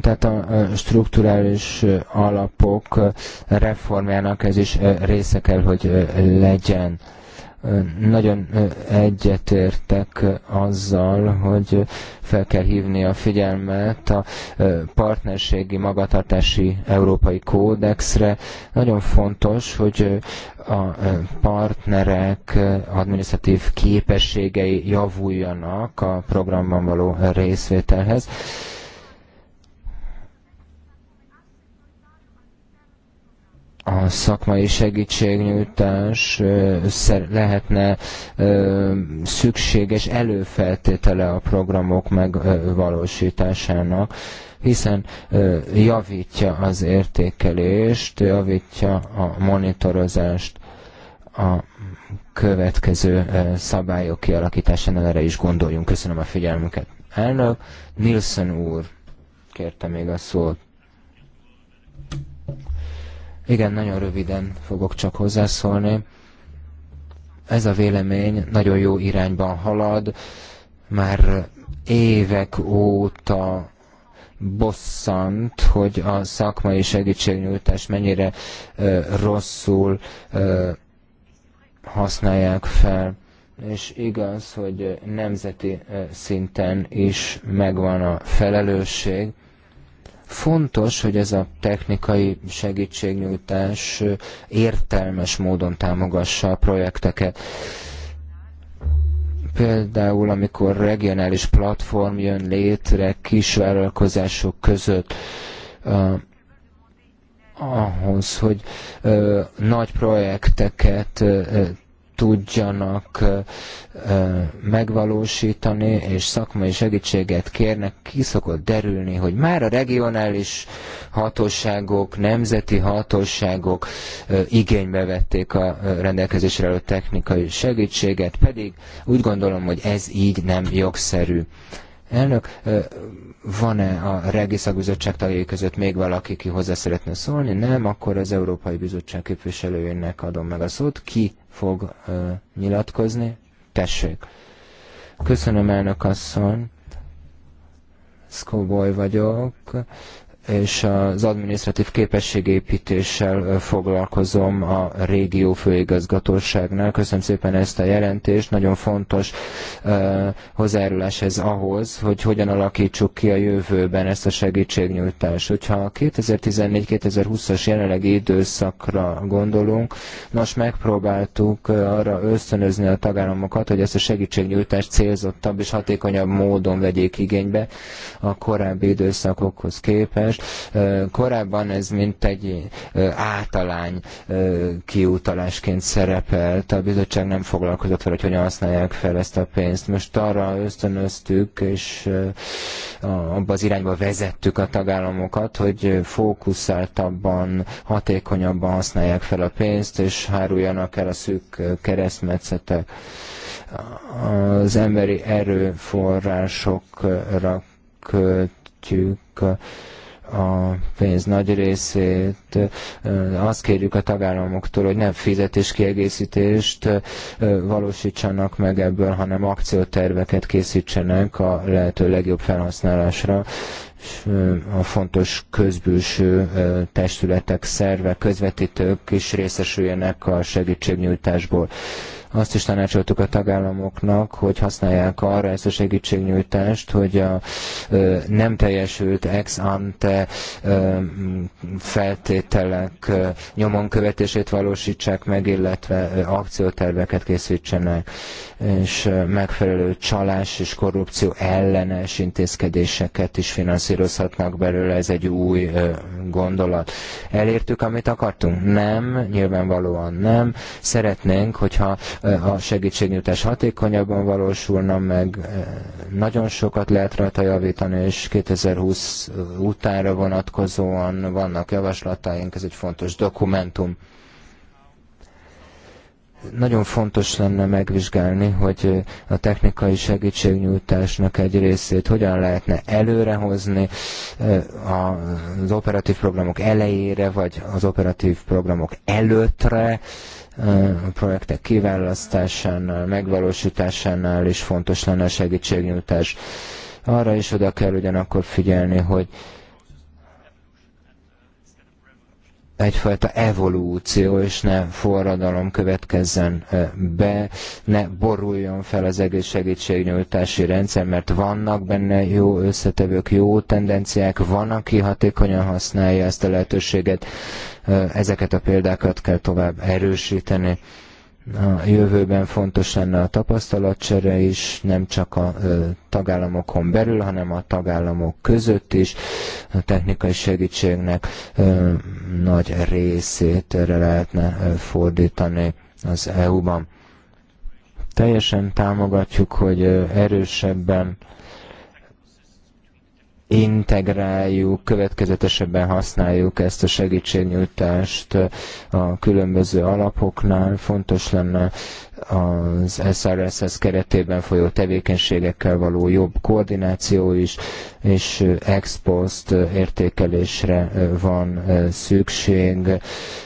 tehát a strukturális alapok reformjának ez is része kell, hogy legyen. Nagyon egyetértek azzal, hogy fel kell hívni a figyelmet a partnerségi magatartási európai kódexre. Nagyon fontos, hogy a partnerek administratív képességei javuljanak a programban való részvételhez a szakmai segítségnyújtás lehetne szükséges előfeltétele a programok megvalósításának, hiszen javítja az értékelést, javítja a monitorozást, a következő szabályok kialakításánál erre is gondoljunk. Köszönöm a figyelmüket. Elnök Nilsson úr kérte még a szót. Igen, nagyon röviden fogok csak hozzászólni. Ez a vélemény nagyon jó irányban halad. Már évek óta bosszant, hogy a szakmai segítségnyújtás mennyire ö, rosszul ö, használják fel. És igaz, hogy nemzeti szinten is megvan a felelősség, Fontos, hogy ez a technikai segítségnyújtás értelmes módon támogassa a projekteket például, amikor regionális platform jön létre kisvállalkozások között, ahhoz, hogy nagy projekteket tudjanak megvalósítani, és szakmai segítséget kérnek, ki szokott derülni, hogy már a regionális hatóságok, nemzeti hatóságok igénybe vették a rendelkezésre álló technikai segítséget, pedig úgy gondolom, hogy ez így nem jogszerű. Elnök, van-e a Szakbizottság tagjai között még valaki, ki hozzá szeretne szólni? Nem, akkor az Európai Bizottság képviselőjének adom meg a szót. Ki fog nyilatkozni. Tessék! Köszönöm, elnök asszony! Szkóboly vagyok és az adminisztratív képességépítéssel foglalkozom a régió főigazgatóságnál. Köszönöm szépen ezt a jelentést, nagyon fontos hozzájárulás ez ahhoz, hogy hogyan alakítsuk ki a jövőben ezt a segítségnyújtást. Hogyha a 2014-2020-as jelenlegi időszakra gondolunk, most megpróbáltuk arra ösztönözni a tagállamokat, hogy ezt a segítségnyújtást célzottabb és hatékonyabb módon vegyék igénybe a korábbi időszakokhoz képest, Korábban ez mint egy általány kiutalásként szerepelt, a bizottság nem foglalkozott vele, hogy hogyan használják fel ezt a pénzt. Most arra ösztönöztük, és abba az irányba vezettük a tagállamokat, hogy fókuszáltabban, hatékonyabban használják fel a pénzt, és háruljanak el a szűk keresztmetszetek az emberi erőforrásokra költjük a pénz nagy részét. Azt kérjük a tagállamoktól, hogy nem fizetéskiegészítést valósítsanak meg ebből, hanem akcióterveket készítsenek a lehető legjobb felhasználásra és a fontos közbűső testületek, szervek, közvetítők is részesüljenek a segítségnyújtásból. Azt is tanácsoltuk a tagállamoknak, hogy használják arra ezt a segítségnyújtást, hogy a nem teljesült ex ante feltételek nyomon követését valósítsák meg, illetve akcióterveket készítsenek, és megfelelő csalás és korrupció ellenes intézkedéseket is finanszírozhatnak belőle, ez egy új gondolat. Elértük, amit akartunk? Nem, nyilvánvalóan nem. Szeretnénk, hogyha Eh, a segítségnyújtás hatékonyabban valósulna meg, eh, nagyon sokat lehet rajta javítani, és 2020 utánra vonatkozóan vannak javaslataink, ez egy fontos dokumentum nagyon fontos lenne megvizsgálni, hogy eh, a technikai segítségnyújtásnak egy részét hogyan lehetne előrehozni az operatív programok elejére, vagy az operatív programok előttre, a projektek kiválasztásánál, megvalósításánál is fontos lenne a segítségnyújtás. Arra is oda kell ugyanakkor figyelni, hogy egyfajta evolúció és ne forradalom következzen be, ne boruljon fel az egész segítségnyújtási rendszer, mert vannak benne jó összetevők, jó tendenciák, van, aki hatékonyan használja ezt a lehetőséget, Ezeket a példákat kell tovább erősíteni. A jövőben fontos lenne a tapasztalatcsere is, nem csak a tagállamokon belül, hanem a tagállamok között is. A technikai segítségnek nagy részét erre lehetne fordítani az EU-ban. Teljesen támogatjuk, hogy erősebben integráljuk, következetesebben használjuk ezt a segítségnyújtást a különböző alapoknál. Fontos lenne az SRSS keretében folyó tevékenységekkel való jobb koordináció is, és ex post értékelésre van szükség.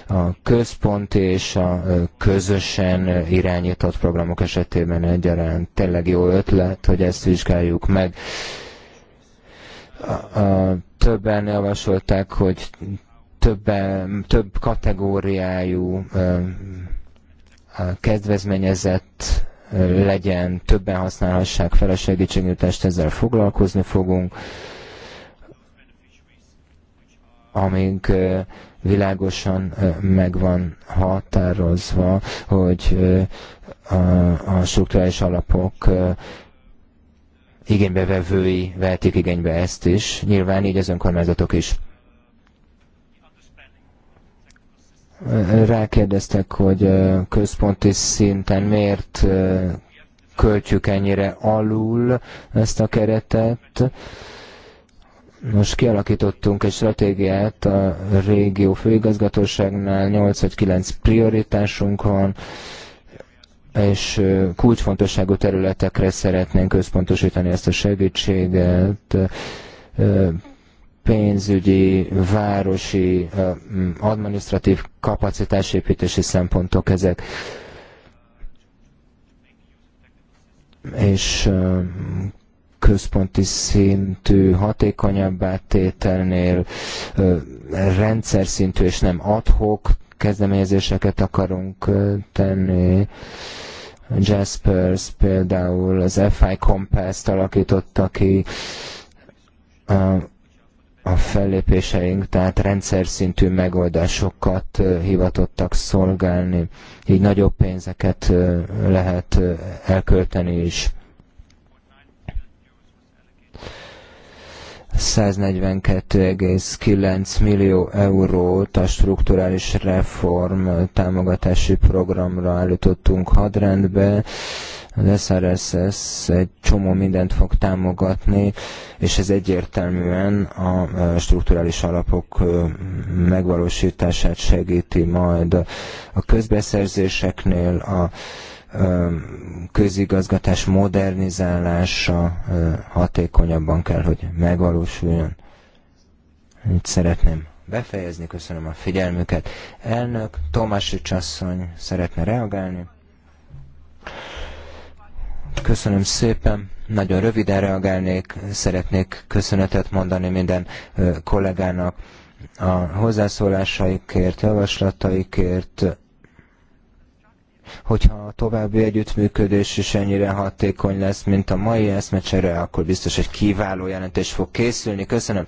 A központ és a közösen irányított programok esetében egyaránt tényleg jó ötlet, hogy ezt vizsgáljuk meg. Többen javasolták, hogy többen, több kategóriájú kedvezményezett legyen, többen használhassák fel a segítségnyújtást, ezzel foglalkozni fogunk. Amíg világosan megvan határozva, hogy a, a struktúrális alapok igénybevevői vehetik igénybe ezt is, nyilván így az önkormányzatok is. Rákérdeztek, hogy központi szinten miért költjük ennyire alul ezt a keretet. Most kialakítottunk egy stratégiát a régió főigazgatóságnál, 8 vagy 9 prioritásunk van, és kulcsfontosságú területekre szeretnénk központosítani ezt a segítséget, pénzügyi, városi, administratív kapacitásépítési szempontok ezek. És központi szintű hatékonyabbá tételnél rendszer szintű és nem adhok kezdeményezéseket akarunk tenni. Jaspers például az FI Compass-t alakította ki a fellépéseink, tehát rendszer szintű megoldásokat hivatottak szolgálni, így nagyobb pénzeket lehet elkölteni is. 142,9 millió eurót a strukturális reform támogatási programra állítottunk hadrendbe. Az SRSS egy csomó mindent fog támogatni, és ez egyértelműen a strukturális alapok megvalósítását segíti majd a közbeszerzéseknél, a közigazgatás modernizálása hatékonyabban kell, hogy megvalósuljon. Itt szeretném befejezni, köszönöm a figyelmüket. Elnök Tomásics Csasszony szeretne reagálni. Köszönöm szépen. Nagyon röviden reagálnék, szeretnék köszönetet mondani minden kollégának a hozzászólásaikért, javaslataikért, Hogyha a további együttműködés is ennyire hatékony lesz, mint a mai eszmecsere, akkor biztos egy kiváló jelentés fog készülni. Köszönöm.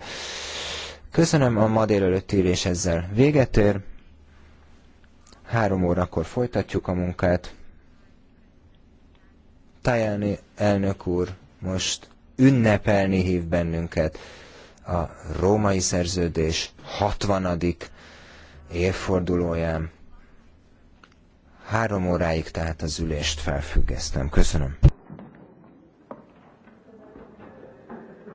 Köszönöm a ma délelőtt ülés ezzel véget ér. Három órakor folytatjuk a munkát. Tajani elnök úr most ünnepelni hív bennünket a római szerződés 60. évfordulóján. Három óráig tehát az ülést felfüggesztem. Köszönöm.